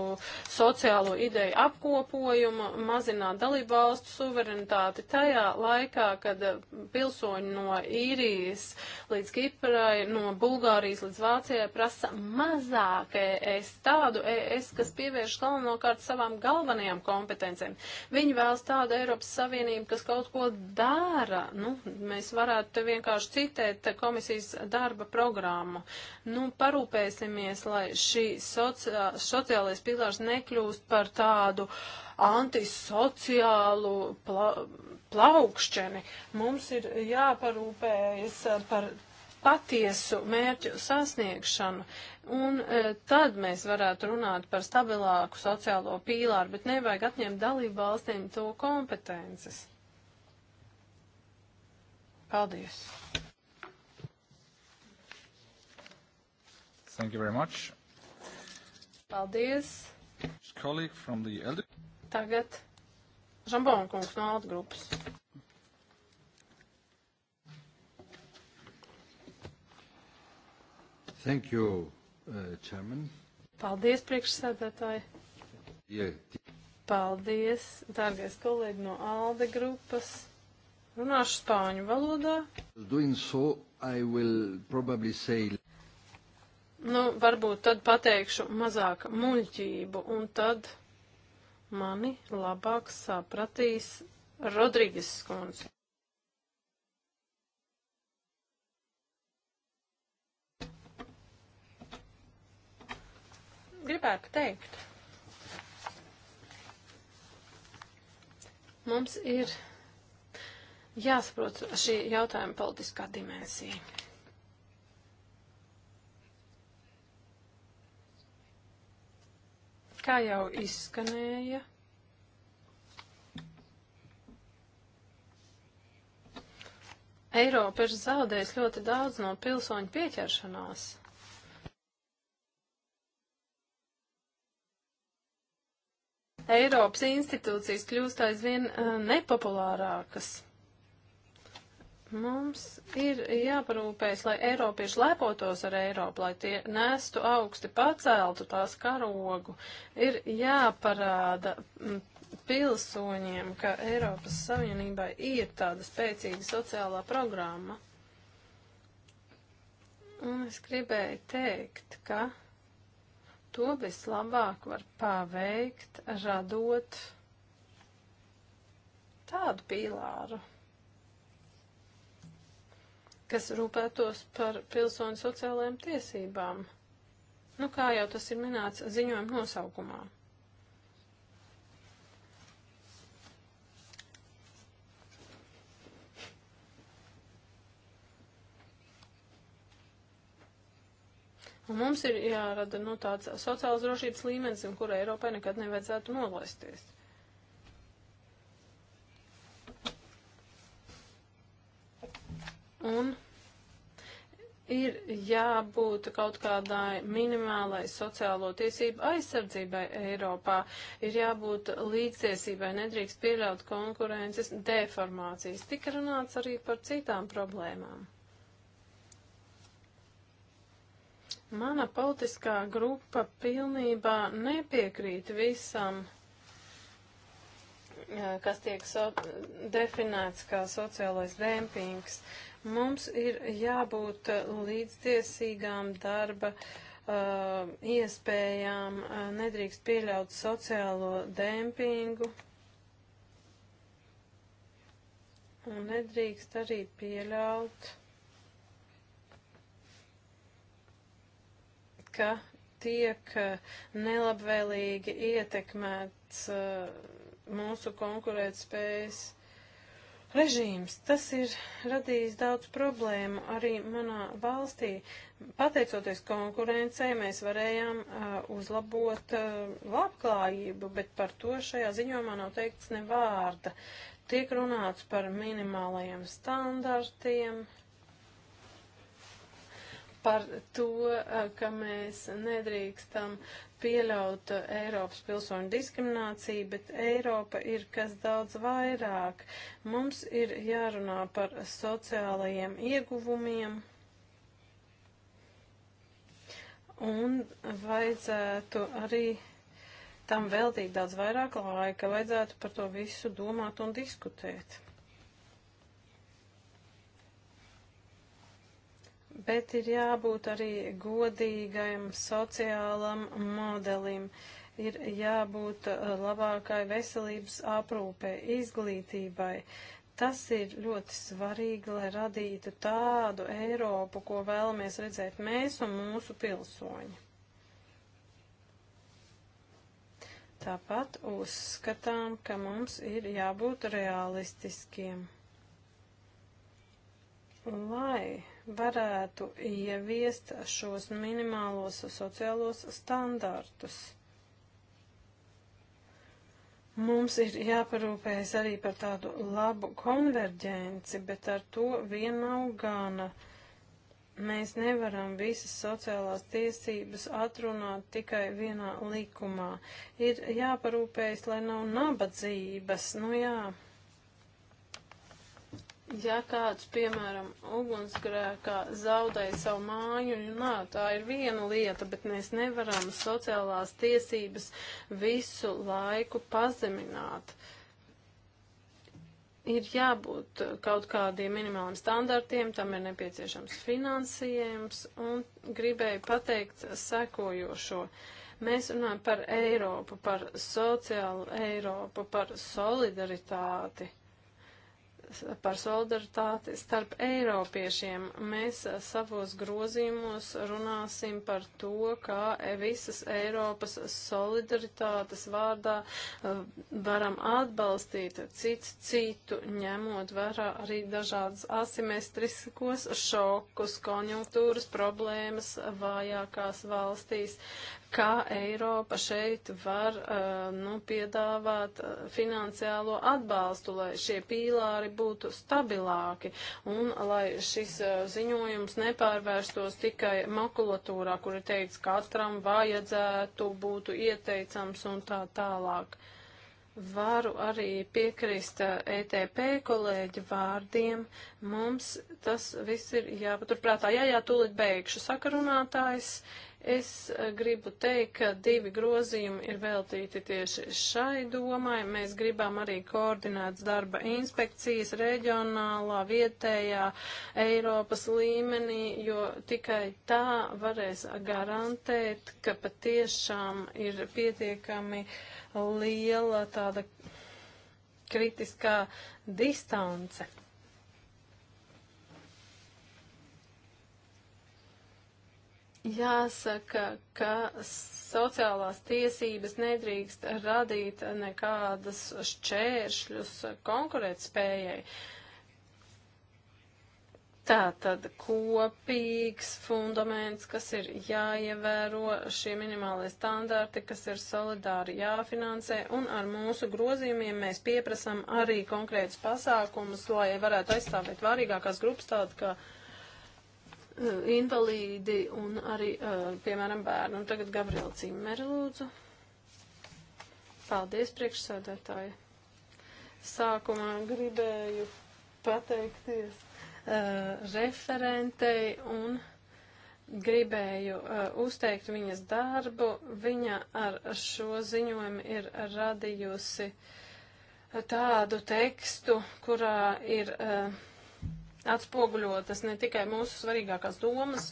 sociālo ideju apkopojumu, mazināt dalību valstu suverenitāti tajā laikā, kad uh, pilsoņi no Īrijas līdz Kiprai, no Bulgārijas, Bulgārijas līdz Vācijai prasa mazāk ES, tādu ES, kas pievērš galvenokārt savām galvenajām kompetencijām. Viņi vēlas tādu Eiropas Savienību, kas kaut ko dara. Nu, mēs varētu vienkārši citēt komisijas darba programmu. Nu, parūpēsimies, lai šī sociā, sociālais pilārs nekļūst par tādu antisociālu pla, plaukšķeni. Mums ir jāparūpējas par patiesu mērķu sasniegšanu, un e, tad mēs varētu runāt par stabilāku sociālo pīlāru, bet nevajag atņemt dalību valstīm to kompetences. Paldies! Thank you very much. Paldies! Colleague from the Elder. Tagad Žambon kungs no Alt grupas. Thank you, uh, Chairman. Paldies, priekšsēdētāji. Yeah. Paldies, dārgais kolēģi no ALDE grupas. Runāšu spāņu valodā. Doing so, I will probably say nu, varbūt tad pateikšu mazāk muļķību, un tad mani labāk sapratīs Rodrīgas skundze. gribētu teikt? Mums ir jāsaprot šī jautājuma politiskā dimensija. Kā jau izskanēja, Eiropa ir zaudējusi ļoti daudz no pilsoņu pieķeršanās. Eiropas institūcijas kļūst aizvien eh, nepopulārākas. Mums ir jāparūpēs, lai Eiropieši lepotos ar Eiropu, lai tie nestu augsti paceltu tās karogu. Ir jāparāda mm, pilsoņiem, ka Eiropas Savienībai ir tāda spēcīga sociālā programma. Un es gribēju teikt, ka To vislabāk var paveikt, radot tādu pīlāru, kas rūpētos par pilsoņu sociālajām tiesībām. Nu, kā jau tas ir minēts ziņojuma nosaukumā. Un mums ir jārada nu, tāds sociāls drošības līmenis, un kura Eiropai nekad nevajadzētu nolaisties. Un ir jābūt kaut kādai minimālai sociālo tiesību aizsardzībai Eiropā, ir jābūt līdztiesībai, nedrīkst pieļaut konkurences deformācijas. Tik runāts arī par citām problēmām. Mana politiskā grupa pilnībā nepiekrīt visam, kas tiek so definēts kā sociālais dempings. Mums ir jābūt līdztiesīgām darba uh, iespējām, uh, nedrīkst pieļaut sociālo dempingu. Un nedrīkst arī pieļaut ka tiek eh, nelabvēlīgi ietekmēts eh, mūsu konkurētspējas režīms. Tas ir radījis daudz problēmu arī manā valstī. Pateicoties konkurencei, mēs varējām uh, uzlabot uh, labklājību, bet par to šajā ziņojumā nav teikts ne vārda. Tiek runāts par minimālajiem standartiem, par to, ka mēs nedrīkstam pieļaut Eiropas pilsoņu diskrimināciju, bet Eiropa ir kas daudz vairāk. Mums ir jārunā par sociālajiem ieguvumiem. Un vajadzētu arī tam veltīt daudz vairāk laika, vajadzētu par to visu domāt un diskutēt. bet ir jābūt arī godīgam sociālam modelim, ir jābūt uh, labākai veselības aprūpē, izglītībai. Tas ir ļoti svarīgi, lai radītu tādu Eiropu, ko vēlamies redzēt mēs un mūsu pilsoņi. Tāpat uzskatām, ka mums ir jābūt realistiskiem. Lai varētu ieviest šos minimālos sociālos standartus. Mums ir jāparūpējas arī par tādu labu konverģenci, bet ar to vien nav gana. Mēs nevaram visas sociālās tiesības atrunāt tikai vienā likumā. Ir jāparūpējas, lai nav nabadzības. Nu jā. Ja kāds, piemēram, ugunsgrēkā zaudēja savu māju, nu, nā, tā ir viena lieta, bet mēs nevaram sociālās tiesības visu laiku pazemināt. Ir jābūt kaut kādiem minimāliem standartiem, tam ir nepieciešams finansējums, un gribēju pateikt sekojošo. Mēs runājam par Eiropu, par sociālu Eiropu, par solidaritāti par solidaritāti starp Eiropiešiem. Mēs savos grozījumos runāsim par to, kā visas Eiropas solidaritātes vārdā eh, varam atbalstīt cits citu, ņemot vērā arī dažādas asimetriskos šokus, konjunktūras problēmas vājākās valstīs kā Eiropa šeit var uh, nu, piedāvāt uh, finansiālo atbalstu, lai šie pīlāri būtu stabilāki un lai šis uh, ziņojums nepārvērstos tikai makulatūrā, kur ir teikts, katram vajadzētu būtu ieteicams un tā tālāk. Varu arī piekrist ETP e kolēģi vārdiem. Mums tas viss ir jāpaturprātā. Jā, jā, tūlīt beigšu sakarunātājs. Uh, Es eh, gribu teikt, ka divi grozījumi ir veltīti tieši šai domai. Mēs gribam arī koordinētas darba inspekcijas reģionālā, vietējā, Eiropas līmenī, jo tikai tā varēs garantēt, ka patiešām ir pietiekami liela tāda kritiskā distance. Jāsaka, ka sociālās tiesības nedrīkst radīt nekādas šķēršļus konkurētspējai. Tā tad kopīgs fundaments, kas ir jāievēro, šie minimālie standarti, kas ir solidāri jāfinansē, un ar mūsu grozījumiem mēs pieprasam arī konkrētus pasākumus, lai varētu aizstāvēt vārīgākās grupas tādas kā. Ka Eh, invalīdi un arī, eh, piemēram, bērni. Un tagad Gabriela Cimeri lūdzu. Paldies, priekšsēdētāji. Sākumā gribēju pateikties uh, referentei un gribēju uh, uzteikt viņas darbu. Viņa ar šo ziņojumu ir radījusi tādu tekstu, kurā ir. Uh, atspoguļotas ne tikai mūsu svarīgākās domas,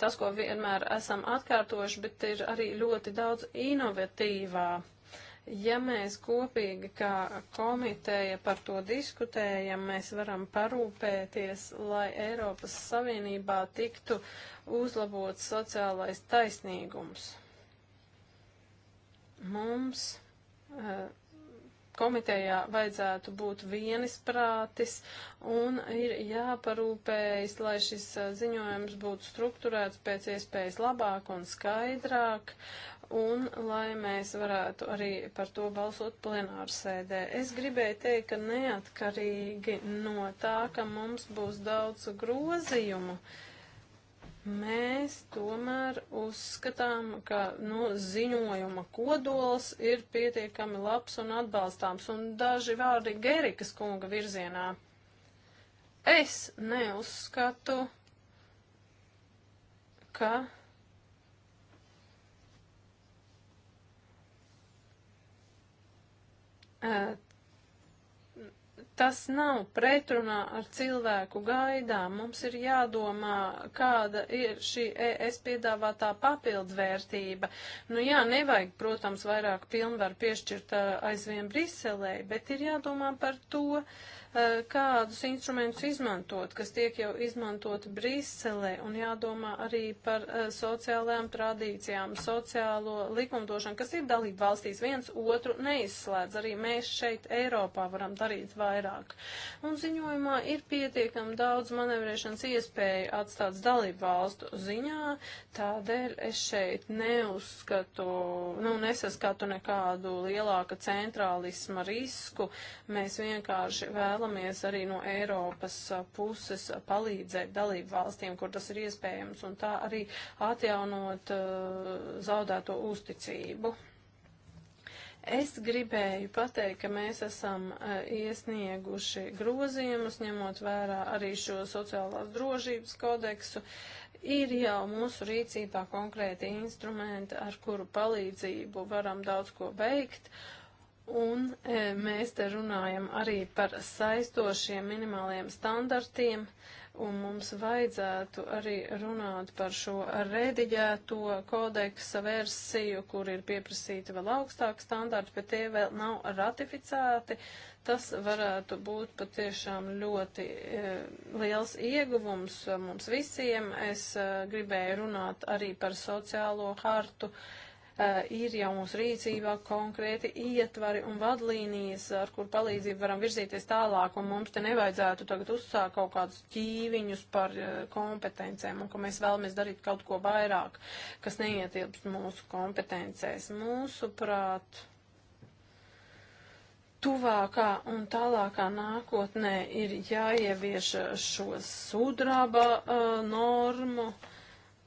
tas, ko vienmēr esam atkārtojuši, bet ir arī ļoti daudz inovatīvā. Ja mēs kopīgi kā komiteja par to diskutējam, mēs varam parūpēties, lai Eiropas Savienībā tiktu uzlabots sociālais taisnīgums. Mums uh, komitejā vajadzētu būt vienisprātis un ir jāparūpējas, lai šis ziņojums būtu strukturēts pēc iespējas labāk un skaidrāk un lai mēs varētu arī par to balsot plenāru sēdē. Es gribēju teikt, ka neatkarīgi no tā, ka mums būs daudz grozījumu, uh, Mēs tomēr uzskatām, ka nu, ziņojuma kodols ir pietiekami labs un atbalstāms, un daži vārdi Gerikas kunga virzienā. Es neuzskatu, ka Tas nav pretrunā ar cilvēku gaidām. Mums ir jādomā, kāda ir šī ES piedāvātā papildvērtība. Nu jā, nevajag, protams, vairāk pilnvaru piešķirt aizvien Briselē, bet ir jādomā par to, uh, Eh, kādus instrumentus izmantot, kas tiek jau izmantoti Briselē, un jādomā arī par eh, sociālajām tradīcijām, sociālo likumdošanu, kas ir dalība valstīs viens otru neizslēdz. Arī mēs šeit Eiropā varam darīt vairāk. Un ziņojumā ir pietiekami daudz manevrēšanas iespēju atstāts dalību valstu ziņā, tādēļ es šeit neuzskatu, nu, nesaskatu nekādu lielāka centrālisma risku. Mēs vienkārši vēl vēlamies arī no Eiropas puses palīdzēt dalību valstīm, kur tas ir iespējams, un tā arī atjaunot uh, zaudēto uzticību. Es gribēju pateikt, ka mēs esam iesnieguši grozījumus, ņemot vērā arī šo sociālās drošības kodeksu. Ir jau mūsu rīcībā konkrēti instrumenti, ar kuru palīdzību varam daudz ko veikt. Uh, Un e, mēs te runājam arī par saistošiem minimāliem standartiem, un mums vajadzētu arī runāt par šo rediģēto kodeksa versiju, kur ir pieprasīti vēl augstāki standarti, bet tie vēl nav ratificēti. Tas varētu būt patiešām ļoti e, liels ieguvums mums visiem. Es e, gribēju runāt arī par sociālo hartu. E, Eh, ir jau mūsu rīcībā konkrēti ietvari un vadlīnijas, ar kur palīdzību varam virzīties tālāk, un mums te nevajadzētu tagad uzsākt kaut kādus ķīviņus par eh, kompetencēm, un ka mēs vēlamies darīt kaut ko vairāk, kas neietilpst mūsu kompetencēs. Mūsuprāt, tuvākā un tālākā nākotnē ir jāievieš šo sudraba uh, normu. Uh,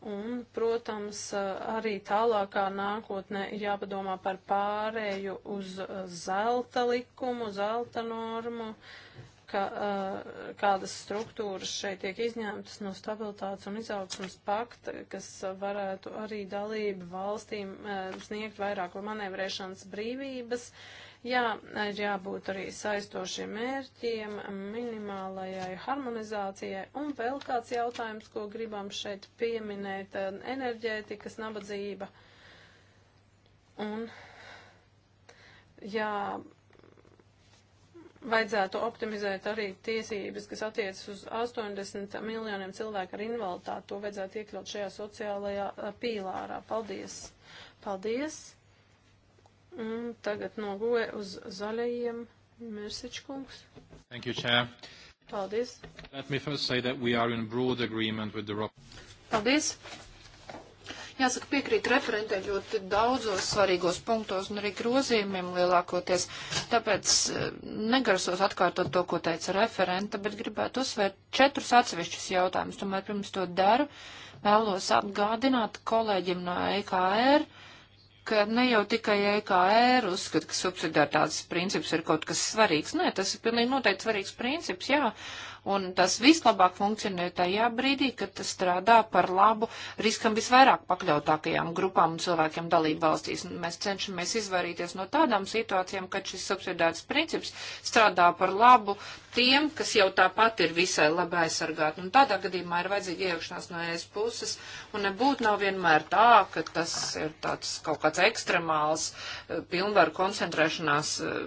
Un, protams, arī tālākā nākotnē ir jāpadomā par pārēju uz zelta likumu, zelta normu, ka, eh, kādas struktūras šeit tiek izņemtas no stabilitātes un izaugsmas pakta, kas varētu arī dalību valstīm eh, sniegt vairāk manevrēšanas brīvības. Uh, Jā, ir jābūt arī saistošiem mērķiem, minimālajai harmonizācijai. Un vēl kāds jautājums, ko gribam šeit pieminēt eh, - enerģētikas nabadzība. Un jā, vajadzētu optimizēt arī tiesības, kas attiecas uz 80 miljoniem cilvēku ar invaliditāti. To vajadzētu iekļaut šajā sociālajā eh, pīlārā. Paldies! Paldies! Un tagad nogoja uz zaļajiem Mirsičkungs. Thank you, Chair. Paldies. Let me first say that we are in broad agreement with the... Paldies. Jāsaka, piekrīt referentē ļoti daudzos svarīgos punktos un arī grozījumiem lielākoties. Tāpēc eh, negarsos atkārtot to, ko teica referenta, bet gribētu uzsvērt četrus atsevišķus jautājumus. Tomēr pirms to daru, vēlos atgādināt kolēģim no EKR, uh, ka ne jau tikai EKR uzskata, ka subsidiaritātes princips ir kaut kas svarīgs. Nē, tas ir pilnīgi noteikti svarīgs princips, jā un tas vislabāk funkcionē tajā brīdī, kad tas strādā par labu riskam visvairāk pakļautākajām grupām un cilvēkiem dalību valstīs. Mēs cenšamies izvairīties no tādām situācijām, kad šis subsidētas princips strādā par labu tiem, kas jau tāpat ir visai labi aizsargāti. Un tādā gadījumā ir vajadzīga iejaukšanās no ES puses, un nebūtu nav vienmēr tā, ka tas ir tāds kaut kāds ekstremāls eh, pilnvaru koncentrēšanās eh,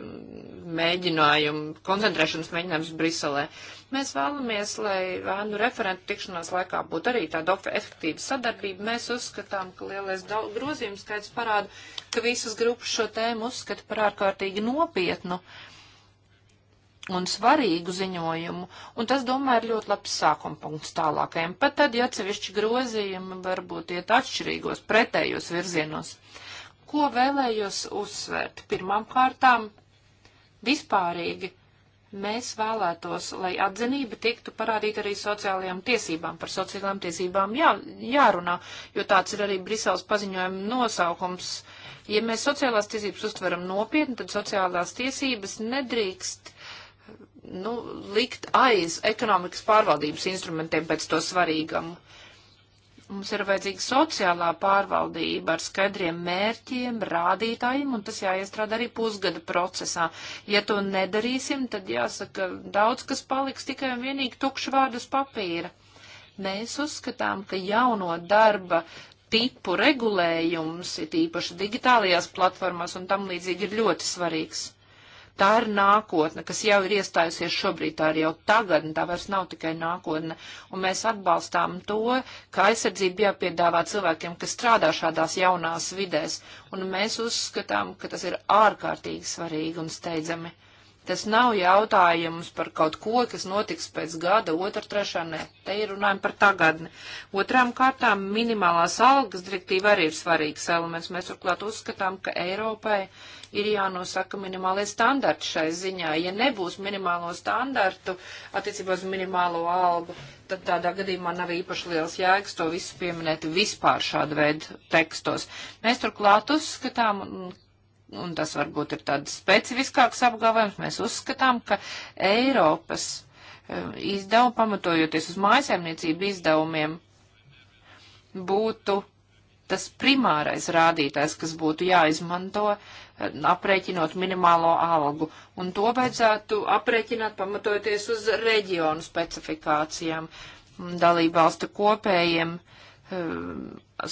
mēģinājumu, koncentrēšanas mēģinājums Briselē. Mēs vēlamies, lai vēnu referentu tikšanās laikā būtu arī tāda efektīva sadarbība. Mēs uzskatām, ka lielais grozījums skaits parāda, ka visas grupas šo tēmu uzskata par ārkārtīgi nopietnu un svarīgu ziņojumu, un tas, domāju, ir ļoti labs sākuma punkts tālākajam, pat tad, ja atsevišķi grozījumi varbūt iet atšķirīgos, pretējos virzienos. Ko vēlējos uzsvērt? Pirmām kārtām vispārīgi Mēs vēlētos, lai atzinība tiktu parādīta arī sociālajām tiesībām. Par sociālajām tiesībām jā, jārunā, jo tāds ir arī Briseles paziņojuma nosaukums. Ja mēs sociālās tiesības uztveram nopietni, tad sociālās tiesības nedrīkst nu, likt aiz ekonomikas pārvaldības instrumentiem pēc to svarīgam. Uh, Mums ir vajadzīga sociālā pārvaldība ar skaidriem mērķiem, rādītājiem, un tas jāiestrādā arī pusgada procesā. Ja to nedarīsim, tad jāsaka, daudz kas paliks tikai un vienīgi tukšu vārdus papīra. Mēs uzskatām, ka jauno darba tipu regulējums, it īpaši digitālajās platformās un tam līdzīgi, ir ļoti svarīgs. Tā ir nākotne, kas jau ir iestājusies šobrīd, tā ir jau tagad, un tā vairs nav tikai nākotne. Un mēs atbalstām to, ka aizsardzība jāpiedāvā cilvēkiem, kas strādā šādās jaunās vidēs, un mēs uzskatām, ka tas ir ārkārtīgi svarīgi un steidzami. Tas nav jautājums par kaut ko, kas notiks pēc gada, otra, trešā, nē. Te ir runājumi par tagadni. Otrām kārtām minimālās algas direktīva arī ir svarīgs elements. Mēs turklāt uzskatām, ka Eiropai ir jānosaka minimālie standarti šai ziņā. Ja nebūs minimālo standartu attiecībā uz minimālo algu, tad tādā gadījumā nav īpaši liels jēgas to visu pieminēt vispār šādu veidu tekstos. Mēs turklāt uzskatām, un tas varbūt ir tāds specifiskāks apgalvojums, mēs uzskatām, ka Eiropas e, izdevumu, pamatojoties uz mājasēmniecību izdevumiem, būtu tas primārais rādītājs, kas būtu jāizmanto aprēķinot minimālo algu. Un to vajadzētu aprēķināt pamatojoties uz reģionu specifikācijām, dalībvalstu kopējiem eh,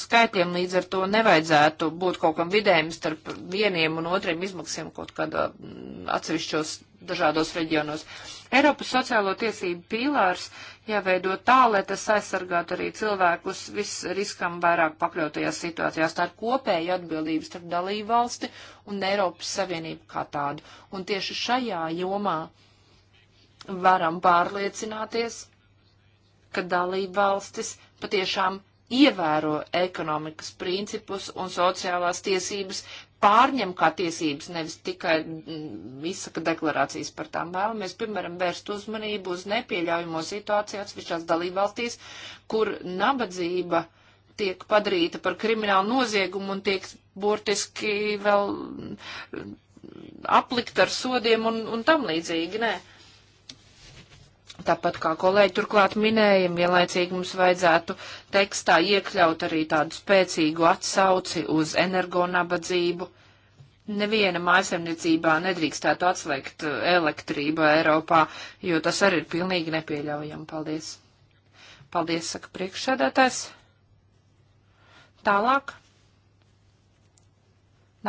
skaitiem. Līdz ar to nevajadzētu būt kaut kam vidējiem starp vieniem un otriem izmaksiem kaut kādā mm, atsevišķos dažādos reģionos. Eiropas sociālo tiesību pīlārs uh, jāveido tā, lai tas aizsargātu arī cilvēkus visriskam vairāk pakļautajās situācijās. Tā ir kopēja atbildības starp dalību valsti un Eiropas Savienību kā tādu. Un tieši šajā jomā varam pārliecināties, ka dalību valstis patiešām ievēro ekonomikas principus un sociālās tiesības, pārņem kā tiesības, nevis tikai mm, izsaka deklarācijas par tām. Vēlamies, piemēram, vērst uzmanību uz nepieļaujamo situāciju atsevišķās dalībvalstīs, kur nabadzība tiek padarīta par kriminālu noziegumu un tiek burtiski vēl mm, aplikt ar sodiem un, un tam līdzīgi. Nē. Tāpat kā kolēģi turklāt minēja, vienlaicīgi mums vajadzētu tekstā iekļaut arī tādu spēcīgu atsauci uz energonabadzību. Neviena mājasemniecībā nedrīkstētu atslēgt uh, elektrību Eiropā, jo tas arī ir pilnīgi nepieļaujami. Paldies. Paldies, saka priekšsēdētājs. Tālāk.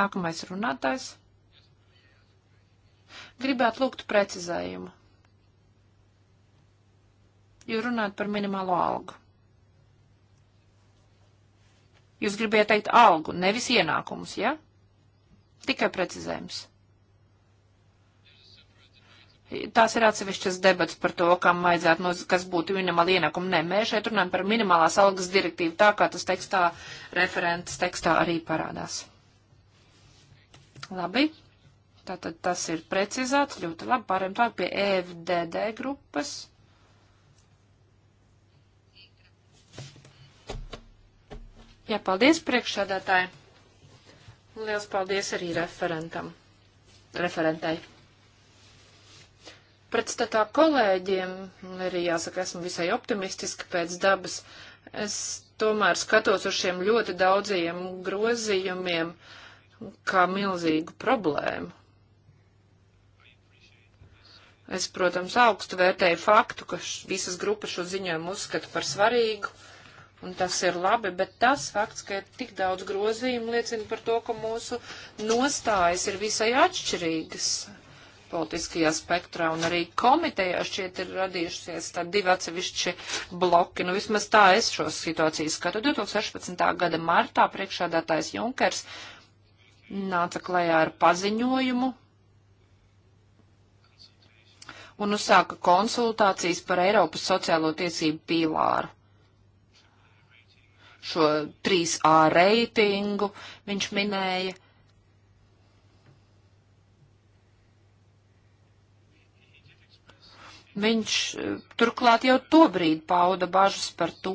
Nākamais runātājs. Gribētu lūgt precizējumu jo runāt par minimālo algu. Jūs gribējāt teikt algu, nevis ienākumus, ja? Tikai precizējums. Tās ir atsevišķas debats par to, kam vajadzētu, no, kas būtu minimāla ienākuma. Nē, mēs šeit runājam par minimālās algas direktīvu, tā kā tas tekstā, referents tekstā arī parādās. Labi. Tātad tas ir precizēts, ļoti labi. Pārējām tālāk pie EFDD grupas. Jā, paldies priekšsādātāji. Liels paldies arī referentam, referentai. Pretstatā kolēģiem, arī jāsaka, esmu visai optimistiski pēc dabas. Es tomēr skatos uz šiem ļoti daudziem grozījumiem kā milzīgu problēmu. Es, protams, augstu vērtēju faktu, ka visas grupas šo ziņojumu uzskata par svarīgu un tas ir labi, bet tas fakts, ka ir tik daudz grozījumu, liecina par to, ka mūsu nostājas ir visai atšķirīgas politiskajā spektrā, un arī komitejā šķiet ir radījušies tā divi atsevišķi bloki. Nu, vismaz tā es šo situāciju skatu. 2016. gada martā priekšādātājs Junkers nāca klajā ar paziņojumu un uzsāka konsultācijas par Eiropas sociālo tiesību pīlāru šo 3A reitingu, viņš minēja. Viņš eh, turklāt jau tobrīd pauda bažas par to,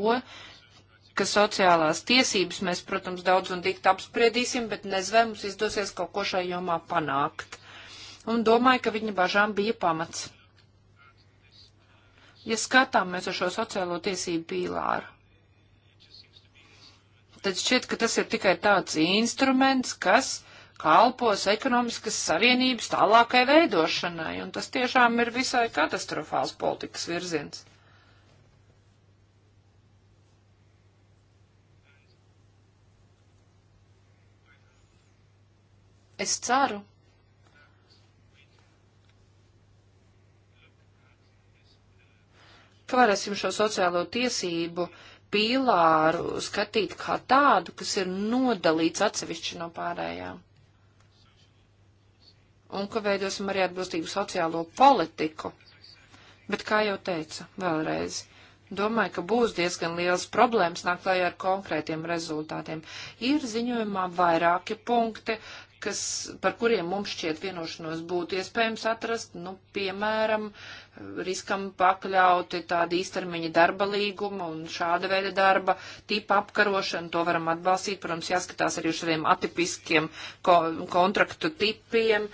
ka sociālās tiesības mēs, protams, daudz un dikti apspriedīsim, bet nezvē mums izdosies kaut ko šai jomā panākt. Un domāju, ka viņa bažām bija pamats. Ja skatāmies uz šo sociālo tiesību pīlāru, tad šķiet, ka tas ir tikai tāds instruments, kas kalpos ekonomiskas savienības tālākai veidošanai, un tas tiešām ir visai katastrofāls politikas virziens. Es ceru, ka varēsim šo sociālo tiesību uh, pīlāru skatīt kā tādu, kas ir nodalīts atsevišķi no pārējām. Un ka veidosim arī atbilstību sociālo politiku. Bet, kā jau teicu, vēlreiz, domāju, ka būs diezgan liels problēmas nākt klajā ar konkrētiem rezultātiem. Ir ziņojumā vairāki punkti, kas, par kuriem mums šķiet vienošanos būtu iespējams atrast, nu, piemēram, riskam pakļauti tādi īstermiņa darba līguma un šāda veida darba tipa apkarošana, to varam atbalstīt, protams, jāskatās arī uz šādiem atipiskiem ko kontraktu tipiem,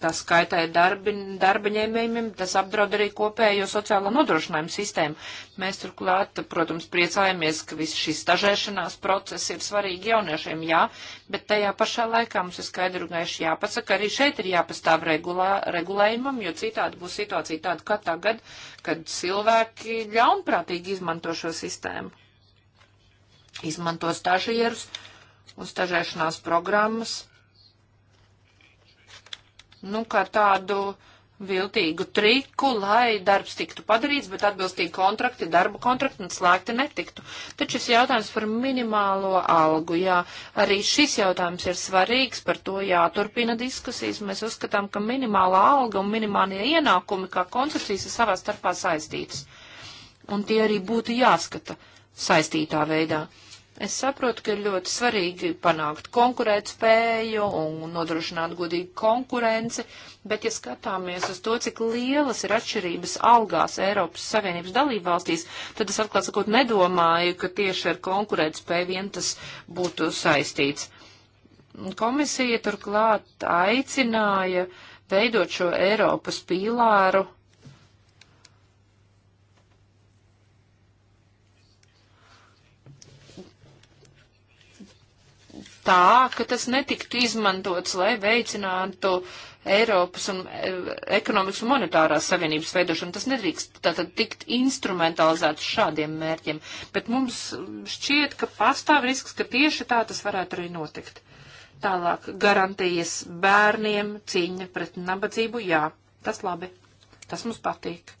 Tas skaitē darbi, darba ņēmējiem, tas apdraud arī kopējo sociālo nodrošinājumu sistēmu. Mēs turklāt, protams, priecājamies, ka viss šis stažēšanās process ir svarīgi jauniešiem, jā, bet tajā pašā laikā mums ir skaidru gaiši jāpasaka, arī šeit ir jāpastāv regulā, regulējumam, jo citādi būs situācija tāda kā tagad, kad cilvēki ļaunprātīgi izmanto šo sistēmu. Izmanto stažierus un stažēšanās programmas nu, kā tādu viltīgu triku, lai darbs tiktu padarīts, bet atbilstīgi kontrakti, darba kontrakti slēgti netiktu. Taču šis jautājums par minimālo algu, jā, arī šis jautājums ir svarīgs, par to jāturpina diskusijas. Mēs uzskatām, ka minimālā alga un minimālie ienākumi kā koncepcijas ir savā starpā saistītas. Un tie arī būtu jāskata saistītā veidā. Es saprotu, ka ir ļoti svarīgi panākt konkurēt spēju un nodrošināt godīgu konkurenci, bet ja skatāmies uz to, cik lielas ir atšķirības algās Eiropas Savienības dalībvalstīs, tad es atklāt sakot nedomāju, ka tieši ar konkurēt spēju vien tas būtu saistīts. Komisija turklāt aicināja veidot šo Eiropas pīlāru tā, ka tas netiktu izmantots, lai veicinātu Eiropas un e, ekonomikas un monetārās savienības veidošanu. Tas nedrīkst tātad tikt instrumentalizēts šādiem mērķiem, bet mums šķiet, ka pastāv risks, ka tieši tā tas varētu arī notikt. Tālāk garantijas bērniem cīņa pret nabadzību, jā, tas labi, tas mums patīk.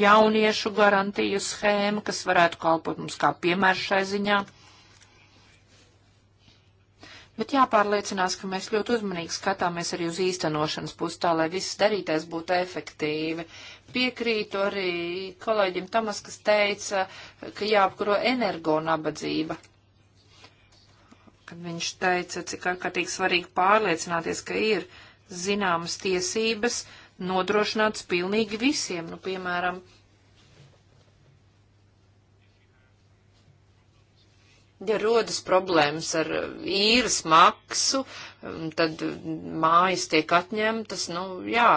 jauniešu garantiju schēma, kas varētu kalpot mums kā piemērs šai ziņā. Bet jāpārliecinās, ka mēs ļoti uzmanīgi skatāmies arī uz īstenošanas pusi, tā lai viss darītais būtu efektīvi. Piekrītu arī kolēģim Tamas, kas teica, ka jāapkaro energo nabadzība. Kad viņš teica, cik ārkārtīgi svarīgi pārliecināties, ka ir zināmas tiesības, uh, nodrošināts pilnīgi visiem, nu, piemēram, Ja rodas problēmas ar īres maksu, tad mājas tiek atņemtas, nu jā,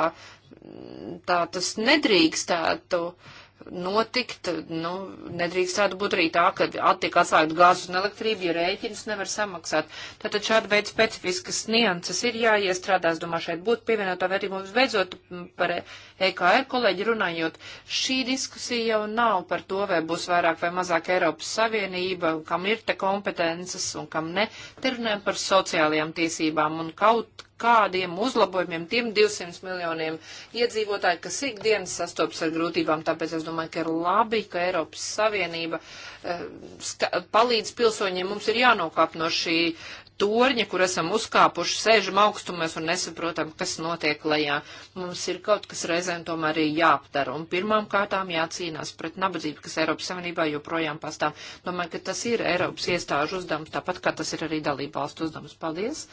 tā tas nedrīkstētu uh, notikt, nu, nedrīkst tāda būt arī tā, ka attiek atslēgt gāzes un elektrību, ja rēķins nevar samaksāt. Tātad šāda veida specifiskas nianses ir jāiestrādās, domā, šeit būtu pievienotā vērtība. Mums beidzot par EKR kolēģi runājot, šī diskusija jau nav par to, vai būs vairāk vai mazāk Eiropas Savienība, kam ir te kompetences un kam ne. Te runājam par sociālajām tiesībām un kaut kādiem uzlabojumiem tiem 200 miljoniem iedzīvotāju, kas ikdienas sastopas ar grūtībām. Tāpēc es domāju, ka ir labi, ka Eiropas Savienība eh, palīdz pilsoņiem. Mums ir jānokāp no šī torņa, kur esam uzkāpuši, sēžam augstumēs un nesaprotam, kas notiek lejā. Mums ir kaut kas reizēm tomēr arī jāaptara. Un pirmām kārtām jācīnās pret nabadzību, kas Eiropas Savienībā joprojām pastāv. Domāju, ka tas ir Eiropas iestāžu uzdevums, tāpat kā tas ir arī dalība valstu uzdevums. Paldies!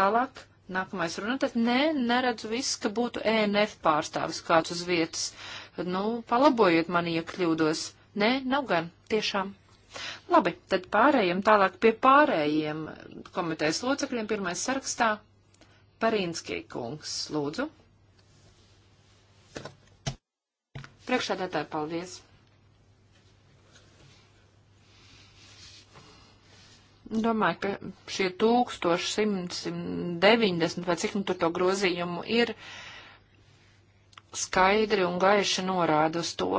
Tālāk. Nākamais runātājs. Nē, ne, neredzu viss, ka būtu ENF pārstāvis kāds uz vietas. Nu, palabojiet mani, ja kļūdos. Nē, nav gan, tiešām. Labi, tad pārējiem tālāk pie pārējiem komitejas locekļiem. Pirmais sarakstā Parīnskī kungs, lūdzu. Priekšādātāji, paldies. Domāju, ka šie 1190 vai cik nu tur to grozījumu ir skaidri un gaiši norāda uz to,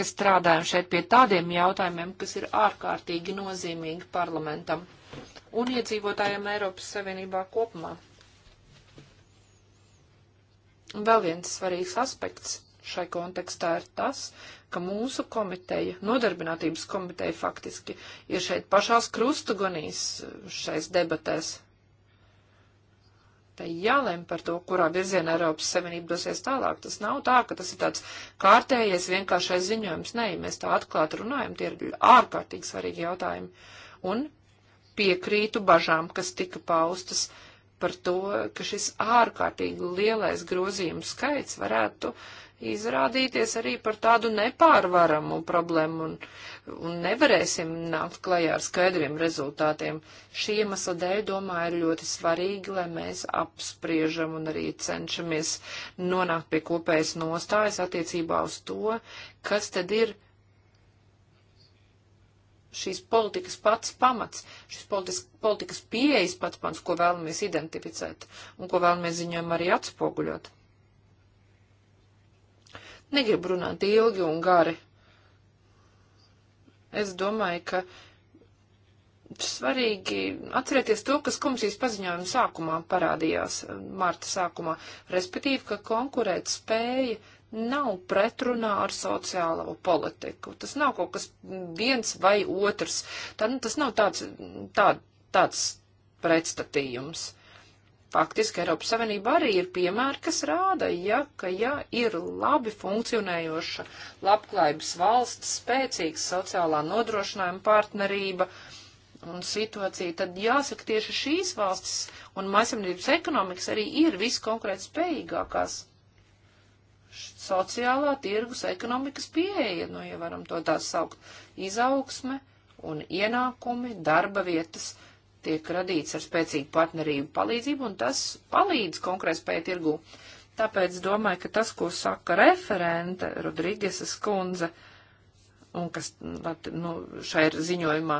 ka strādājam šeit pie tādiem jautājumiem, kas ir ārkārtīgi nozīmīgi parlamentam un iedzīvotājiem Eiropas Savienībā kopumā. Un vēl viens svarīgs aspekts šai kontekstā ir tas, ka mūsu komiteja, nodarbinātības komiteja faktiski ir šeit pašās krustagonīs šais debatēs tai jālem par to, kurā virzienā Eiropas Savienība dosies tālāk. Tas nav tā, ka tas ir tāds kārtējies vienkāršais ziņojums. Nē, mēs tā atklāti runājam, tie ir ārkārtīgi svarīgi jautājumi. Un piekrītu bažām, kas tika paustas par to, ka šis ārkārtīgi lielais grozījums skaits varētu uh, izrādīties arī par tādu nepārvaramu problēmu un, un nevarēsim nākt klajā ar skaidriem rezultātiem. Šī iemesla dēļ, domāju, ir ļoti svarīgi, lai mēs apspriežam un arī cenšamies nonākt pie kopējas nostājas attiecībā uz to, kas tad ir šīs politikas pats pamats, šīs politis, politikas pieejas pats pamats, ko vēlamies identificēt un ko vēlamies ziņojumā arī atspoguļot. Negribu runāt ilgi un gari. Es domāju, ka svarīgi atcerēties to, kas komisijas paziņojuma sākumā parādījās, marta sākumā, respektīvi, ka konkurēt spēja nav pretrunā ar sociālo politiku. Tas nav kaut kas viens vai otrs. Tā, nu, tas nav tāds, tā, tāds pretstatījums. Faktiski Eiropas Savienība arī ir piemēra, kas rāda, ja, ka, ja ir labi funkcionējoša labklājības valsts, spēcīgs sociālā nodrošinājuma partnerība un situācija, tad jāsaka tieši šīs valstis un maisamniecības ekonomikas arī ir viskonkrēt spējīgākās sociālā tirgus ekonomikas pieeja, nu, ja varam to tā saukt, izaugsme un ienākumi, darba vietas. Uh, tiek radīts ar spēcīgu partnerību palīdzību, un tas palīdz konkrētspēju tirgu. Tāpēc domāju, ka tas, ko saka referente Rodrīgesas kundze, un kas nu, nu šai ziņojumā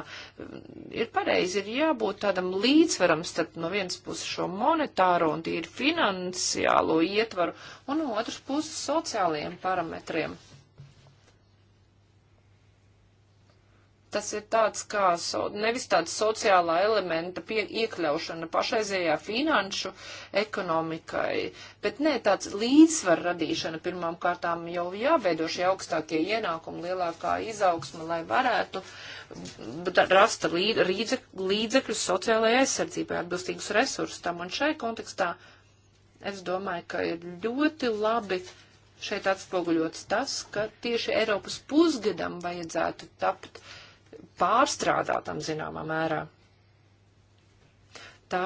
ir pareizi, ir jābūt tādam līdzsveram starp no vienas puses šo monetāro un tīri finansiālo ietvaru, un no otras puses sociālajiem parametriem. tas ir tāds kā so, nevis tāds sociālā elementa pie, iekļaušana pašreizējā finanšu ekonomikai, bet nē, tāds līdzsvar radīšana pirmām kārtām jau jāveido šie augstākie ienākumi, lielākā izaugsma, lai varētu rast līdzekļus sociālajai aizsardzībai, atbilstīgus resursus tam. Un šai kontekstā es domāju, ka ir ļoti labi šeit atspoguļots tas, ka tieši Eiropas pusgadam vajadzētu tapt uh, pārstrādātam zināmā mērā. Tā,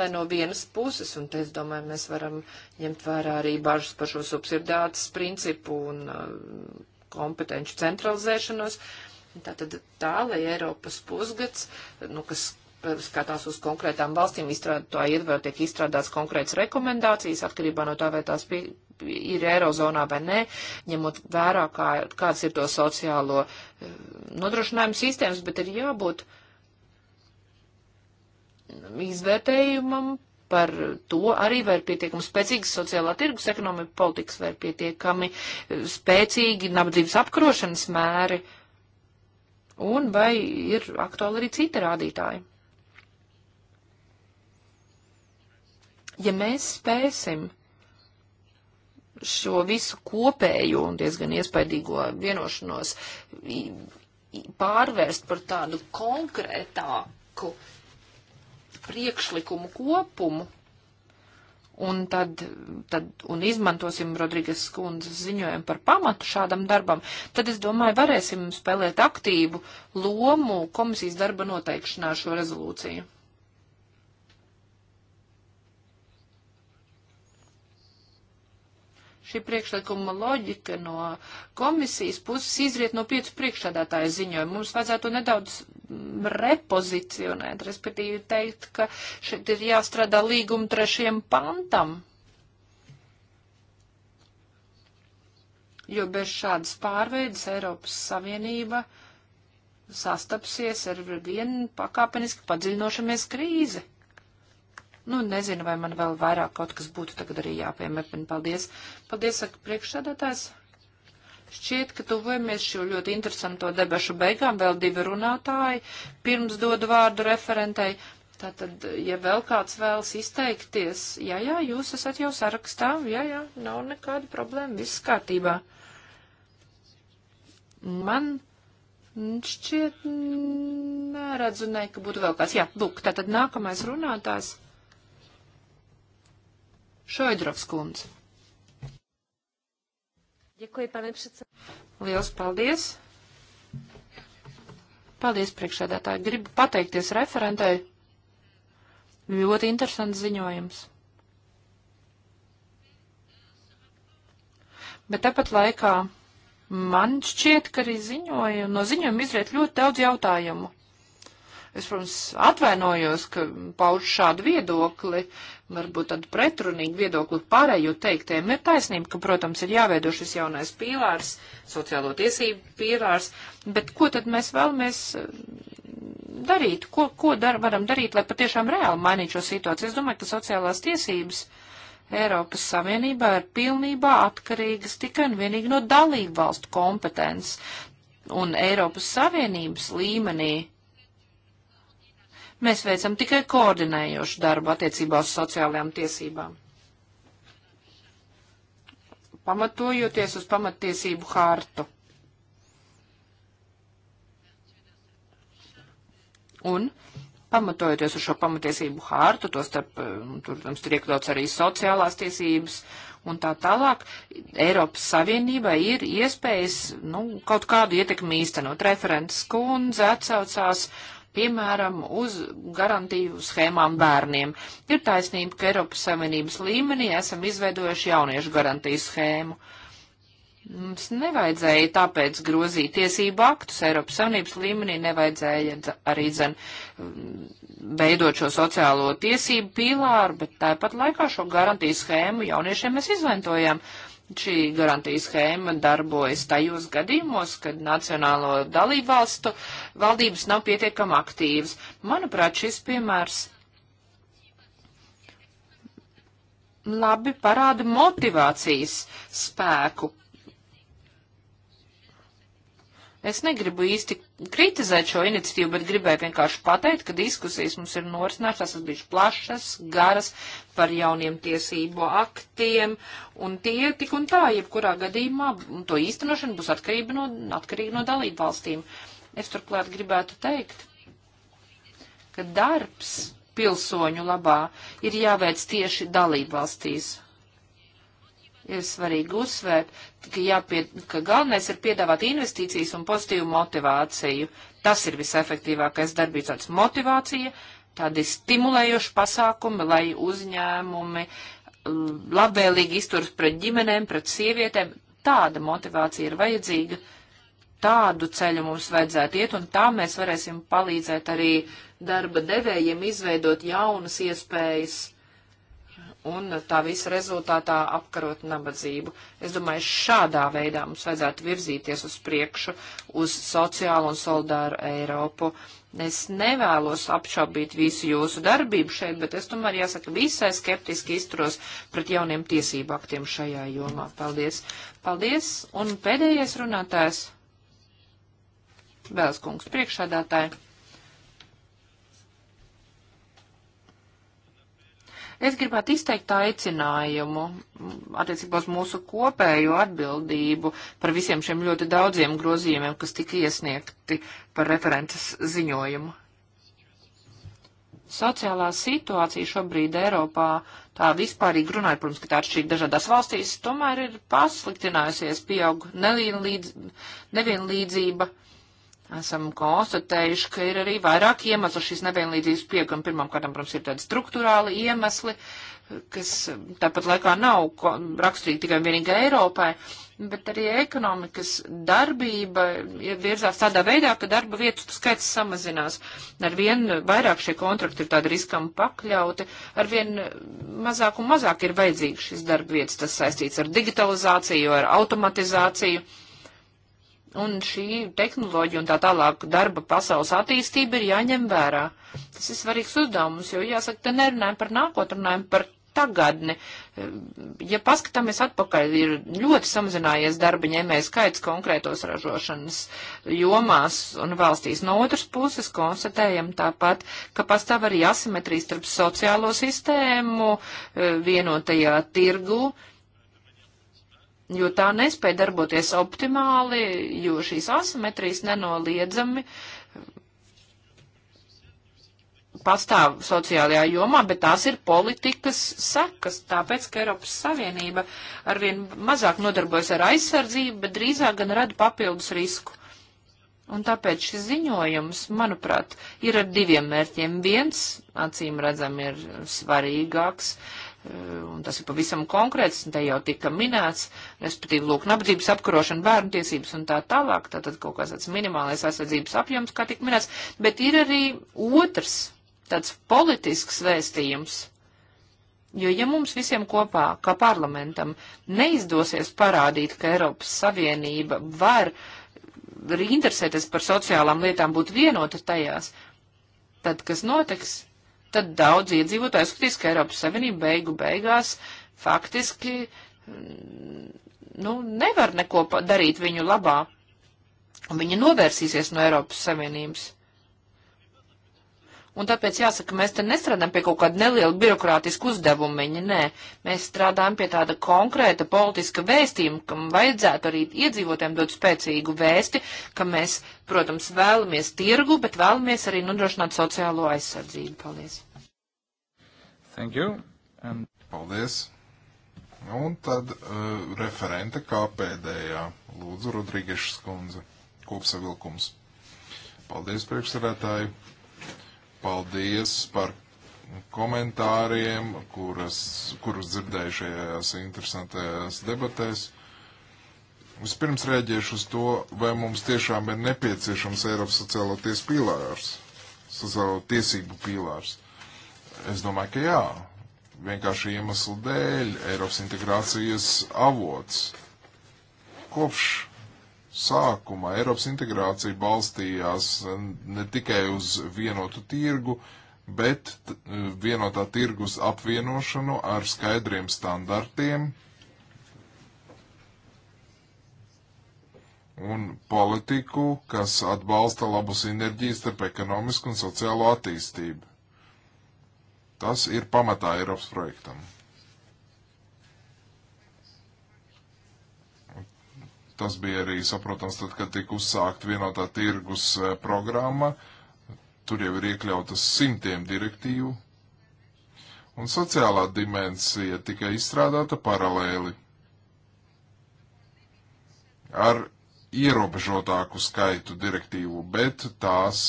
lai no vienas puses, un te es domāju, mēs varam ņemt vērā arī bažas par šo subsidētas principu un uh, kompetenci centralizēšanos, tātad tā, lai Eiropas pusgads, nu, kas skatās uz konkrētām valstīm, izstrādā, ietver tiek izstrādāts konkrēts rekomendācijas atkarībā no tā, vai tās pie, ir Eirozonā vai nē, ņemot vērā, kā, kāds ir to sociālo eh, nodrošinājumu sistēmas, bet ir jābūt mm, izvērtējumam par to arī vai ir pietiekami spēcīgas sociālā tirgus ekonomika politikas, vai ir pietiekami eh, spēcīgi nabadzības apkarošanas mēri, un vai ir aktuāli arī citi rādītāji. Ja mēs spēsim šo visu kopējo un diezgan iespaidīgo vienošanos pārvērst par tādu konkrētāku priekšlikumu kopumu. Un tad, tad un izmantosim Rodrīgas skundzes ziņojumu par pamatu šādam darbam, tad es domāju, varēsim spēlēt aktīvu lomu komisijas darba noteikšanā šo rezolūciju. Šī priekšlikuma loģika no komisijas puses izriet no piecu priekšsādātāju ziņojumu. Mums vajadzētu nedaudz repozicionēt, respektīvi teikt, ka šeit ir jāstrādā līguma trešiem pantam. jo bez šādas pārveidas Eiropas Savienība sastapsies ar vienu pakāpeniski padziļinošamies krīzi. Nu, nezinu, vai man vēl vairāk kaut kas būtu tagad arī jāpiemēpina. Paldies. Paldies, saka priekšsēdētājs. Šķiet, ka tuvojamies šo ļoti interesanto debašu beigām. Vēl divi runātāji. Pirms dodu vārdu referentei. Tātad, ja vēl kāds vēlas izteikties, jā, jā, jūs esat jau sarakstā, jā, jā, nav nekāda problēma, viss kārtībā. Man šķiet, neredzu, ne, ka būtu vēl kāds. Jā, lūk, tātad nākamais runātājs. Šoidrovs kundze. Ďakujem, pane predsedajúci. Liels paldies. Paldies, priekšsēdētāji. Gribu pateikties referentai. Ļoti interesants ziņojums. Bet tāpat laikā man šķiet, ka arī ziņoja, no ziņojuma izriet ļoti daudz jautājumu. Es, protams, atvainojos, ka pauž šādu viedokli, varbūt tādu pretrunīgu viedokli pārējo teiktiem. Ir taisnība, ka, protams, ir jāveido šis jaunais pīlārs, sociālo tiesību pīlārs, bet ko tad mēs vēlamies eh, darīt? Ko, ko dar, varam darīt, lai patiešām reāli mainītu šo situāciju? Es domāju, ka sociālās tiesības. Eiropas Savienībā ir pilnībā atkarīgas tikai un vienīgi no dalību valstu kompetences. Un Eiropas Savienības līmenī Mēs veicam tikai koordinējošu darbu attiecībā uz sociālajām tiesībām. Pamatojoties uz pamattiesību hārtu. Un pamatojoties uz šo pamatiesību hārtu, to starp, eh, tur, protams, tur iekļauts arī sociālās tiesības un tā tālāk, Eiropas Savienībai ir iespējas, nu, kaut kādu ietekmi īstenot. Referents kundze atsaucās piemēram, uz garantiju schēmām bērniem. Ir taisnība, ka Eiropas Savienības līmenī esam izveidojuši jauniešu garantiju schēmu. Mums nevajadzēja tāpēc grozīt tiesību aktus Eiropas Savienības līmenī, nevajadzēja arī dzen veidot šo sociālo tiesību pīlāru, bet tāpat laikā šo garantiju schēmu jauniešiem mēs izmantojam šī garantijas schēma darbojas tajos gadījumos, kad nacionālo dalībvalstu valdības nav pietiekami aktīvas. Manuprāt, šis piemērs labi parāda motivācijas spēku, Es negribu īsti kritizēt šo iniciatīvu, bet gribēju vienkārši pateikt, ka diskusijas mums ir norisināts, tas ir bijuši plašas, garas par jauniem tiesību aktiem, un tie tik un tā, jebkurā gadījumā, to īstenošana būs atkarība no, atkarīga no dalību valstīm. Es turklāt gribētu teikt, ka darbs pilsoņu labā ir jāveic tieši dalību valstīs. Ir svarīgi uzsvērt, ka, jāpie, ka galvenais ir piedāvāt investīcijas un pozitīvu motivāciju. Tas ir visefektīvākais darbības tāds motivācija, tādi stimulējoši pasākumi, lai uzņēmumi labvēlīgi izturas pret ģimenēm, pret sievietēm. Tāda motivācija ir vajadzīga, tādu ceļu mums vajadzētu iet, un tā mēs varēsim palīdzēt arī darba devējiem izveidot jaunas iespējas un tā visa rezultātā apkarot nabadzību. Es domāju, šādā veidā mums vajadzētu virzīties uz priekšu, uz sociālu un solidāru Eiropu. Es nevēlos apšaubīt visu jūsu darbību šeit, bet es tomēr jāsaka visai skeptiski izturos pret jauniem tiesību aktiem šajā jomā. Paldies! Paldies! Un pēdējais runātājs. Bēls kungs priekšādātāji. Es gribētu izteikt aicinājumu attiecībā uz mūsu kopējo atbildību par visiem šiem ļoti daudziem grozījumiem, kas tika iesniegti par references ziņojumu. Sociālā situācija šobrīd Eiropā, tā vispārīgi runājot, protams, ka tā atšķirīga dažādās valstīs, tomēr ir pasliktinājusies, pieaug nevienlīdz, nevienlīdzība. Nevienlīdz, esam konstatējuši, ka ir arī vairāk iemeslu šīs nevienlīdzības pieauguma. Pirmkārt, protams, ir tādi struktūrāli iemesli, kas tāpat laikā nav raksturīgi tikai vienīgi Eiropai, bet arī ekonomikas darbība virzās tādā veidā, ka darba vietu skaits samazinās. Arvien vairāk šie kontrakti ir tādi riskam pakļauti, arvien mazāk un mazāk ir vajadzīgs šis darba vietas. Tas saistīts ar digitalizāciju, ar automatizāciju. Un šī tehnoloģija un tā tālāk darba pasaules attīstība ir jāņem vērā. Tas ir svarīgs uzdevums, jo jāsaka, te nerunājam par nākotnē, runājam par tagadni. Ja paskatāmies atpakaļ, ir ļoti samazinājies darba ņēmēja skaits konkrētos ražošanas jomās un valstīs. No otras puses konstatējam tāpat, ka pastāv arī asimetrijas starp sociālo sistēmu eh, vienotajā tirgu jo tā nespēja darboties optimāli, jo šīs asimetrijas nenoliedzami pastāv sociālajā jomā, bet tās ir politikas sekas, tāpēc, ka Eiropas Savienība arvien mazāk nodarbojas ar aizsardzību, bet drīzāk gan rada papildus risku. Un tāpēc šis ziņojums, manuprāt, ir ar diviem mērķiem. Viens, acīm redzam, ir svarīgāks, Eh, un tas ir pavisam konkrēts, te jau tika minēts, respektīvi, lūk, nabadzības apkarošana, bērnu tiesības un tā tālāk, tātad kaut kāds tāds minimālais aizsardzības apjoms, kā tika minēts, bet ir arī otrs tāds politisks vēstījums. Jo ja mums visiem kopā, kā parlamentam, neizdosies parādīt, ka Eiropas Savienība var interesēties par sociālām lietām, būt vienota tajās, tad kas notiks? tad daudz iedzīvotāji skatīs, ka Eiropas Savienība beigu beigās faktiski mm, nu, nevar neko darīt viņu labā. Viņa novērsīsies no Eiropas Savienības. Un tāpēc jāsaka, mēs te nestrādājam pie kaut kāda neliela birokrātiska uzdevumiņa, nē. Mēs strādājam pie tāda konkrēta politiska vēstījuma, kam vajadzētu arī iedzīvotēm dot spēcīgu vēsti, ka mēs, protams, vēlamies tirgu, bet vēlamies arī nodrošināt sociālo aizsardzību. Paldies. Thank you. And... Paldies. Un tad uh, referente kā pēdējā. Lūdzu, Rodrīgešas kundze. Kopsavilkums. Paldies, priekšsarētāji paldies par komentāriem, kuras, kurus dzirdēju šajās interesantajās debatēs. Vispirms rēģēšu uz to, vai mums tiešām ir nepieciešams Eiropas sociālo tiesu pīlārs, sociālo tiesību pīlārs. Es domāju, ka jā. Vienkārši iemeslu dēļ Eiropas integrācijas avots. Kopš sākuma Eiropas integrācija balstījās ne tikai uz vienotu tirgu, bet vienotā tirgus apvienošanu ar skaidriem standartiem un politiku, kas atbalsta labu sinerģiju starp ekonomisku un sociālo attīstību. Tas ir pamatā Eiropas projektam. Tas bija arī saprotams, tad, kad tika uzsākta vienotā tirgus eh, programma. Tur jau ir iekļautas simtiem direktīvu. Un sociālā dimensija tika izstrādāta paralēli ar ierobežotāku skaitu direktīvu, bet tās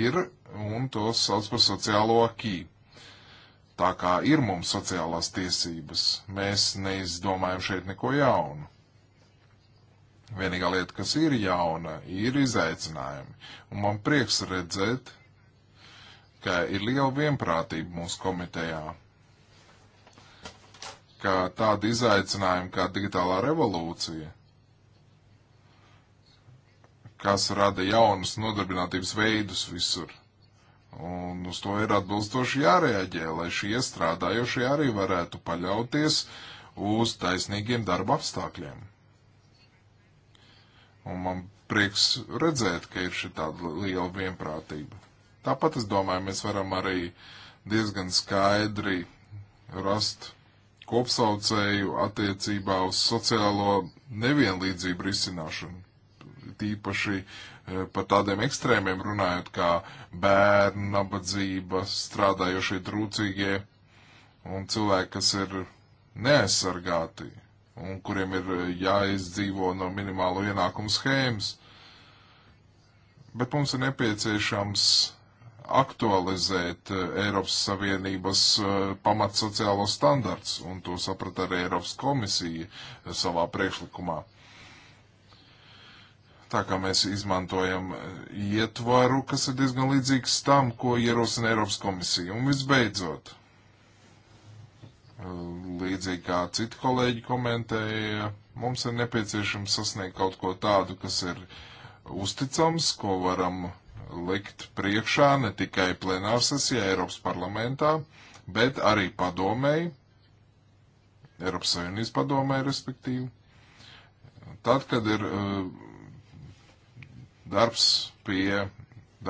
ir un tos sauc par sociālo akī. Tā kā ir mums sociālās tiesības, mēs neizdomājam šeit neko jaunu. Vienīgā lieta, kas ir jauna, ir izaicinājumi. Un man prieks redzēt, ka ir liela vienprātība mūsu komitejā, ka tādi izaicinājumi kā digitālā revolūcija kas rada jaunus nodarbinātības veidus visur. Un uz to ir atbilstoši jārēģē, lai šie strādājošie arī varētu paļauties uz taisnīgiem darba apstākļiem. Un man prieks redzēt, ka ir šī tāda liela vienprātība. Tāpat es domāju, mēs varam arī diezgan skaidri rast kopsaucēju attiecībā uz sociālo nevienlīdzību risināšanu. Tīpaši eh, par tādiem ekstrēmiem runājot, kā bērnu nabadzība, strādājošie trūcīgie un cilvēki, kas ir neaizsargāti un kuriem ir eh, jāizdzīvo no minimālo ienākumu schēmas. Bet mums ir nepieciešams aktualizēt eh, Eiropas Savienības eh, pamat sociālo standarts, un to saprat arī Eiropas komisija savā priekšlikumā. Tā kā mēs izmantojam ietvaru, kas ir diezgan līdzīgs tam, ko ierosina Eiropas komisija. Un visbeidzot, Um, līdzīgi kā citi kolēģi komentēja, mums ir nepieciešams sasniegt kaut ko tādu, kas ir uzticams, ko varam likt priekšā ne tikai plenārsesijā Eiropas parlamentā, bet arī padomēji, Eiropas Savienības padomēji respektīvi. Tad, kad ir uh, darbs pie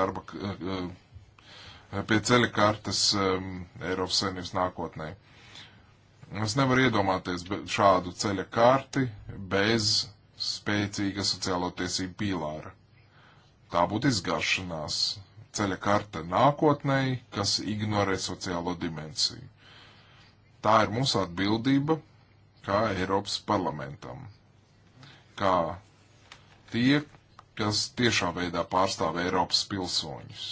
darba, uh, uh pie ceļa kartes um, Eiropas Savienības nākotnē. Es nevaru iedomāties šādu ceļa kārti bez spēcīga sociālo tiesību pīlāra. Tā būtu izgaršanās ceļa karte nākotnēji, kas ignorē sociālo dimensiju. Tā ir mūsu atbildība kā Eiropas parlamentam, kā tie, kas tiešā veidā pārstāv Eiropas pilsoņus.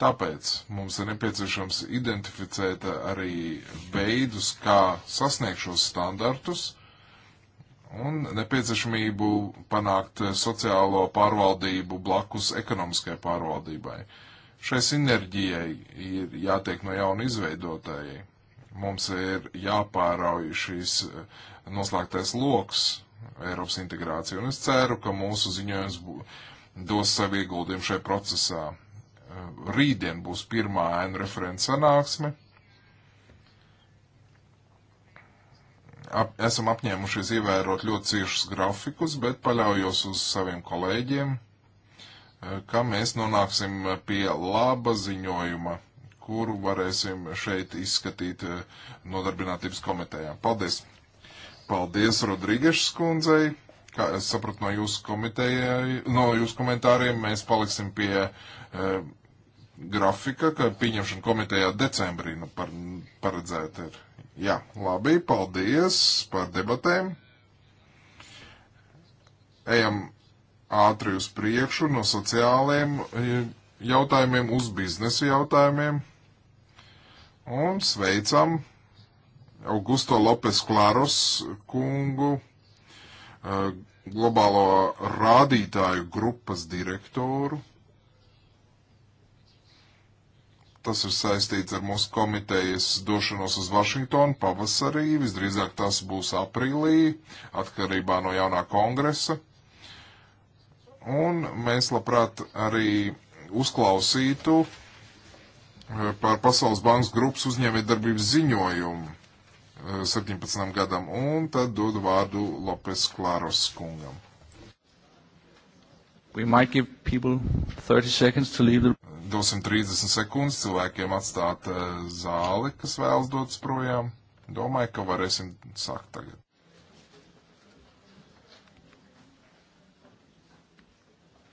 Tāpēc mums ir nepieciešams identificēt arī veidus, kā sasniegt šos standartus un nepieciešamību panākt sociālo pārvaldību blakus ekonomiskai pārvaldībai. Šai sinerģijai ir jātiek no jauna izveidotāji. Mums ir jāpārauj šīs eh, noslēgtais loks Eiropas integrācija, un es ceru, ka mūsu ziņojums dos savu ieguldījumu šai procesā. Eh, rītdien būs pirmā ēnu referents sanāksme. Ap, esam apņēmušies ievērot ļoti ciešus grafikus, bet paļaujos uz saviem kolēģiem, eh, ka mēs nonāksim pie laba ziņojuma, kuru varēsim šeit izskatīt eh, nodarbinātības komitejā. Paldies! Paldies Rodrīgešas kundzei! Kā es sapratu no jūsu, no jūsu komentāriem, mēs paliksim pie uh, grafika, ka pieņemšana komitejā decembrī nu, par, paredzēta ir. Jā, labi, paldies par debatēm. Ejam ātri uz priekšu no sociāliem e, jautājumiem uz biznesa jautājumiem. Un sveicam Augusto Lopes Klaros kungu, e, globālo rādītāju grupas direktoru. Tas ir saistīts ar mūsu komitejas došanos uz Vašingtonu pavasarī, visdrīzāk tas būs aprīlī, atkarībā no jaunā kongresa. Un mēs labprāt arī uzklausītu eh, par Pasaules bankas grupas uzņēmējdarbības ziņojumu 17 eh, gadam, un tad dodu vārdu Lopes Klāros kungam. We might give people 30 seconds to leave the dosim 30 sekundes cilvēkiem atstāt eh, zāli, kas vēlas dodas projām. Domāju, ka varēsim sākt tagad.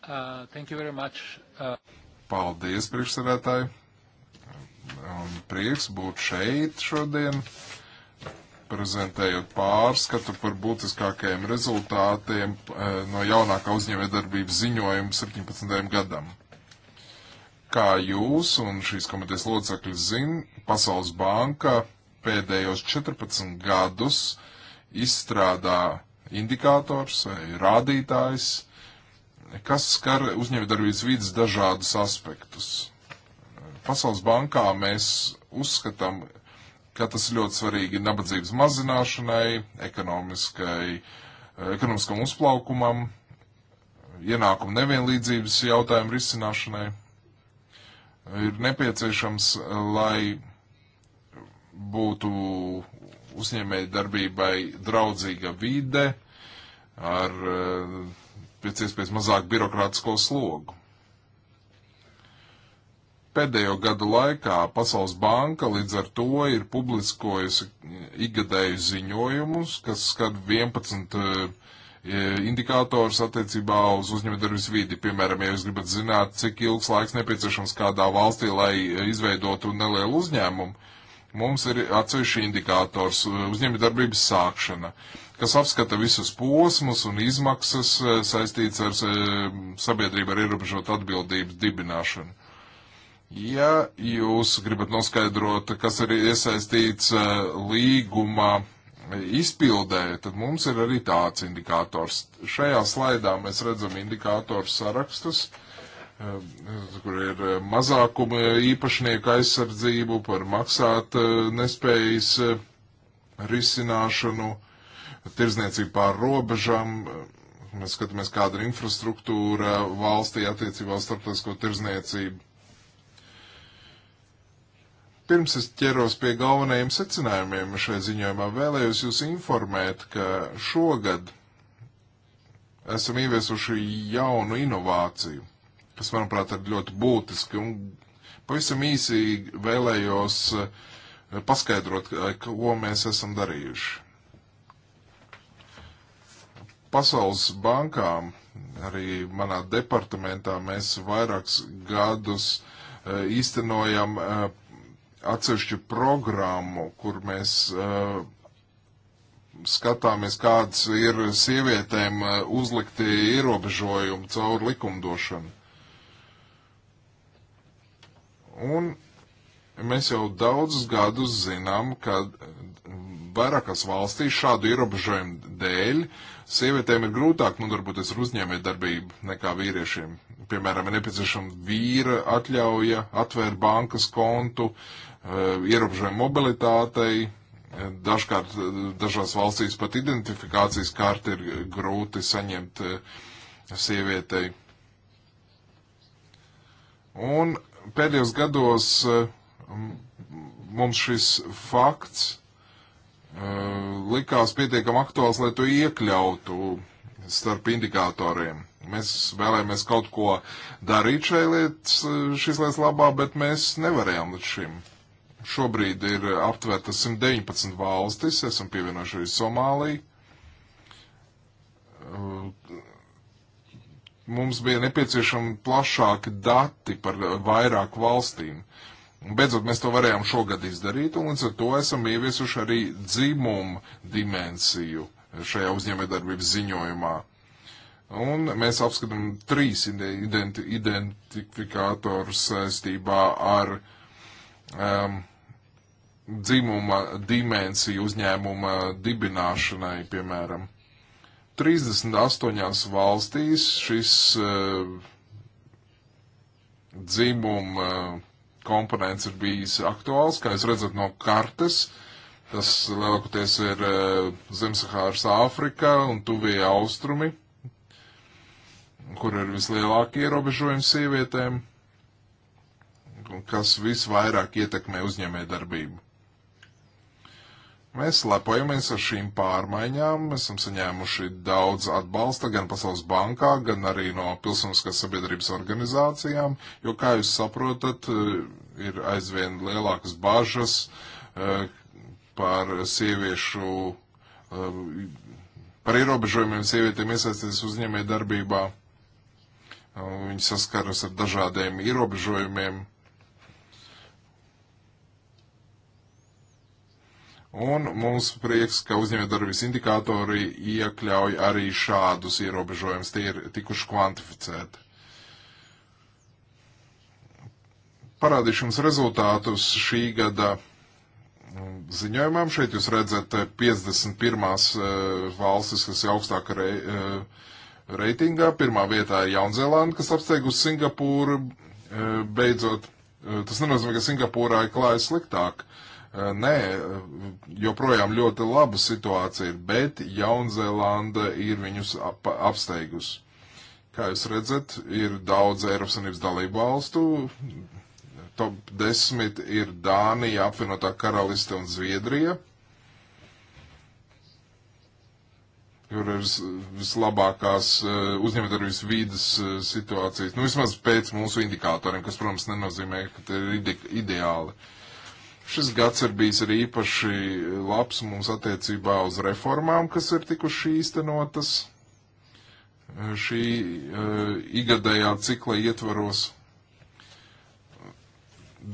Uh, thank you very much. Uh... Paldies, priekšsēdētāji. Un um, prieks būt šeit šodien, prezentējot pārskatu par būtiskākajiem rezultātiem eh, no jaunākā uzņēmējdarbības ziņojuma 17. gadam. Kā jūs un šīs komitejas locekļi zina, Pasaules banka pēdējos 14 gadus izstrādā indikators vai rādītājs, kas skar uzņēmējdarbības vidas dažādus aspektus. Pasaules bankā mēs uzskatām, ka tas ir ļoti svarīgi nabadzības mazināšanai, ekonomiskai, ekonomiskam uzplaukumam, ienākumu nevienlīdzības jautājumu risināšanai ir nepieciešams, lai būtu uzņēmēji darbībai draudzīga vide ar eh, pēc iespējas mazāk birokrātisko slogu. Pēdējo gadu laikā Pasaules banka līdz ar to ir publiskojusi ikgadēju ziņojumus, kas skar 11 E, indikators attiecībā uz uzņēmējdarbības vidi. Piemēram, ja jūs gribat zināt, cik ilgs laiks nepieciešams kādā valstī, lai izveidotu nelielu uzņēmumu, mums ir atsevišķi indikators e, uzņēmējdarbības sākšana, kas apskata visus posmus un izmaksas e, saistīts ar sabiedrību ar ierobežotu atbildības dibināšanu. Ja jūs gribat noskaidrot, kas ir iesaistīts līguma izpildē, tad mums ir arī tāds indikators. Šajā slaidā mēs redzam indikātoru sarakstus, eh, kur ir eh, mazākuma īpašnieku aizsardzību par maksāt eh, nespējas risināšanu, tirzniecību pār robežām. Mēs skatāmies, kāda ir infrastruktūra valstī attiecībā uz starptautisko tirzniecību Pirms es ķeros pie galvenajiem secinājumiem šai ziņojumā, vēlējos jūs informēt, ka šogad esam ieviesuši jaunu inovāciju, kas, manuprāt, ir ļoti būtiski. Un pavisam īsi vēlējos eh, paskaidrot, eh, ko mēs esam darījuši. Pasaules bankām, arī manā departamentā, mēs vairākus gadus eh, īstenojam atsevišķu programmu, kur mēs uh, skatāmies, kādas ir sievietēm uh, uzlikti ierobežojumi caur likumdošanu. Un mēs jau daudzus gadus zinām, ka vairākās valstīs šādu ierobežojumu dēļ sievietēm ir grūtāk nodarboties ar uzņēmē darbību nekā vīriešiem. Piemēram, ir nepieciešama vīra atļauja atvērt bankas kontu, uh, Eh, ierobežojumu mobilitātei. Eh, dažkārt eh, dažās valstīs pat identifikācijas kārti ir grūti saņemt sievietei. Un pēdējos gados mums šis fakts likās pietiekam aktuāls, lai to iekļautu starp indikatoriem. Mēs vēlējāmies kaut ko darīt šai lietas, šīs lietas labā, bet mēs nevarējām līdz šim. Uh, Šobrīd ir aptvērtas 119 valstis, esam pievienojuši arī Somāliju. Mums bija nepieciešami plašāki dati par vairāk valstīm. Beidzot, mēs to varējām šogad izdarīt, un līdz ar to esam ieviesuši arī dzimumu dimensiju šajā uzņēmējdarbības ziņojumā. Un mēs apskatām trīs identi identifikātors saistībā ar um, dzimuma dimensiju uzņēmuma dibināšanai, piemēram. 38 valstīs šis uh, dzimuma komponents ir bijis aktuāls, kā jūs redzat no kartes. Tas lielākoties ir uh, Zemsahāras Āfrika un tuvie austrumi, kur ir vislielākie ierobežojumi sievietēm, kas visvairāk ietekmē uzņēmē darbību. Mēs lepojamies ar šīm pārmaiņām, mēs esam saņēmuši daudz atbalsta gan Pasaules bankā, gan arī no pilsoniskās sabiedrības organizācijām, jo, kā jūs saprotat, ir aizvien lielākas bažas eh, par sieviešu, eh, par ierobežojumiem sievietēm iesaistīties uzņēmē darbībā. Viņi saskaras ar dažādiem ierobežojumiem Un mums prieks, ka uzņēmējdarbības indikātori iekļauj arī šādus ierobežojumus, tie ir tikuši kvantificēti. Parādīšu jums rezultātus šī gada mm, ziņojumam. Šeit jūs redzat 51. Eh, eh, valstis, kas ir augstāka rei, eh, reitingā. Pirmā vietā ir Jaunzēlanda, kas apsteigusi Singapūru. Beidzot, tas nenozīmē, ka Singapūrā ir klājas sliktāk. Uh, Nē, joprojām ļoti laba situācija ir, bet Jaunzēlanda ir viņus ap apsteigus. Kā jūs redzat, ir daudz Eiropas Savienības dalību valstu. Top 10 ir Dānija, apvienotā karaliste un Zviedrija. kur ir vislabākās uzņēmējdarbības vīdes situācijas. Nu, vismaz pēc mūsu indikatoriem, kas, protams, nenozīmē, ka tie ir ide ideāli. Šis gads ir bijis arī īpaši labs mums attiecībā uz reformām, kas ir tikuši īstenotas eh, šī uh, eh, igadējā cikla ietvaros.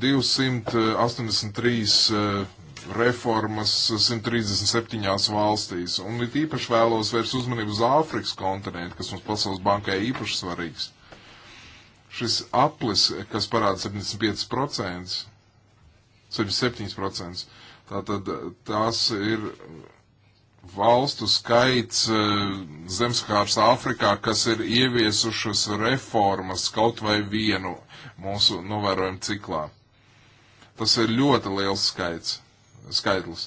283 uh, eh, reformas 137 valstīs, un it īpaši vēlos vērst uzmanību uz Āfrikas kontinentu, kas mums Pasaules bankai īpaši svarīgs. Šis aplis, kas parāda 75%, 77%. Tātad eh, tās ir valstu skaits eh, zemskārs Āfrikā, kas ir ieviesušas reformas kaut vai vienu mūsu novērojumu ciklā. Tas ir ļoti liels skaits, skaitlis.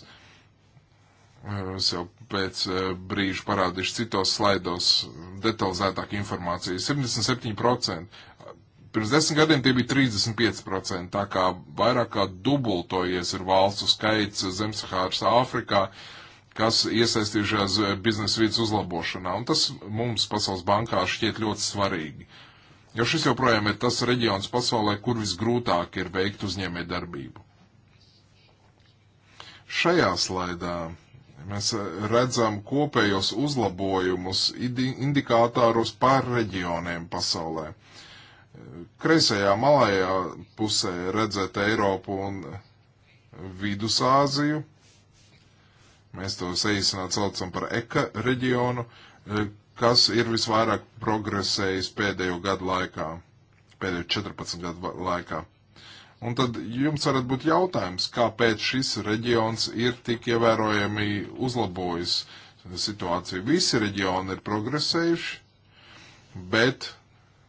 Eh, es jau pēc brīža parādīšu citos slaidos detalizētāk informāciju. 77% Pirms desmit gadiem tie bija 35%, tā kā vairāk kā dubultojies ir valstu skaits Zemsahāras Āfrikā, kas iesaistījušās eh, biznesa vidas uzlabošanā. Un tas mums Pasaules bankā šķiet ļoti svarīgi. Jo šis joprojām ir tas reģions pasaulē, kur visgrūtāk ir veikt uzņēmē darbību. Šajā slaidā mēs eh, redzam kopējos uzlabojumus indikātāros pār reģioniem pasaulē kreisajā malējā pusē redzēt Eiropu un Vidusāziju. Mēs to saīsināt saucam par eka reģionu, e, kas ir visvairāk progresējis pēdējo gadu laikā, pēdējo 14 gadu laikā. Un tad jums varat būt jautājums, kāpēc šis reģions ir tik ievērojami uzlabojis situāciju. Visi reģioni ir progresējuši, bet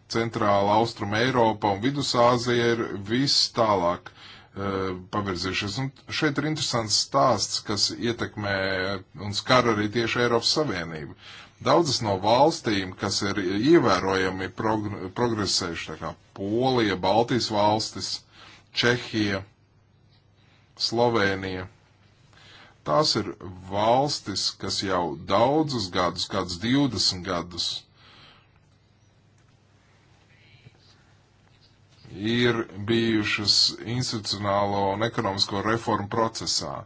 centrāla austruma Eiropa un Vidusāzija ir viss tālāk uh, pavirzījušies. Un šeit ir interesants stāsts, kas ietekmē un skar arī tieši Eiropas Savienību. Daudzas no valstīm, kas ir ievērojami progr progresējuši, tā kā Polija, Baltijas valstis, Čehija, Slovenija, tās ir valstis, kas jau daudzus gadus, kādus 20 gadus, ir bijušas institucionālo un ekonomisko reformu procesā.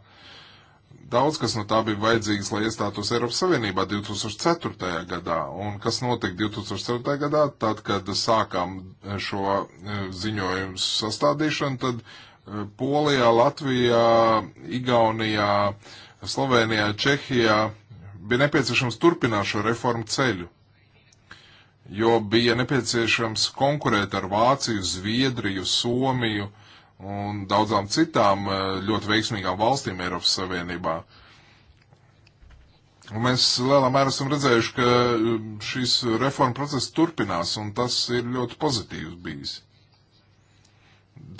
Daudz kas no tā bija vajadzīgs, lai iestātos Eiropas Savienībā 2004. gadā. Un kas notika 2004. gadā, tad, kad sākām šo e, ziņojumu sastādīšanu, tad e, Polijā, Latvijā, Igaunijā, Slovenijā, Čehijā bija nepieciešams turpināt šo reformu ceļu jo bija nepieciešams konkurēt ar Vāciju, Zviedriju, Somiju un daudzām citām eh, ļoti veiksmīgām valstīm Eiropas Savienībā. Un mēs lielā mērā esam redzējuši, ka eh, šis reforma process turpinās, un tas ir ļoti pozitīvs bijis.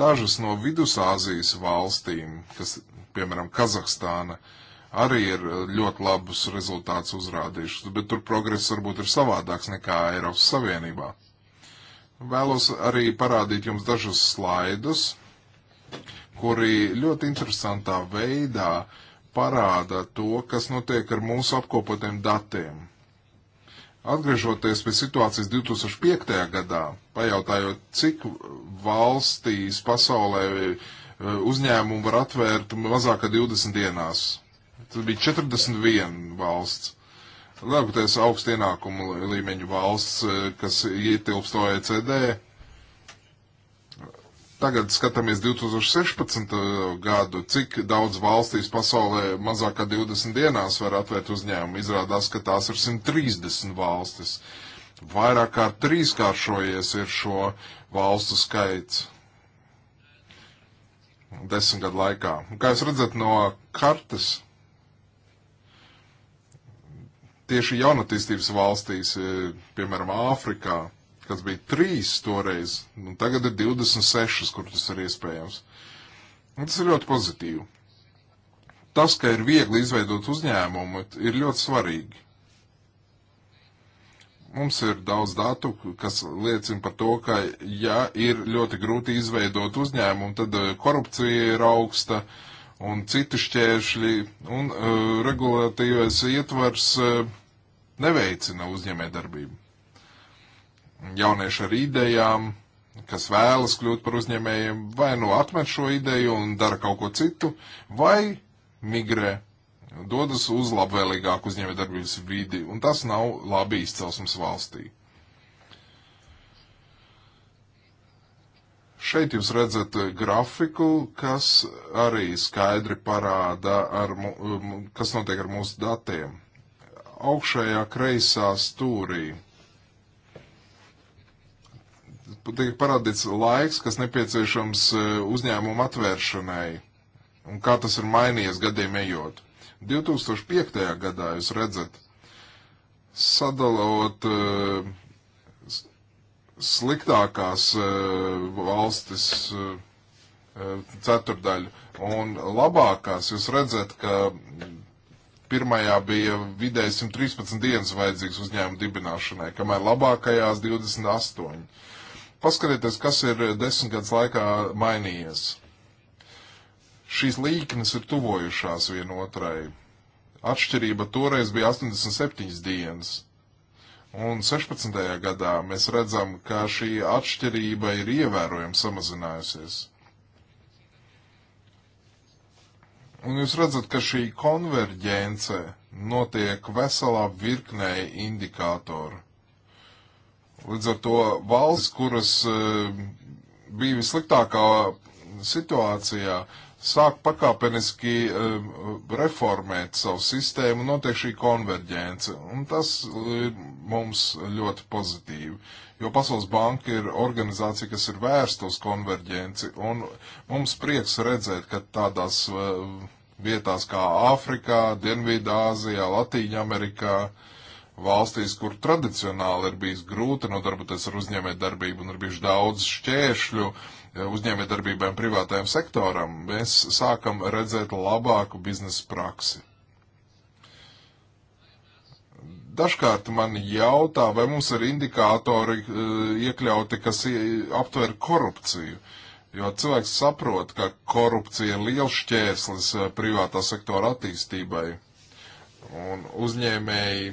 Dažas no Vidusāzijas valstīm, kas, piemēram, Kazahstāna, uh, arī ir eh, ļoti labus rezultātus uzrādījušas, bet tur progress varbūt ir savādāks nekā Eiropas Savienībā. Vēlos arī parādīt jums dažus slaidus, kuri ļoti interesantā veidā parāda to, kas notiek ar mūsu apkopotiem datiem. Atgriežoties pie situācijas 2005. gadā, pajautājot, cik valstīs pasaulē eh, uzņēmumu var atvērt mazāk kā 20 dienās, tad bija 41 valsts. Lielākoties augstu ienākumu līmeņu valsts, eh, kas ietilpst OECD. Tagad skatāmies 2016. gadu, cik daudz valstīs pasaulē mazāk kā 20 dienās var atvērt uzņēmumu. Izrādās, ka tās ir 130 valstis. Vairāk kā trīskāršojies ir šo valstu skaits desmit gadu laikā. Un, kā jūs redzat no kartes, tieši jaunatīstības valstīs, e, piemēram, Āfrikā, kas bija trīs toreiz, un nu, tagad ir 26, kur tas ir iespējams. Un tas ir ļoti pozitīvi. Tas, ka ir viegli izveidot uzņēmumu, ir ļoti svarīgi. Mums ir daudz datu, kas liecina par to, ka, ja ir ļoti grūti izveidot uzņēmumu, tad e, korupcija ir augsta, uh, un citi šķēršļi, un uh, regulatīvais ietvars uh, neveicina uzņēmējdarbību. Jaunieši ar idejām, kas vēlas kļūt par uzņēmējiem, vai nu atmet šo ideju un dara kaut ko citu, vai migrē, dodas uz labvēlīgāku uzņēmējdarbības vidi, un tas nav labi izcelsmes valstī. Šeit jūs redzat grafiku, kas arī skaidri parāda, ar, kas notiek ar mūsu datiem augšējā kreisā stūrī. Tiek parādīts laiks, kas nepieciešams e, uzņēmumu atvēršanai un kā tas ir mainījies gadiem ejot. 2005. gadā jūs redzat, sadalot uh, sliktākās uh, valstis uh, ceturdaļu un labākās, jūs redzat, ka pirmajā bija vidēji 113 dienas vajadzīgs uzņēmuma dibināšanai, kamēr labākajās 28. Paskatieties, kas ir desmit gadus laikā mainījies. Šīs līknes ir tuvojušās vienotrai. Atšķirība toreiz bija 87 dienas. Un 16. gadā mēs redzam, ka šī atšķirība ir ievērojami samazinājusies. Un jūs redzat, ka šī konverģence notiek veselā virknē indikātoru. Līdz ar to valsts, kuras eh, bija vissliktākā situācijā, sāk pakāpeniski reformēt savu sistēmu, notiek šī konverģence. Un tas ir mums ļoti pozitīvi, jo Pasaules banka ir organizācija, kas ir vērsta uz konverģenci, un mums prieks redzēt, ka tādās eh, vietās kā Āfrikā, Dienvidāzijā, Latīņa Amerikā, valstīs, kur tradicionāli ir bijis grūti nodarboties ar uzņēmē darbību un ir bijuši daudz šķēršļu, uh, Eh, uzņēmējdarbībai un privātajam sektoram, mēs sākam redzēt labāku biznesa praksi. Dažkārt man jautā, vai mums ir indikātori eh, iekļauti, kas aptver korupciju. Jo cilvēks saprot, ka korupcija ir liels šķērslis eh, privātā sektora attīstībai. Un uzņēmēji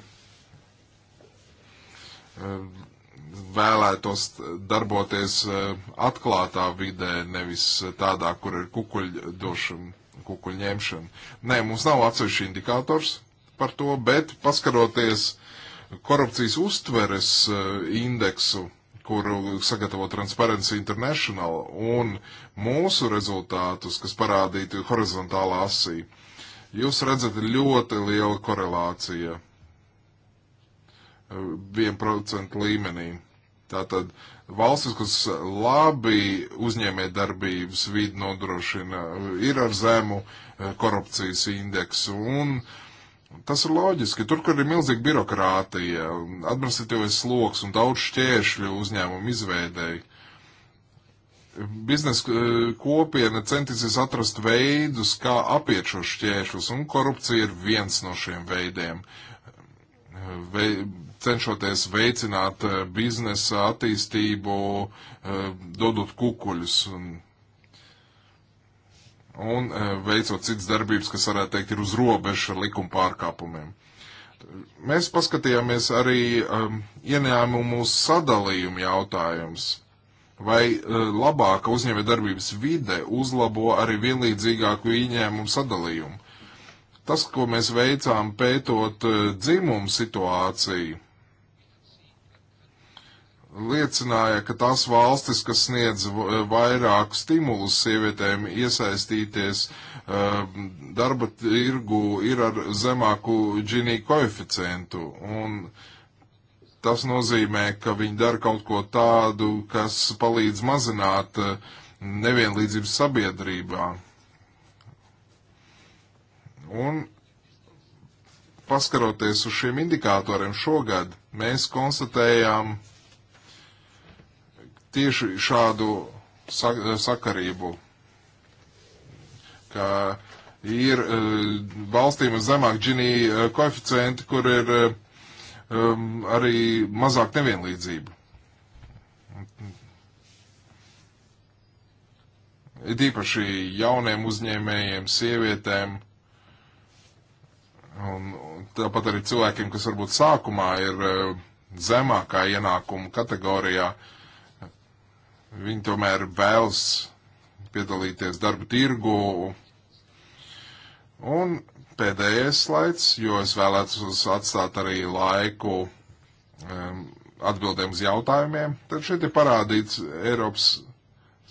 vēlētos darboties eh, atklātā vidē, nevis eh, tādā, kur ir kukuļdošana, kukuļņemšana. Nē, mums nav atsevišķi indikators par to, bet paskaroties korupcijas uztveres eh, indeksu, kuru sagatavo Transparency International, un mūsu rezultātus, kas parādīti horizontālā asī, jūs redzat ļoti lielu korelāciju 1% līmenī. Tātad valstis, kas labi uzņēmē darbības vidi nodrošina, ir ar zemu eh, korupcijas indeksu. Un tas ir loģiski. Tur, kur ir milzīga birokrātija, administratīvais sloks un daudz šķēršļu uzņēmumu izveidēji, biznesa eh, kopiena centīsies atrast veidus, kā apiet šos šķēršļus, un korupcija ir viens no šiem veidiem. Eh, vei, cenšoties veicināt eh, biznesa attīstību, eh, dodot kukuļus un, un eh, veicot citas darbības, kas varētu teikt ir uz robeža likuma pārkāpumiem. Mēs paskatījāmies arī um, ehm, ienāmumu sadalījumu jautājums. Vai labāka uzņēmē darbības vide uzlabo arī vienlīdzīgāku ieņēmumu sadalījumu? Tas, ko mēs veicām pētot dzimumu situāciju, liecināja, ka tās valstis, kas sniedz vairāk stimulus sievietēm iesaistīties um, darba tirgu, ir ar zemāku džinī koeficientu. Un tas nozīmē, ka viņi dara kaut ko tādu, kas palīdz mazināt uh, nevienlīdzību sabiedrībā. Un paskaroties uz šiem indikatoriem šogad, mēs konstatējām, tieši šādu eh, sakarību, ka ir eh, valstīm ar zemāk džinī eh, koeficienti, kur ir um, arī mazāk nevienlīdzība. It īpaši jauniem uzņēmējiem, sievietēm un tāpat arī cilvēkiem, kas varbūt sākumā ir zemākā ienākuma kategorijā, uh, Viņi tomēr vēlas piedalīties darba tirgu. Un pēdējais slaids, jo es vēlētos atstāt arī laiku um, atbildēm uz jautājumiem. Tad šeit ir parādīts Eiropas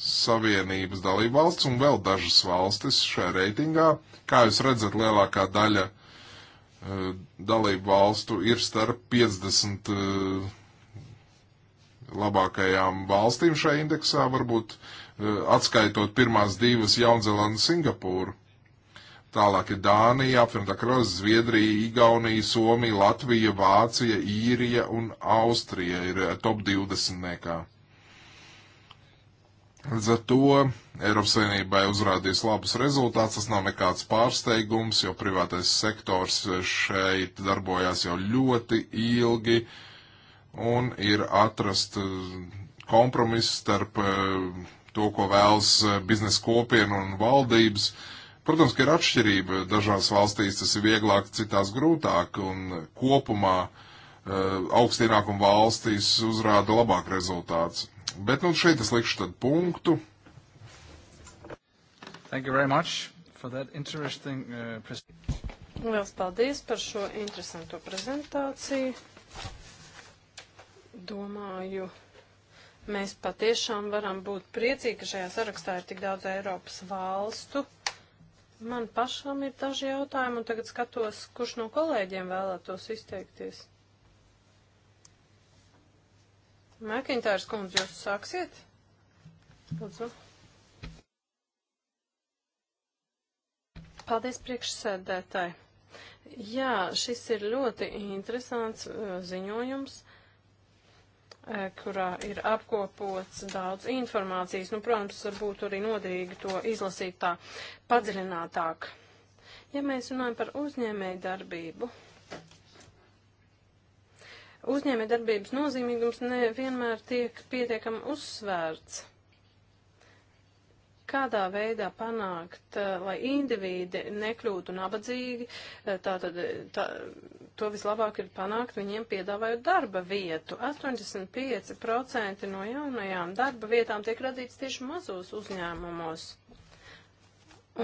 Savienības dalībvalsts un vēl dažas valstis šajā reitingā. Kā jūs redzat, lielākā daļa uh, dalību valstu ir starp 50 uh, labākajām valstīm šajā indeksā, varbūt eh, atskaitot pirmās divas Jaunzēlandu Singapūru. Tālāk ir Dānija, apvienotā karalists, Zviedrija, Igaunija, Somija, Latvija, Vācija, Īrija un Austrija ir eh, top 20 nekā. Līdz ar to Eiropas Savienībai uzrādījis labus rezultātus, tas nav nekāds pārsteigums, jo privātais sektors šeit darbojās jau ļoti ilgi. Uh, un ir atrast eh, kompromiss starp eh, to, ko vēlas eh, biznesa kopiena un valdības. Protams, ka ir atšķirība. Dažās valstīs tas ir vieglāk, citās grūtāk, un kopumā augstīnākuma valstīs uzrāda labāk rezultāts. Bet nu šeit es likšu tad punktu. Thank you very much for that interesting uh, presentation. Liels paldies par šo interesanto prezentāciju domāju, mēs patiešām varam būt priecīgi, ka šajā sarakstā ir tik daudz Eiropas valstu. Man pašam ir daži jautājumi, un tagad skatos, kurš no kolēģiem vēlētos izteikties. Mekintārs kundze, jūs sāksiet? Lūdzu. Paldies priekšsēdētāji. Jā, šis ir ļoti interesants uh, ziņojums. E, kurā ir apkopots daudz informācijas. Nu, protams, būtu arī noderīgi to izlasīt tā padziļinātāk. Ja mēs runājam par uzņēmēju darbību, uzņēmēju darbības nozīmīgums nevienmēr tiek pietiekami uzsvērts kādā veidā panākt, eh, lai indivīdi nekļūtu nabadzīgi, eh, tātad tā, to vislabāk ir panākt viņiem piedāvājot darba vietu. 85% no jaunajām darba vietām tiek radīts tieši mazos uzņēmumos.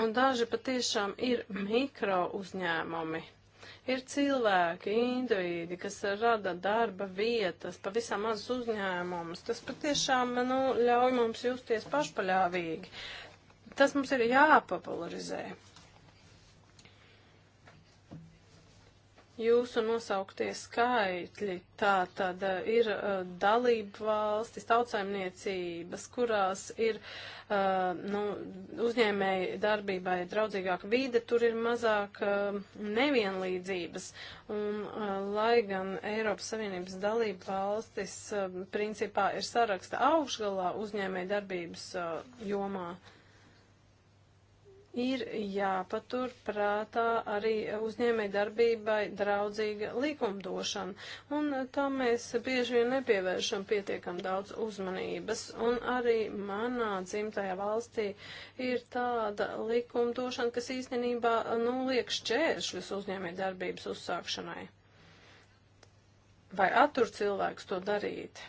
Un daži patiešām ir mikro uzņēmumi. Ir cilvēki, indivīdi, kas rada darba vietas, pavisam maz uzņēmumus. Tas patiešām nu, ļauj mums justies pašpaļāvīgi. Tas mums ir jāpopularizē. jūsu nosauktie skaitļi, tā tad uh, ir uh, dalība valstis, tautsaimniecības, kurās ir uh, nu, uzņēmēji darbībai draudzīgāka vide, tur ir mazāk uh, nevienlīdzības. Un, uh, lai gan Eiropas Savienības dalība valstis um, principā ir saraksta augšgalā uzņēmēji darbības uh, jomā ir jāpatur prātā arī uzņēmē darbībai draudzīga likumdošana, un tam mēs bieži vien nepievēršam pietiekam daudz uzmanības, un arī manā dzimtajā valstī ir tāda likumdošana, kas īstenībā nu, liek šķēršļus uzņēmē darbības uzsākšanai. Vai attur cilvēks to darīt?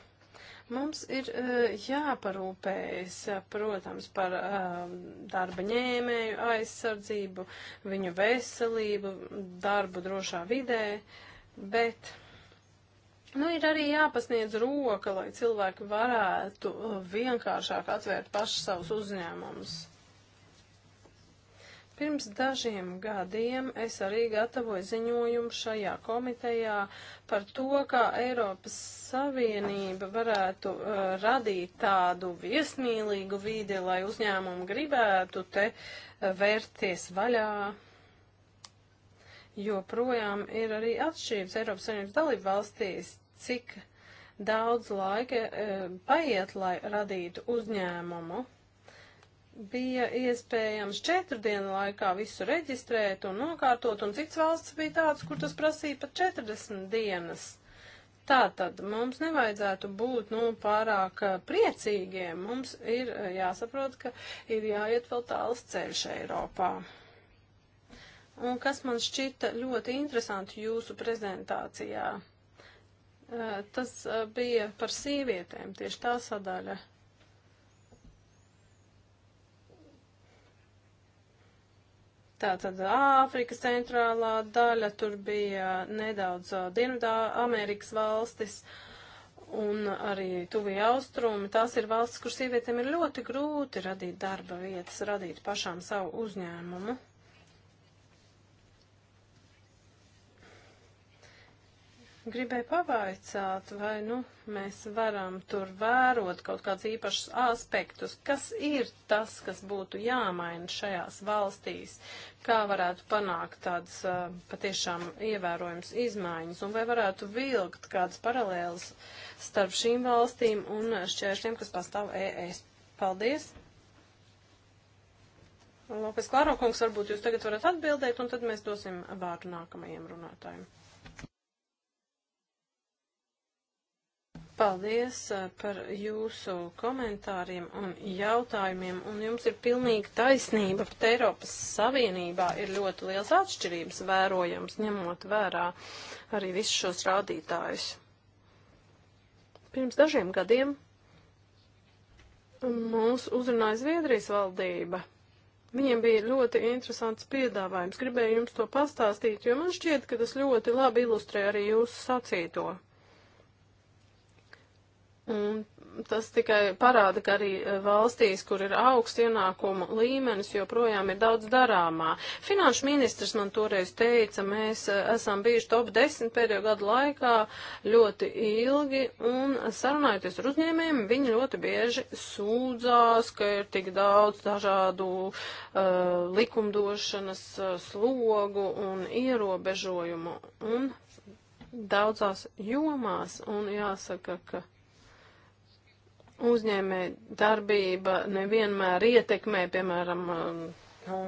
Mums ir eh, jāparūpējas, eh, protams, par eh, darba ņēmēju aizsardzību, viņu veselību, darbu drošā vidē, bet. Nu, ir arī jāpasniedz roka, lai cilvēki varētu vienkāršāk atvērt paši savus uzņēmumus. Pirms dažiem gadiem es arī gatavoju ziņojumu šajā komitejā par to, kā Eiropas Savienība varētu uh, radīt tādu viesmīlīgu vīdi, lai uzņēmumu gribētu te uh, vērties vaļā. Jo projām ir arī atšķirības Eiropas Savienības dalību valstīs, cik daudz laika uh, paiet, lai radītu uzņēmumu bija iespējams četru dienu laikā visu reģistrēt un nokārtot, un cits valsts bija tāds, kur tas prasīja pat 40 dienas. Tātad mums nevajadzētu būt nu, pārāk eh, priecīgiem. Mums ir eh, jāsaprot, ka ir jāiet vēl tāls ceļš Eiropā. Un kas man šķita ļoti interesanti jūsu prezentācijā, eh, tas bija par sievietēm, tieši tā sadaļa. Tātad Āfrikas centrālā daļa, tur bija nedaudz Dienvidā Amerikas valstis un arī tuvija austrumi. Tās ir valstis, kur sievietēm ir ļoti grūti radīt darba vietas, radīt pašām savu uzņēmumu. Gribēju pavaicāt, vai nu mēs varam tur vērot kaut kādus īpašus aspektus, kas ir tas, kas būtu jāmaina šajās valstīs, kā varētu panākt tādas patiešām ievērojams izmaiņas, un vai varētu vilkt kādas paralēlas starp šīm valstīm un šķēršļiem, kas pastāv ES. Paldies! Lopes Klārokungs, varbūt jūs tagad varat atbildēt, un tad mēs dosim vārdu nākamajiem runātājiem. Paldies par jūsu komentāriem un jautājumiem, un jums ir pilnīga taisnība, bet Eiropas Savienībā ir ļoti liels atšķirības vērojams, ņemot vērā arī visus šos rādītājus. Pirms dažiem gadiem mūs uzrunāja Zviedrijas valdība. Viņiem bija ļoti interesants piedāvājums. Gribēju jums to pastāstīt, jo man šķiet, ka tas ļoti labi ilustrē arī jūsu sacīto. Un tas tikai parāda, ka arī e, valstīs, kur ir augsts ienākuma līmenis, joprojām ir daudz darāmā. Finanšu ministrs man toreiz teica, mēs e, esam bijuši top 10 pēdējo gadu laikā ļoti ilgi, un sarunājoties ar uzņēmējiem, viņi ļoti bieži sūdzās, ka ir tik daudz dažādu uh, likumdošanas slogu un ierobežojumu, un daudzās jomās, un jāsaka, ka uzņēmē darbība nevienmēr ietekmē, piemēram, nu,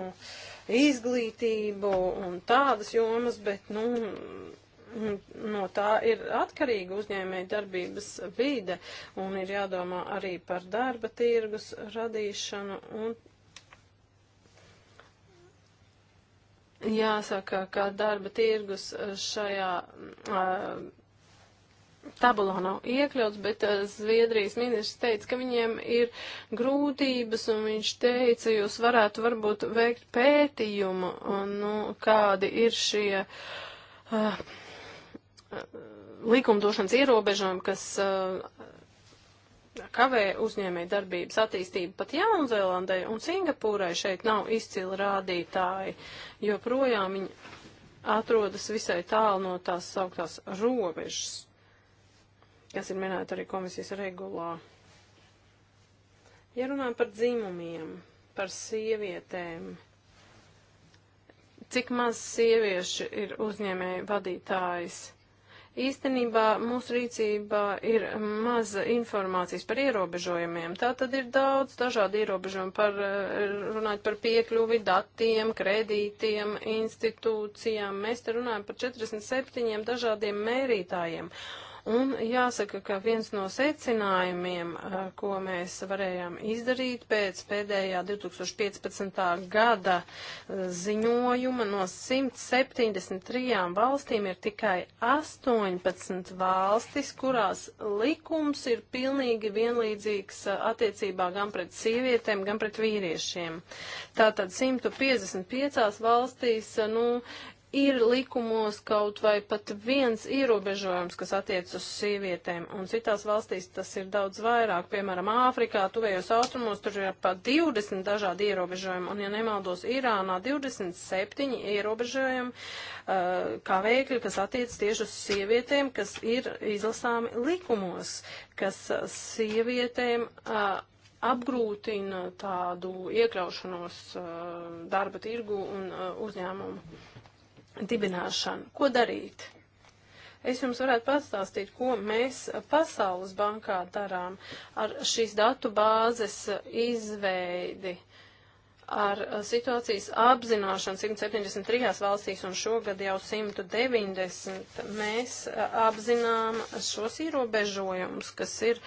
izglītību un tādas jomas, bet, nu, no tā ir atkarīga uzņēmēja darbības vīde un ir jādomā arī par darba tirgus radīšanu un jāsaka, ka darba tirgus šajā uh, tabulā nav iekļauts, bet uh, Zviedrijas ministrs teica, ka viņiem ir grūtības, un viņš teica, jūs varētu varbūt veikt pētījumu, un, nu, kādi ir šie uh, likumdošanas ierobežojumi, kas uh, kavē uzņēmēja darbības attīstību pat Jaunzēlandai un Singapūrai šeit nav izcili rādītāji, jo projām viņi atrodas visai tālu no tās sauktās robežas kas ir minēta arī komisijas regulā. Ja runājam par dzimumiem, par sievietēm, cik maz sievieši ir uzņēmēji vadītājs? Īstenībā mūsu rīcībā ir maza informācijas par ierobežojumiem. Tā tad ir daudz dažādu ierobežojumu par, eh, runājot par piekļuvi datiem, kredītiem, institūcijām. Mēs te runājam par 47 dažādiem mērītājiem. Un jāsaka, ka viens no secinājumiem, uh, ko mēs varējām izdarīt pēc pēdējā 2015. gada uh, ziņojuma, no 173 valstīm ir tikai 18 valstis, kurās likums ir pilnīgi vienlīdzīgs uh, attiecībā gan pret sievietēm, gan pret vīriešiem. Tātad 155 valstīs, nu, ir likumos kaut vai pat viens ierobežojums, kas attiec uz sievietēm, un citās valstīs tas ir daudz vairāk. Piemēram, Āfrikā, tuvējos austrumos, tur ir pat 20 dažādi ierobežojumi, un, ja nemaldos, Irānā 27 ierobežojumi, uh, kā veikļi, kas attiec tieši uz sievietēm, kas ir izlasāmi likumos, kas uh, sievietēm. Uh, apgrūtina tādu iekļaušanos uh, darba tirgu un uh, uzņēmumu dibināšanu. Ko darīt? Es jums varētu pastāstīt, ko mēs Pasaules bankā darām ar šīs datu bāzes izveidi. Uh, ar situācijas apzināšanu 173 valstīs un šogad jau 190 mēs apzinām šos ierobežojumus, kas ir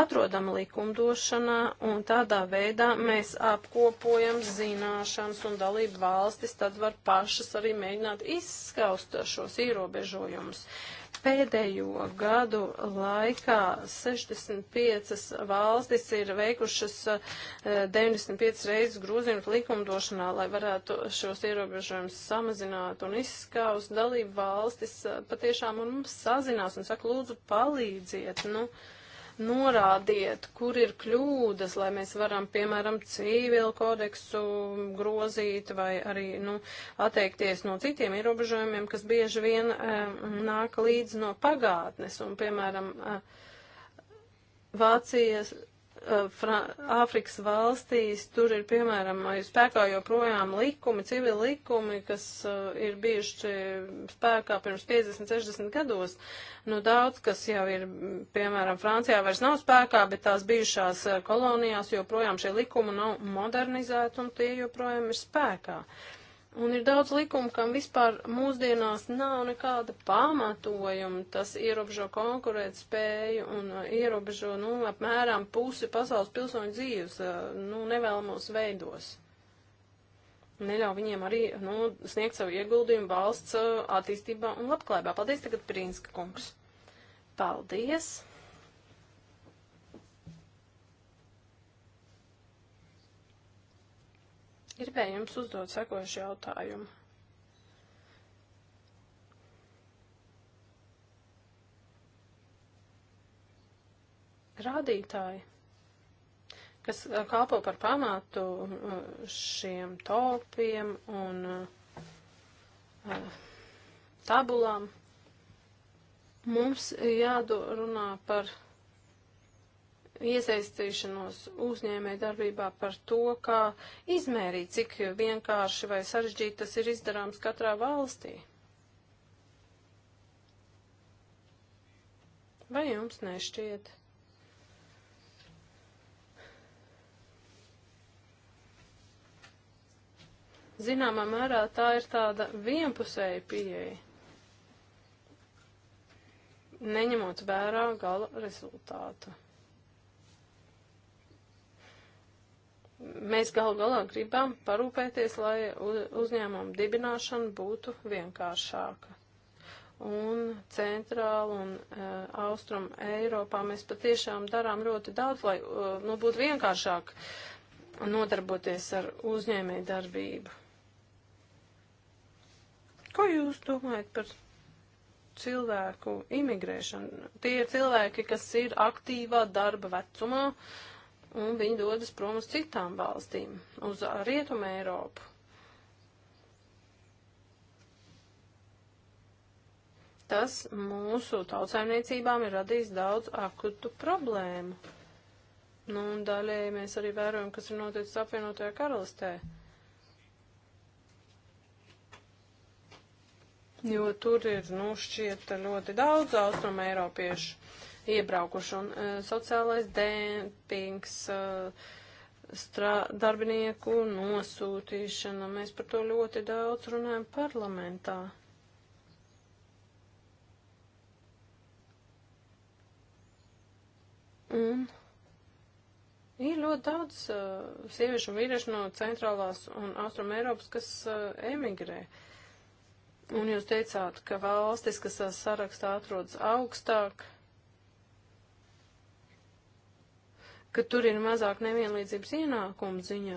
atrodama likumdošanā, un tādā veidā mēs apkopojam zināšanas un dalību valstis, tad var pašas arī mēģināt izskaust šos ierobežojumus. Uh, Pēdējo gadu laikā 65 valstis ir veikušas 95 eh, reizes grūzījumus likumdošanā, lai varētu šos ierobežojumus samazināt un izskaust. Dalību valstis eh, patiešām un mums sazinās un saka, lūdzu, palīdziet. Nu, uh, norādiet, kur ir kļūdas, lai mēs varam, piemēram, cīvilu kodeksu grozīt vai arī, nu, atteikties no citiem ierobežojumiem, kas bieži vien e, nāk līdz no pagātnes. Un, piemēram, e, Vācijas Eh, Āfrikas valstīs, tur ir, piemēram, spēkā joprojām likumi, civili likumi, kas uh, ir bijuši spēkā pirms 50, 60 gados. Nu, daudz, kas jau ir, piemēram, Francijā vairs nav spēkā, bet tās bijušās eh, kolonijās joprojām šie likumi nav modernizēti un tie joprojām ir spēkā. Uh, Un ir daudz likumu, kam vispār mūsdienās nav nekāda pamatojuma. Tas ierobežo konkurēt spēju un uh, ierobežo, nu, apmēram pusi pasaules pilsoņu dzīves, uh, nu, nevēlamos veidos. Neļauj viņiem arī, nu, sniegt savu ieguldījumu valsts uh, attīstībā un labklājībā. Paldies tagad, Prīnska kungs. Paldies! Gribēju jums uzdot sekojuši jautājumu. Rādītāji, kas uh, kalpo par pamatu uh, šiem topiem un uh, tabulām, mums jādorunā par iesaistīšanos uzņēmē darbībā par to, kā izmērīt, cik vienkārši vai sarežģīti tas ir izdarāms katrā valstī. Vai jums nešķiet? Zināmā mērā tā ir tāda vienpusēja pieeja, neņemot vērā gala rezultātu. mēs galu galā gribam parūpēties, lai uzņēmuma dibināšana būtu vienkāršāka. Un centrāla un uh, austrum Eiropā mēs patiešām darām ļoti daudz, lai uh, nu, būtu vienkāršāk nodarboties ar uzņēmēju darbību. Ko jūs domājat par cilvēku imigrēšanu? Tie ir cilvēki, kas ir aktīvā darba vecumā, uh, un viņi dodas prom uz citām valstīm, uz Rietumu Eiropu. Tas mūsu tautsājumniecībām ir radījis daudz akutu problēmu. Nu, un daļēji mēs arī vērojam, kas ir noticis apvienotajā karalistē. Jo tur ir, nu, šķiet ļoti daudz austrumu eiropiešu iebraukuši. Un uh, sociālais dēmpings, uh, eh, darbinieku nosūtīšana, mēs par to ļoti daudz runājam parlamentā. Un ir ļoti daudz uh, sieviešu un vīriešu no centrālās un austrum Eiropas, kas uh, emigrē. Un jūs teicāt, ka valstis, kas sarakstā atrodas augstāk, ka tur ir mazāk nevienlīdzības ienākumu ziņā.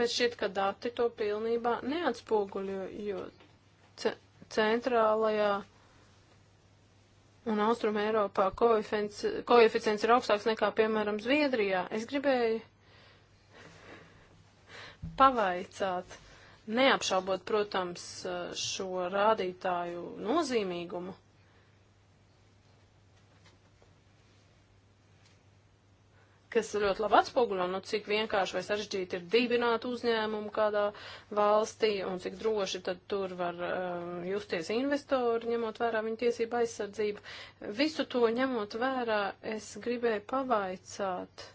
Bet šķiet, ka dati to pilnībā neatspoguļo, jo ce centrālajā un austruma Eiropā koeficients ir augstāks nekā, piemēram, Zviedrijā. Es gribēju pavaicāt, neapšaubot, protams, šo rādītāju nozīmīgumu. kas ļoti labi atspoguļo, nu, cik vienkārši vai sarežģīti ir dibināt uzņēmumu kādā valstī un cik droši tad tur var um, justies investori, ņemot vērā viņu tiesību aizsardzību. Visu to ņemot vērā, es gribēju pavaicāt,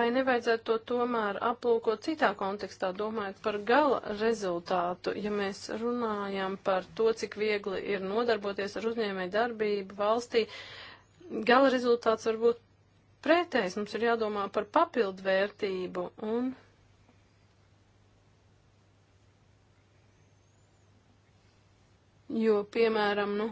vai nevajadzētu to tomēr aplūkot citā kontekstā, domājot par gala rezultātu, ja mēs runājam par to, cik viegli ir nodarboties ar uzņēmēju darbību valstī. Gala rezultāts varbūt pretējs. Mums ir jādomā par papildvērtību un. Jo, piemēram, nu,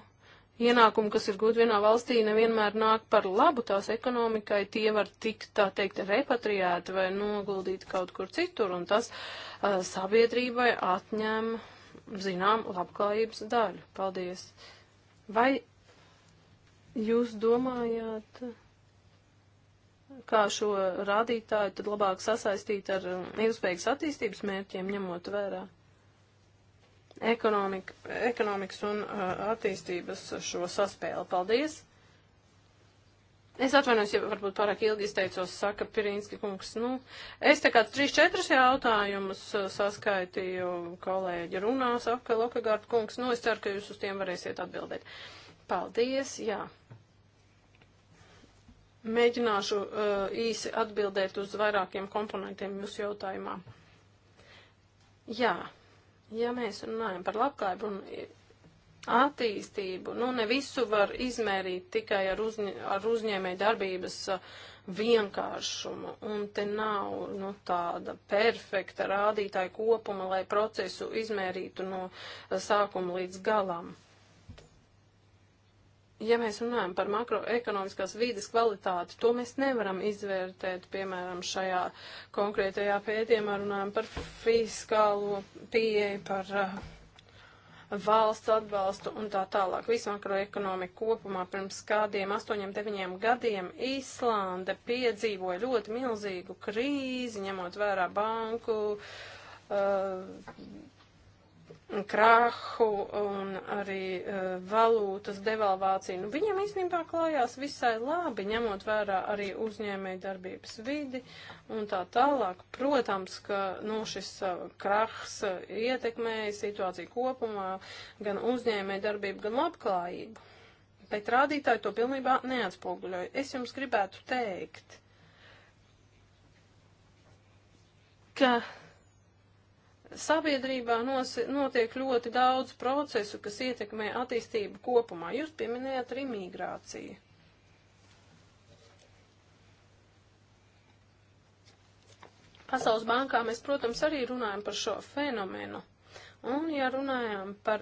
ienākumi, kas ir gūti vienā valstī, nevienmēr nāk par labu tās ekonomikai, tie var tikt, tā teikt, repatriēti vai noguldīti kaut kur citur, un tas uh, sabiedrībai atņem, zinām, labklājības daļu. Paldies! Vai jūs domājāt? Uh, kā šo rādītāju tad labāk sasaistīt ar um, ilgspējīgas attīstības mērķiem, ņemot vērā ekonomika, ekonomikas un uh, attīstības šo saspēli. Paldies! Es atvainojos, ja varbūt pārāk ilgi izteicos, saka Pirinski kungs. Nu, es te kāds 3-4 jautājumus uh, saskaitīju kolēģi runā, saka Lokagārta kungs. Nu, es ceru, ka jūs uz tiem varēsiet atbildēt. Paldies, jā. Mēģināšu uh, īsi atbildēt uz vairākiem komponentiem jūsu jautājumā. Jā, ja mēs runājam par labklājību un attīstību, nu ne visu var izmērīt tikai ar, uzņ ar uzņēmē darbības uh, vienkāršumu, un te nav nu, tāda perfekta rādītāja kopuma, lai procesu izmērītu no uh, sākuma līdz galam ja mēs runājam par makroekonomiskās vīdes kvalitāti, to mēs nevaram izvērtēt, piemēram, šajā konkrētajā pētījumā runājam par fiskālo pieeju, par uh, valsts atbalstu un tā tālāk. Visu makroekonomiku kopumā pirms kādiem 8-9 gadiem Īslande piedzīvoja ļoti milzīgu krīzi, ņemot vērā banku. Uh, krahu un arī uh, valūtas devalvāciju. Nu, viņam īstenībā klājās visai labi, ņemot vērā arī uzņēmēju darbības vidi un tā tālāk. Protams, ka nu, šis uh, krahs uh, ietekmēja situāciju kopumā, gan uzņēmēju darbību, gan labklājību. Bet rādītāji to pilnībā neatspoguļoja. Es jums gribētu teikt, ka sabiedrībā nos, notiek ļoti daudz procesu, kas ietekmē attīstību kopumā. Jūs pieminējat arī migrāciju. Pasaules bankā mēs, protams, arī runājam par šo fenomenu. Un, ja runājam par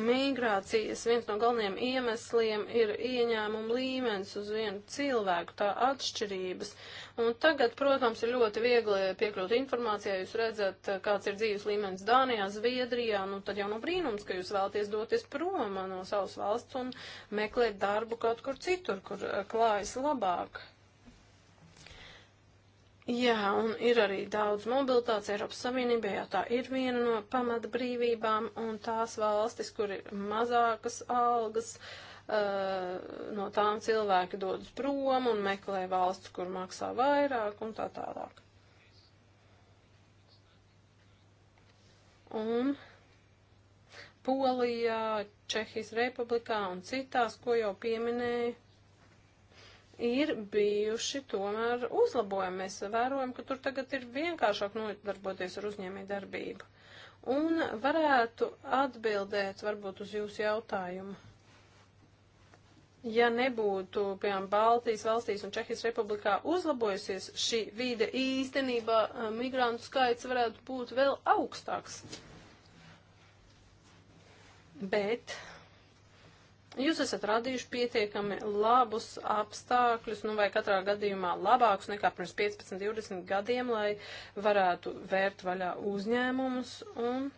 migrācijas, viens no galvenajiem iemesliem ir ieņēmuma līmenis uz vienu cilvēku, tā atšķirības. Un tagad, protams, ir ļoti viegli piekļūt informācijai. Jūs redzat, kāds ir dzīves līmenis Dānijā, Zviedrijā, nu tad jau nav no brīnums, ka jūs vēlaties doties prom no savas valsts un meklēt darbu kaut kur citur, kur eh, klājas labāk. Jā, un ir arī daudz mobilitātes Eiropas Savienībā, jā, tā ir viena no pamata brīvībām, un tās valstis, kur ir mazākas algas, uh, Eh, no tām cilvēki dodas prom un meklē valsts, kur maksā vairāk un tā tālāk. Un Polijā, Čehijas republikā un citās, ko jau pieminēju, ir bijuši tomēr uzlabojumi. Mēs vērojam, ka tur tagad ir vienkāršāk nodarboties ar uzņēmē darbību. Un varētu atbildēt varbūt uz jūsu jautājumu. Ja nebūtu, piemēram, Baltijas valstīs un Čehijas republikā uzlabojusies šī vide, īstenībā eh, migrantu skaits varētu būt vēl augstāks. Bet jūs esat radījuši pietiekami labus apstākļus, nu vai katrā gadījumā labākus nekā pirms 15-20 gadiem, lai varētu vērt vaļā uzņēmumus un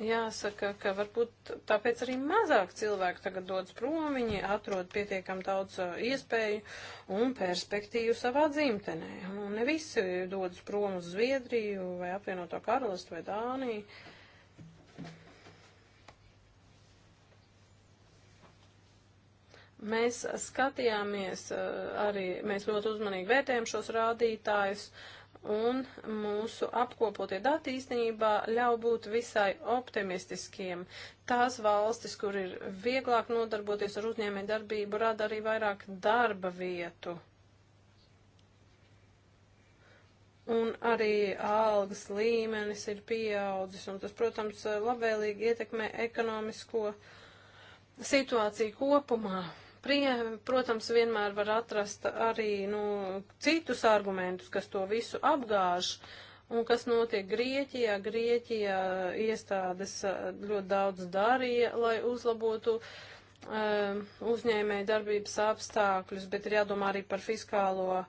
Jāsaka, ka varbūt tāpēc arī mazāk cilvēku tagad dodas prom, viņi atrod pietiekam daudz uh, iespēju un perspektīvu savā dzimtenē. Un nu, ne visi dodas prom uz Zviedriju vai apvienoto karalistu vai Dāniju. Mēs skatījāmies uh, arī, mēs ļoti uzmanīgi vērtējam šos rādītājus. Uh, un mūsu apkopotie dati īstenībā ļauj būt visai optimistiskiem. Tās valstis, kur ir vieglāk nodarboties ar uzņēmē darbību, rada arī vairāk darba vietu. Un arī algas līmenis ir pieaudzis, un tas, protams, labvēlīgi ietekmē ekonomisko situāciju kopumā. Prie, protams, vienmēr var atrast arī nu, citus argumentus, kas to visu apgāž. Un kas notiek Grieķijā? Grieķijā iestādes eh, ļoti daudz darīja, lai uzlabotu uh, uzņēmēju darbības apstākļus, bet ir jādomā arī par fiskālo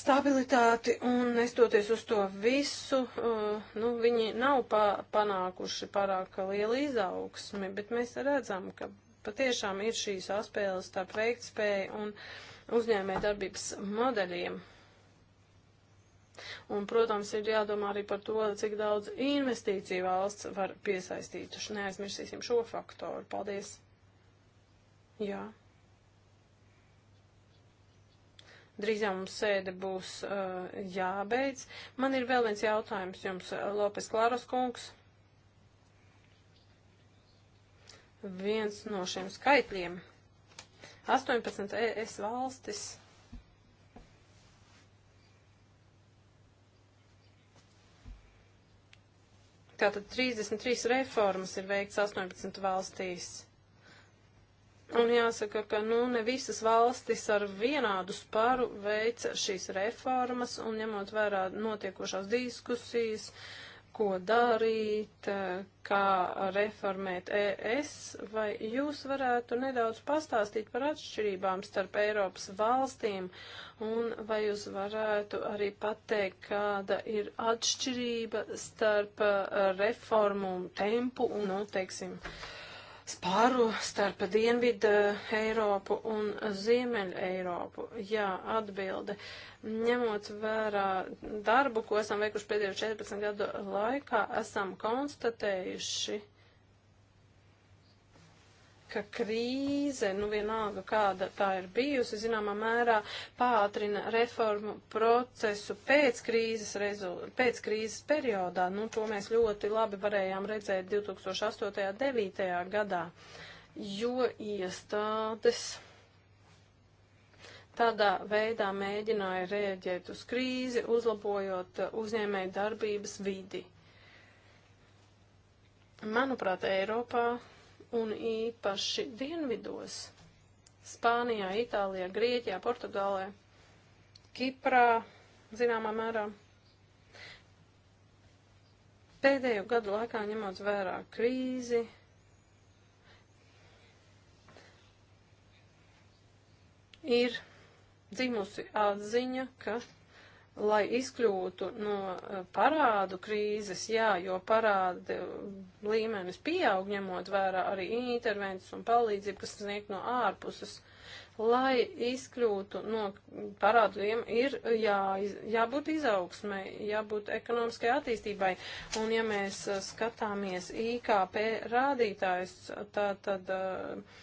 stabilitāti un nestoties uz to visu, uh, nu, viņi nav pa panākuši pārāk lielu izaugsmi, bet mēs redzam, ka patiešām ir šī saspēle starp veiktspēju un uzņēmē darbības modeļiem. Un, protams, ir jādomā arī par to, cik daudz investīciju valsts var piesaistīt. Neaizmirsīsim šo faktoru. Paldies! Jā. Drīz jau mums sēde būs uh, jābeidz. Man ir vēl viens jautājums jums, Lopes Klāras kungs. viens no šiem skaitļiem. 18 ES valstis tātad 33 reformas ir veikts 18 valstīs. Un jāsaka, ka nu ne visas valstis ar vienādu sparu veica šīs reformas, un ņemot vērā notiekošās diskusijas, uh, ko darīt, kā reformēt ES, vai jūs varētu nedaudz pastāstīt par atšķirībām starp Eiropas valstīm, un vai jūs varētu arī pateikt, kāda ir atšķirība starp eh, reformu tempu un, nu, teiksim, uh, spāru starp Dienvidu Eiropu un Ziemeļu Eiropu. Jā, atbilde. Ņemot vērā darbu, ko esam veikuši pēdējo 14 gadu laikā, esam konstatējuši, uh, ka krīze, nu vienalga kāda tā ir bijusi, zināmā mērā pātrina reformu procesu pēc krīzes, rezu, pēc krīzes periodā. Nu, to mēs ļoti labi varējām redzēt 2008. un 2009. gadā, jo iestādes tādā veidā mēģināja rēģēt uz krīzi, uzlabojot uzņēmēju darbības vidi. Manuprāt, Eiropā un īpaši dienvidos - Spānijā, Itālijā, Grieķijā, Portugālē, Kiprā, zināmā mērā. Pēdējo gadu laikā ņemot vērā krīzi, ir dzimusi atziņa, ka lai izkļūtu no eh, parādu krīzes, jā, jo parāda līmenis pieaug, ņemot vērā arī intervences un palīdzību, kas sniegt no ārpuses, lai izkļūtu no parādu līmeņa, ir jā, jābūt izaugsmai, jābūt ekonomiskai attīstībai. Un ja mēs eh, skatāmies IKP rādītājs, tā tad. Uh,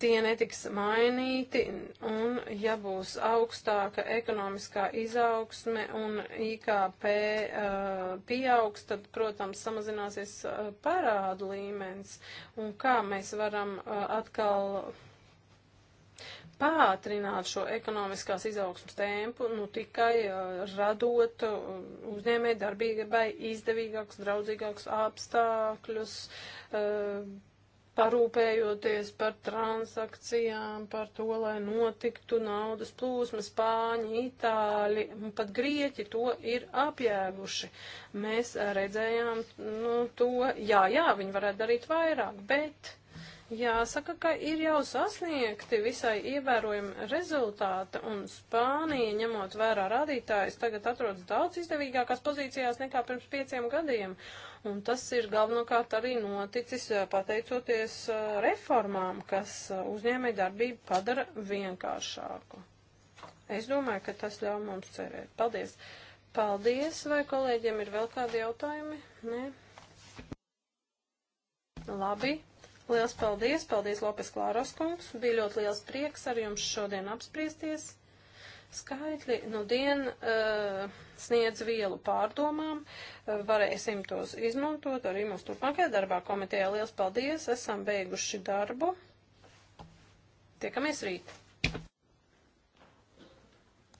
tie netiks mainīti, un ja būs augstāka ekonomiskā izaugsme un IKP uh, pieaugs, tad, protams, samazināsies uh, parādu līmenis, un kā mēs varam uh, atkal pātrināt šo ekonomiskās izaugsmas tempu, nu tikai uh, radot uh, uzņēmē darbīgai izdevīgākus, draudzīgākus apstākļus, uh, parūpējoties par transakcijām, par to, lai notiktu naudas plūsma, spāņi, itāļi, pat grieķi to ir apjēguši. Mēs redzējām nu, to, jā, jā, viņi varētu darīt vairāk, bet jāsaka, ka ir jau sasniegti visai ievērojami rezultāti, un Spānija, ņemot vērā rādītājus, tagad atrodas daudz izdevīgākās pozīcijās nekā pirms pieciem gadiem. Uh, Un tas ir galvenokārt arī noticis eh, pateicoties eh, reformām, kas eh, uzņēmēja darbību padara vienkāršāku. Es domāju, ka tas ļauj mums cerēt. Paldies! Paldies! Vai kolēģiem ir vēl kādi jautājumi? Nē? Labi. Liels paldies! Paldies, Lopes Klāroskungs! Bija ļoti liels prieks ar jums šodien apspriesties. Skaitļi nu dien uh, sniedz vielu pārdomām, uh, varēsim tos izmantot arī mūsu turpmākajā darbā komitejā. Liels paldies, esam beiguši darbu. Tiekamies rīt!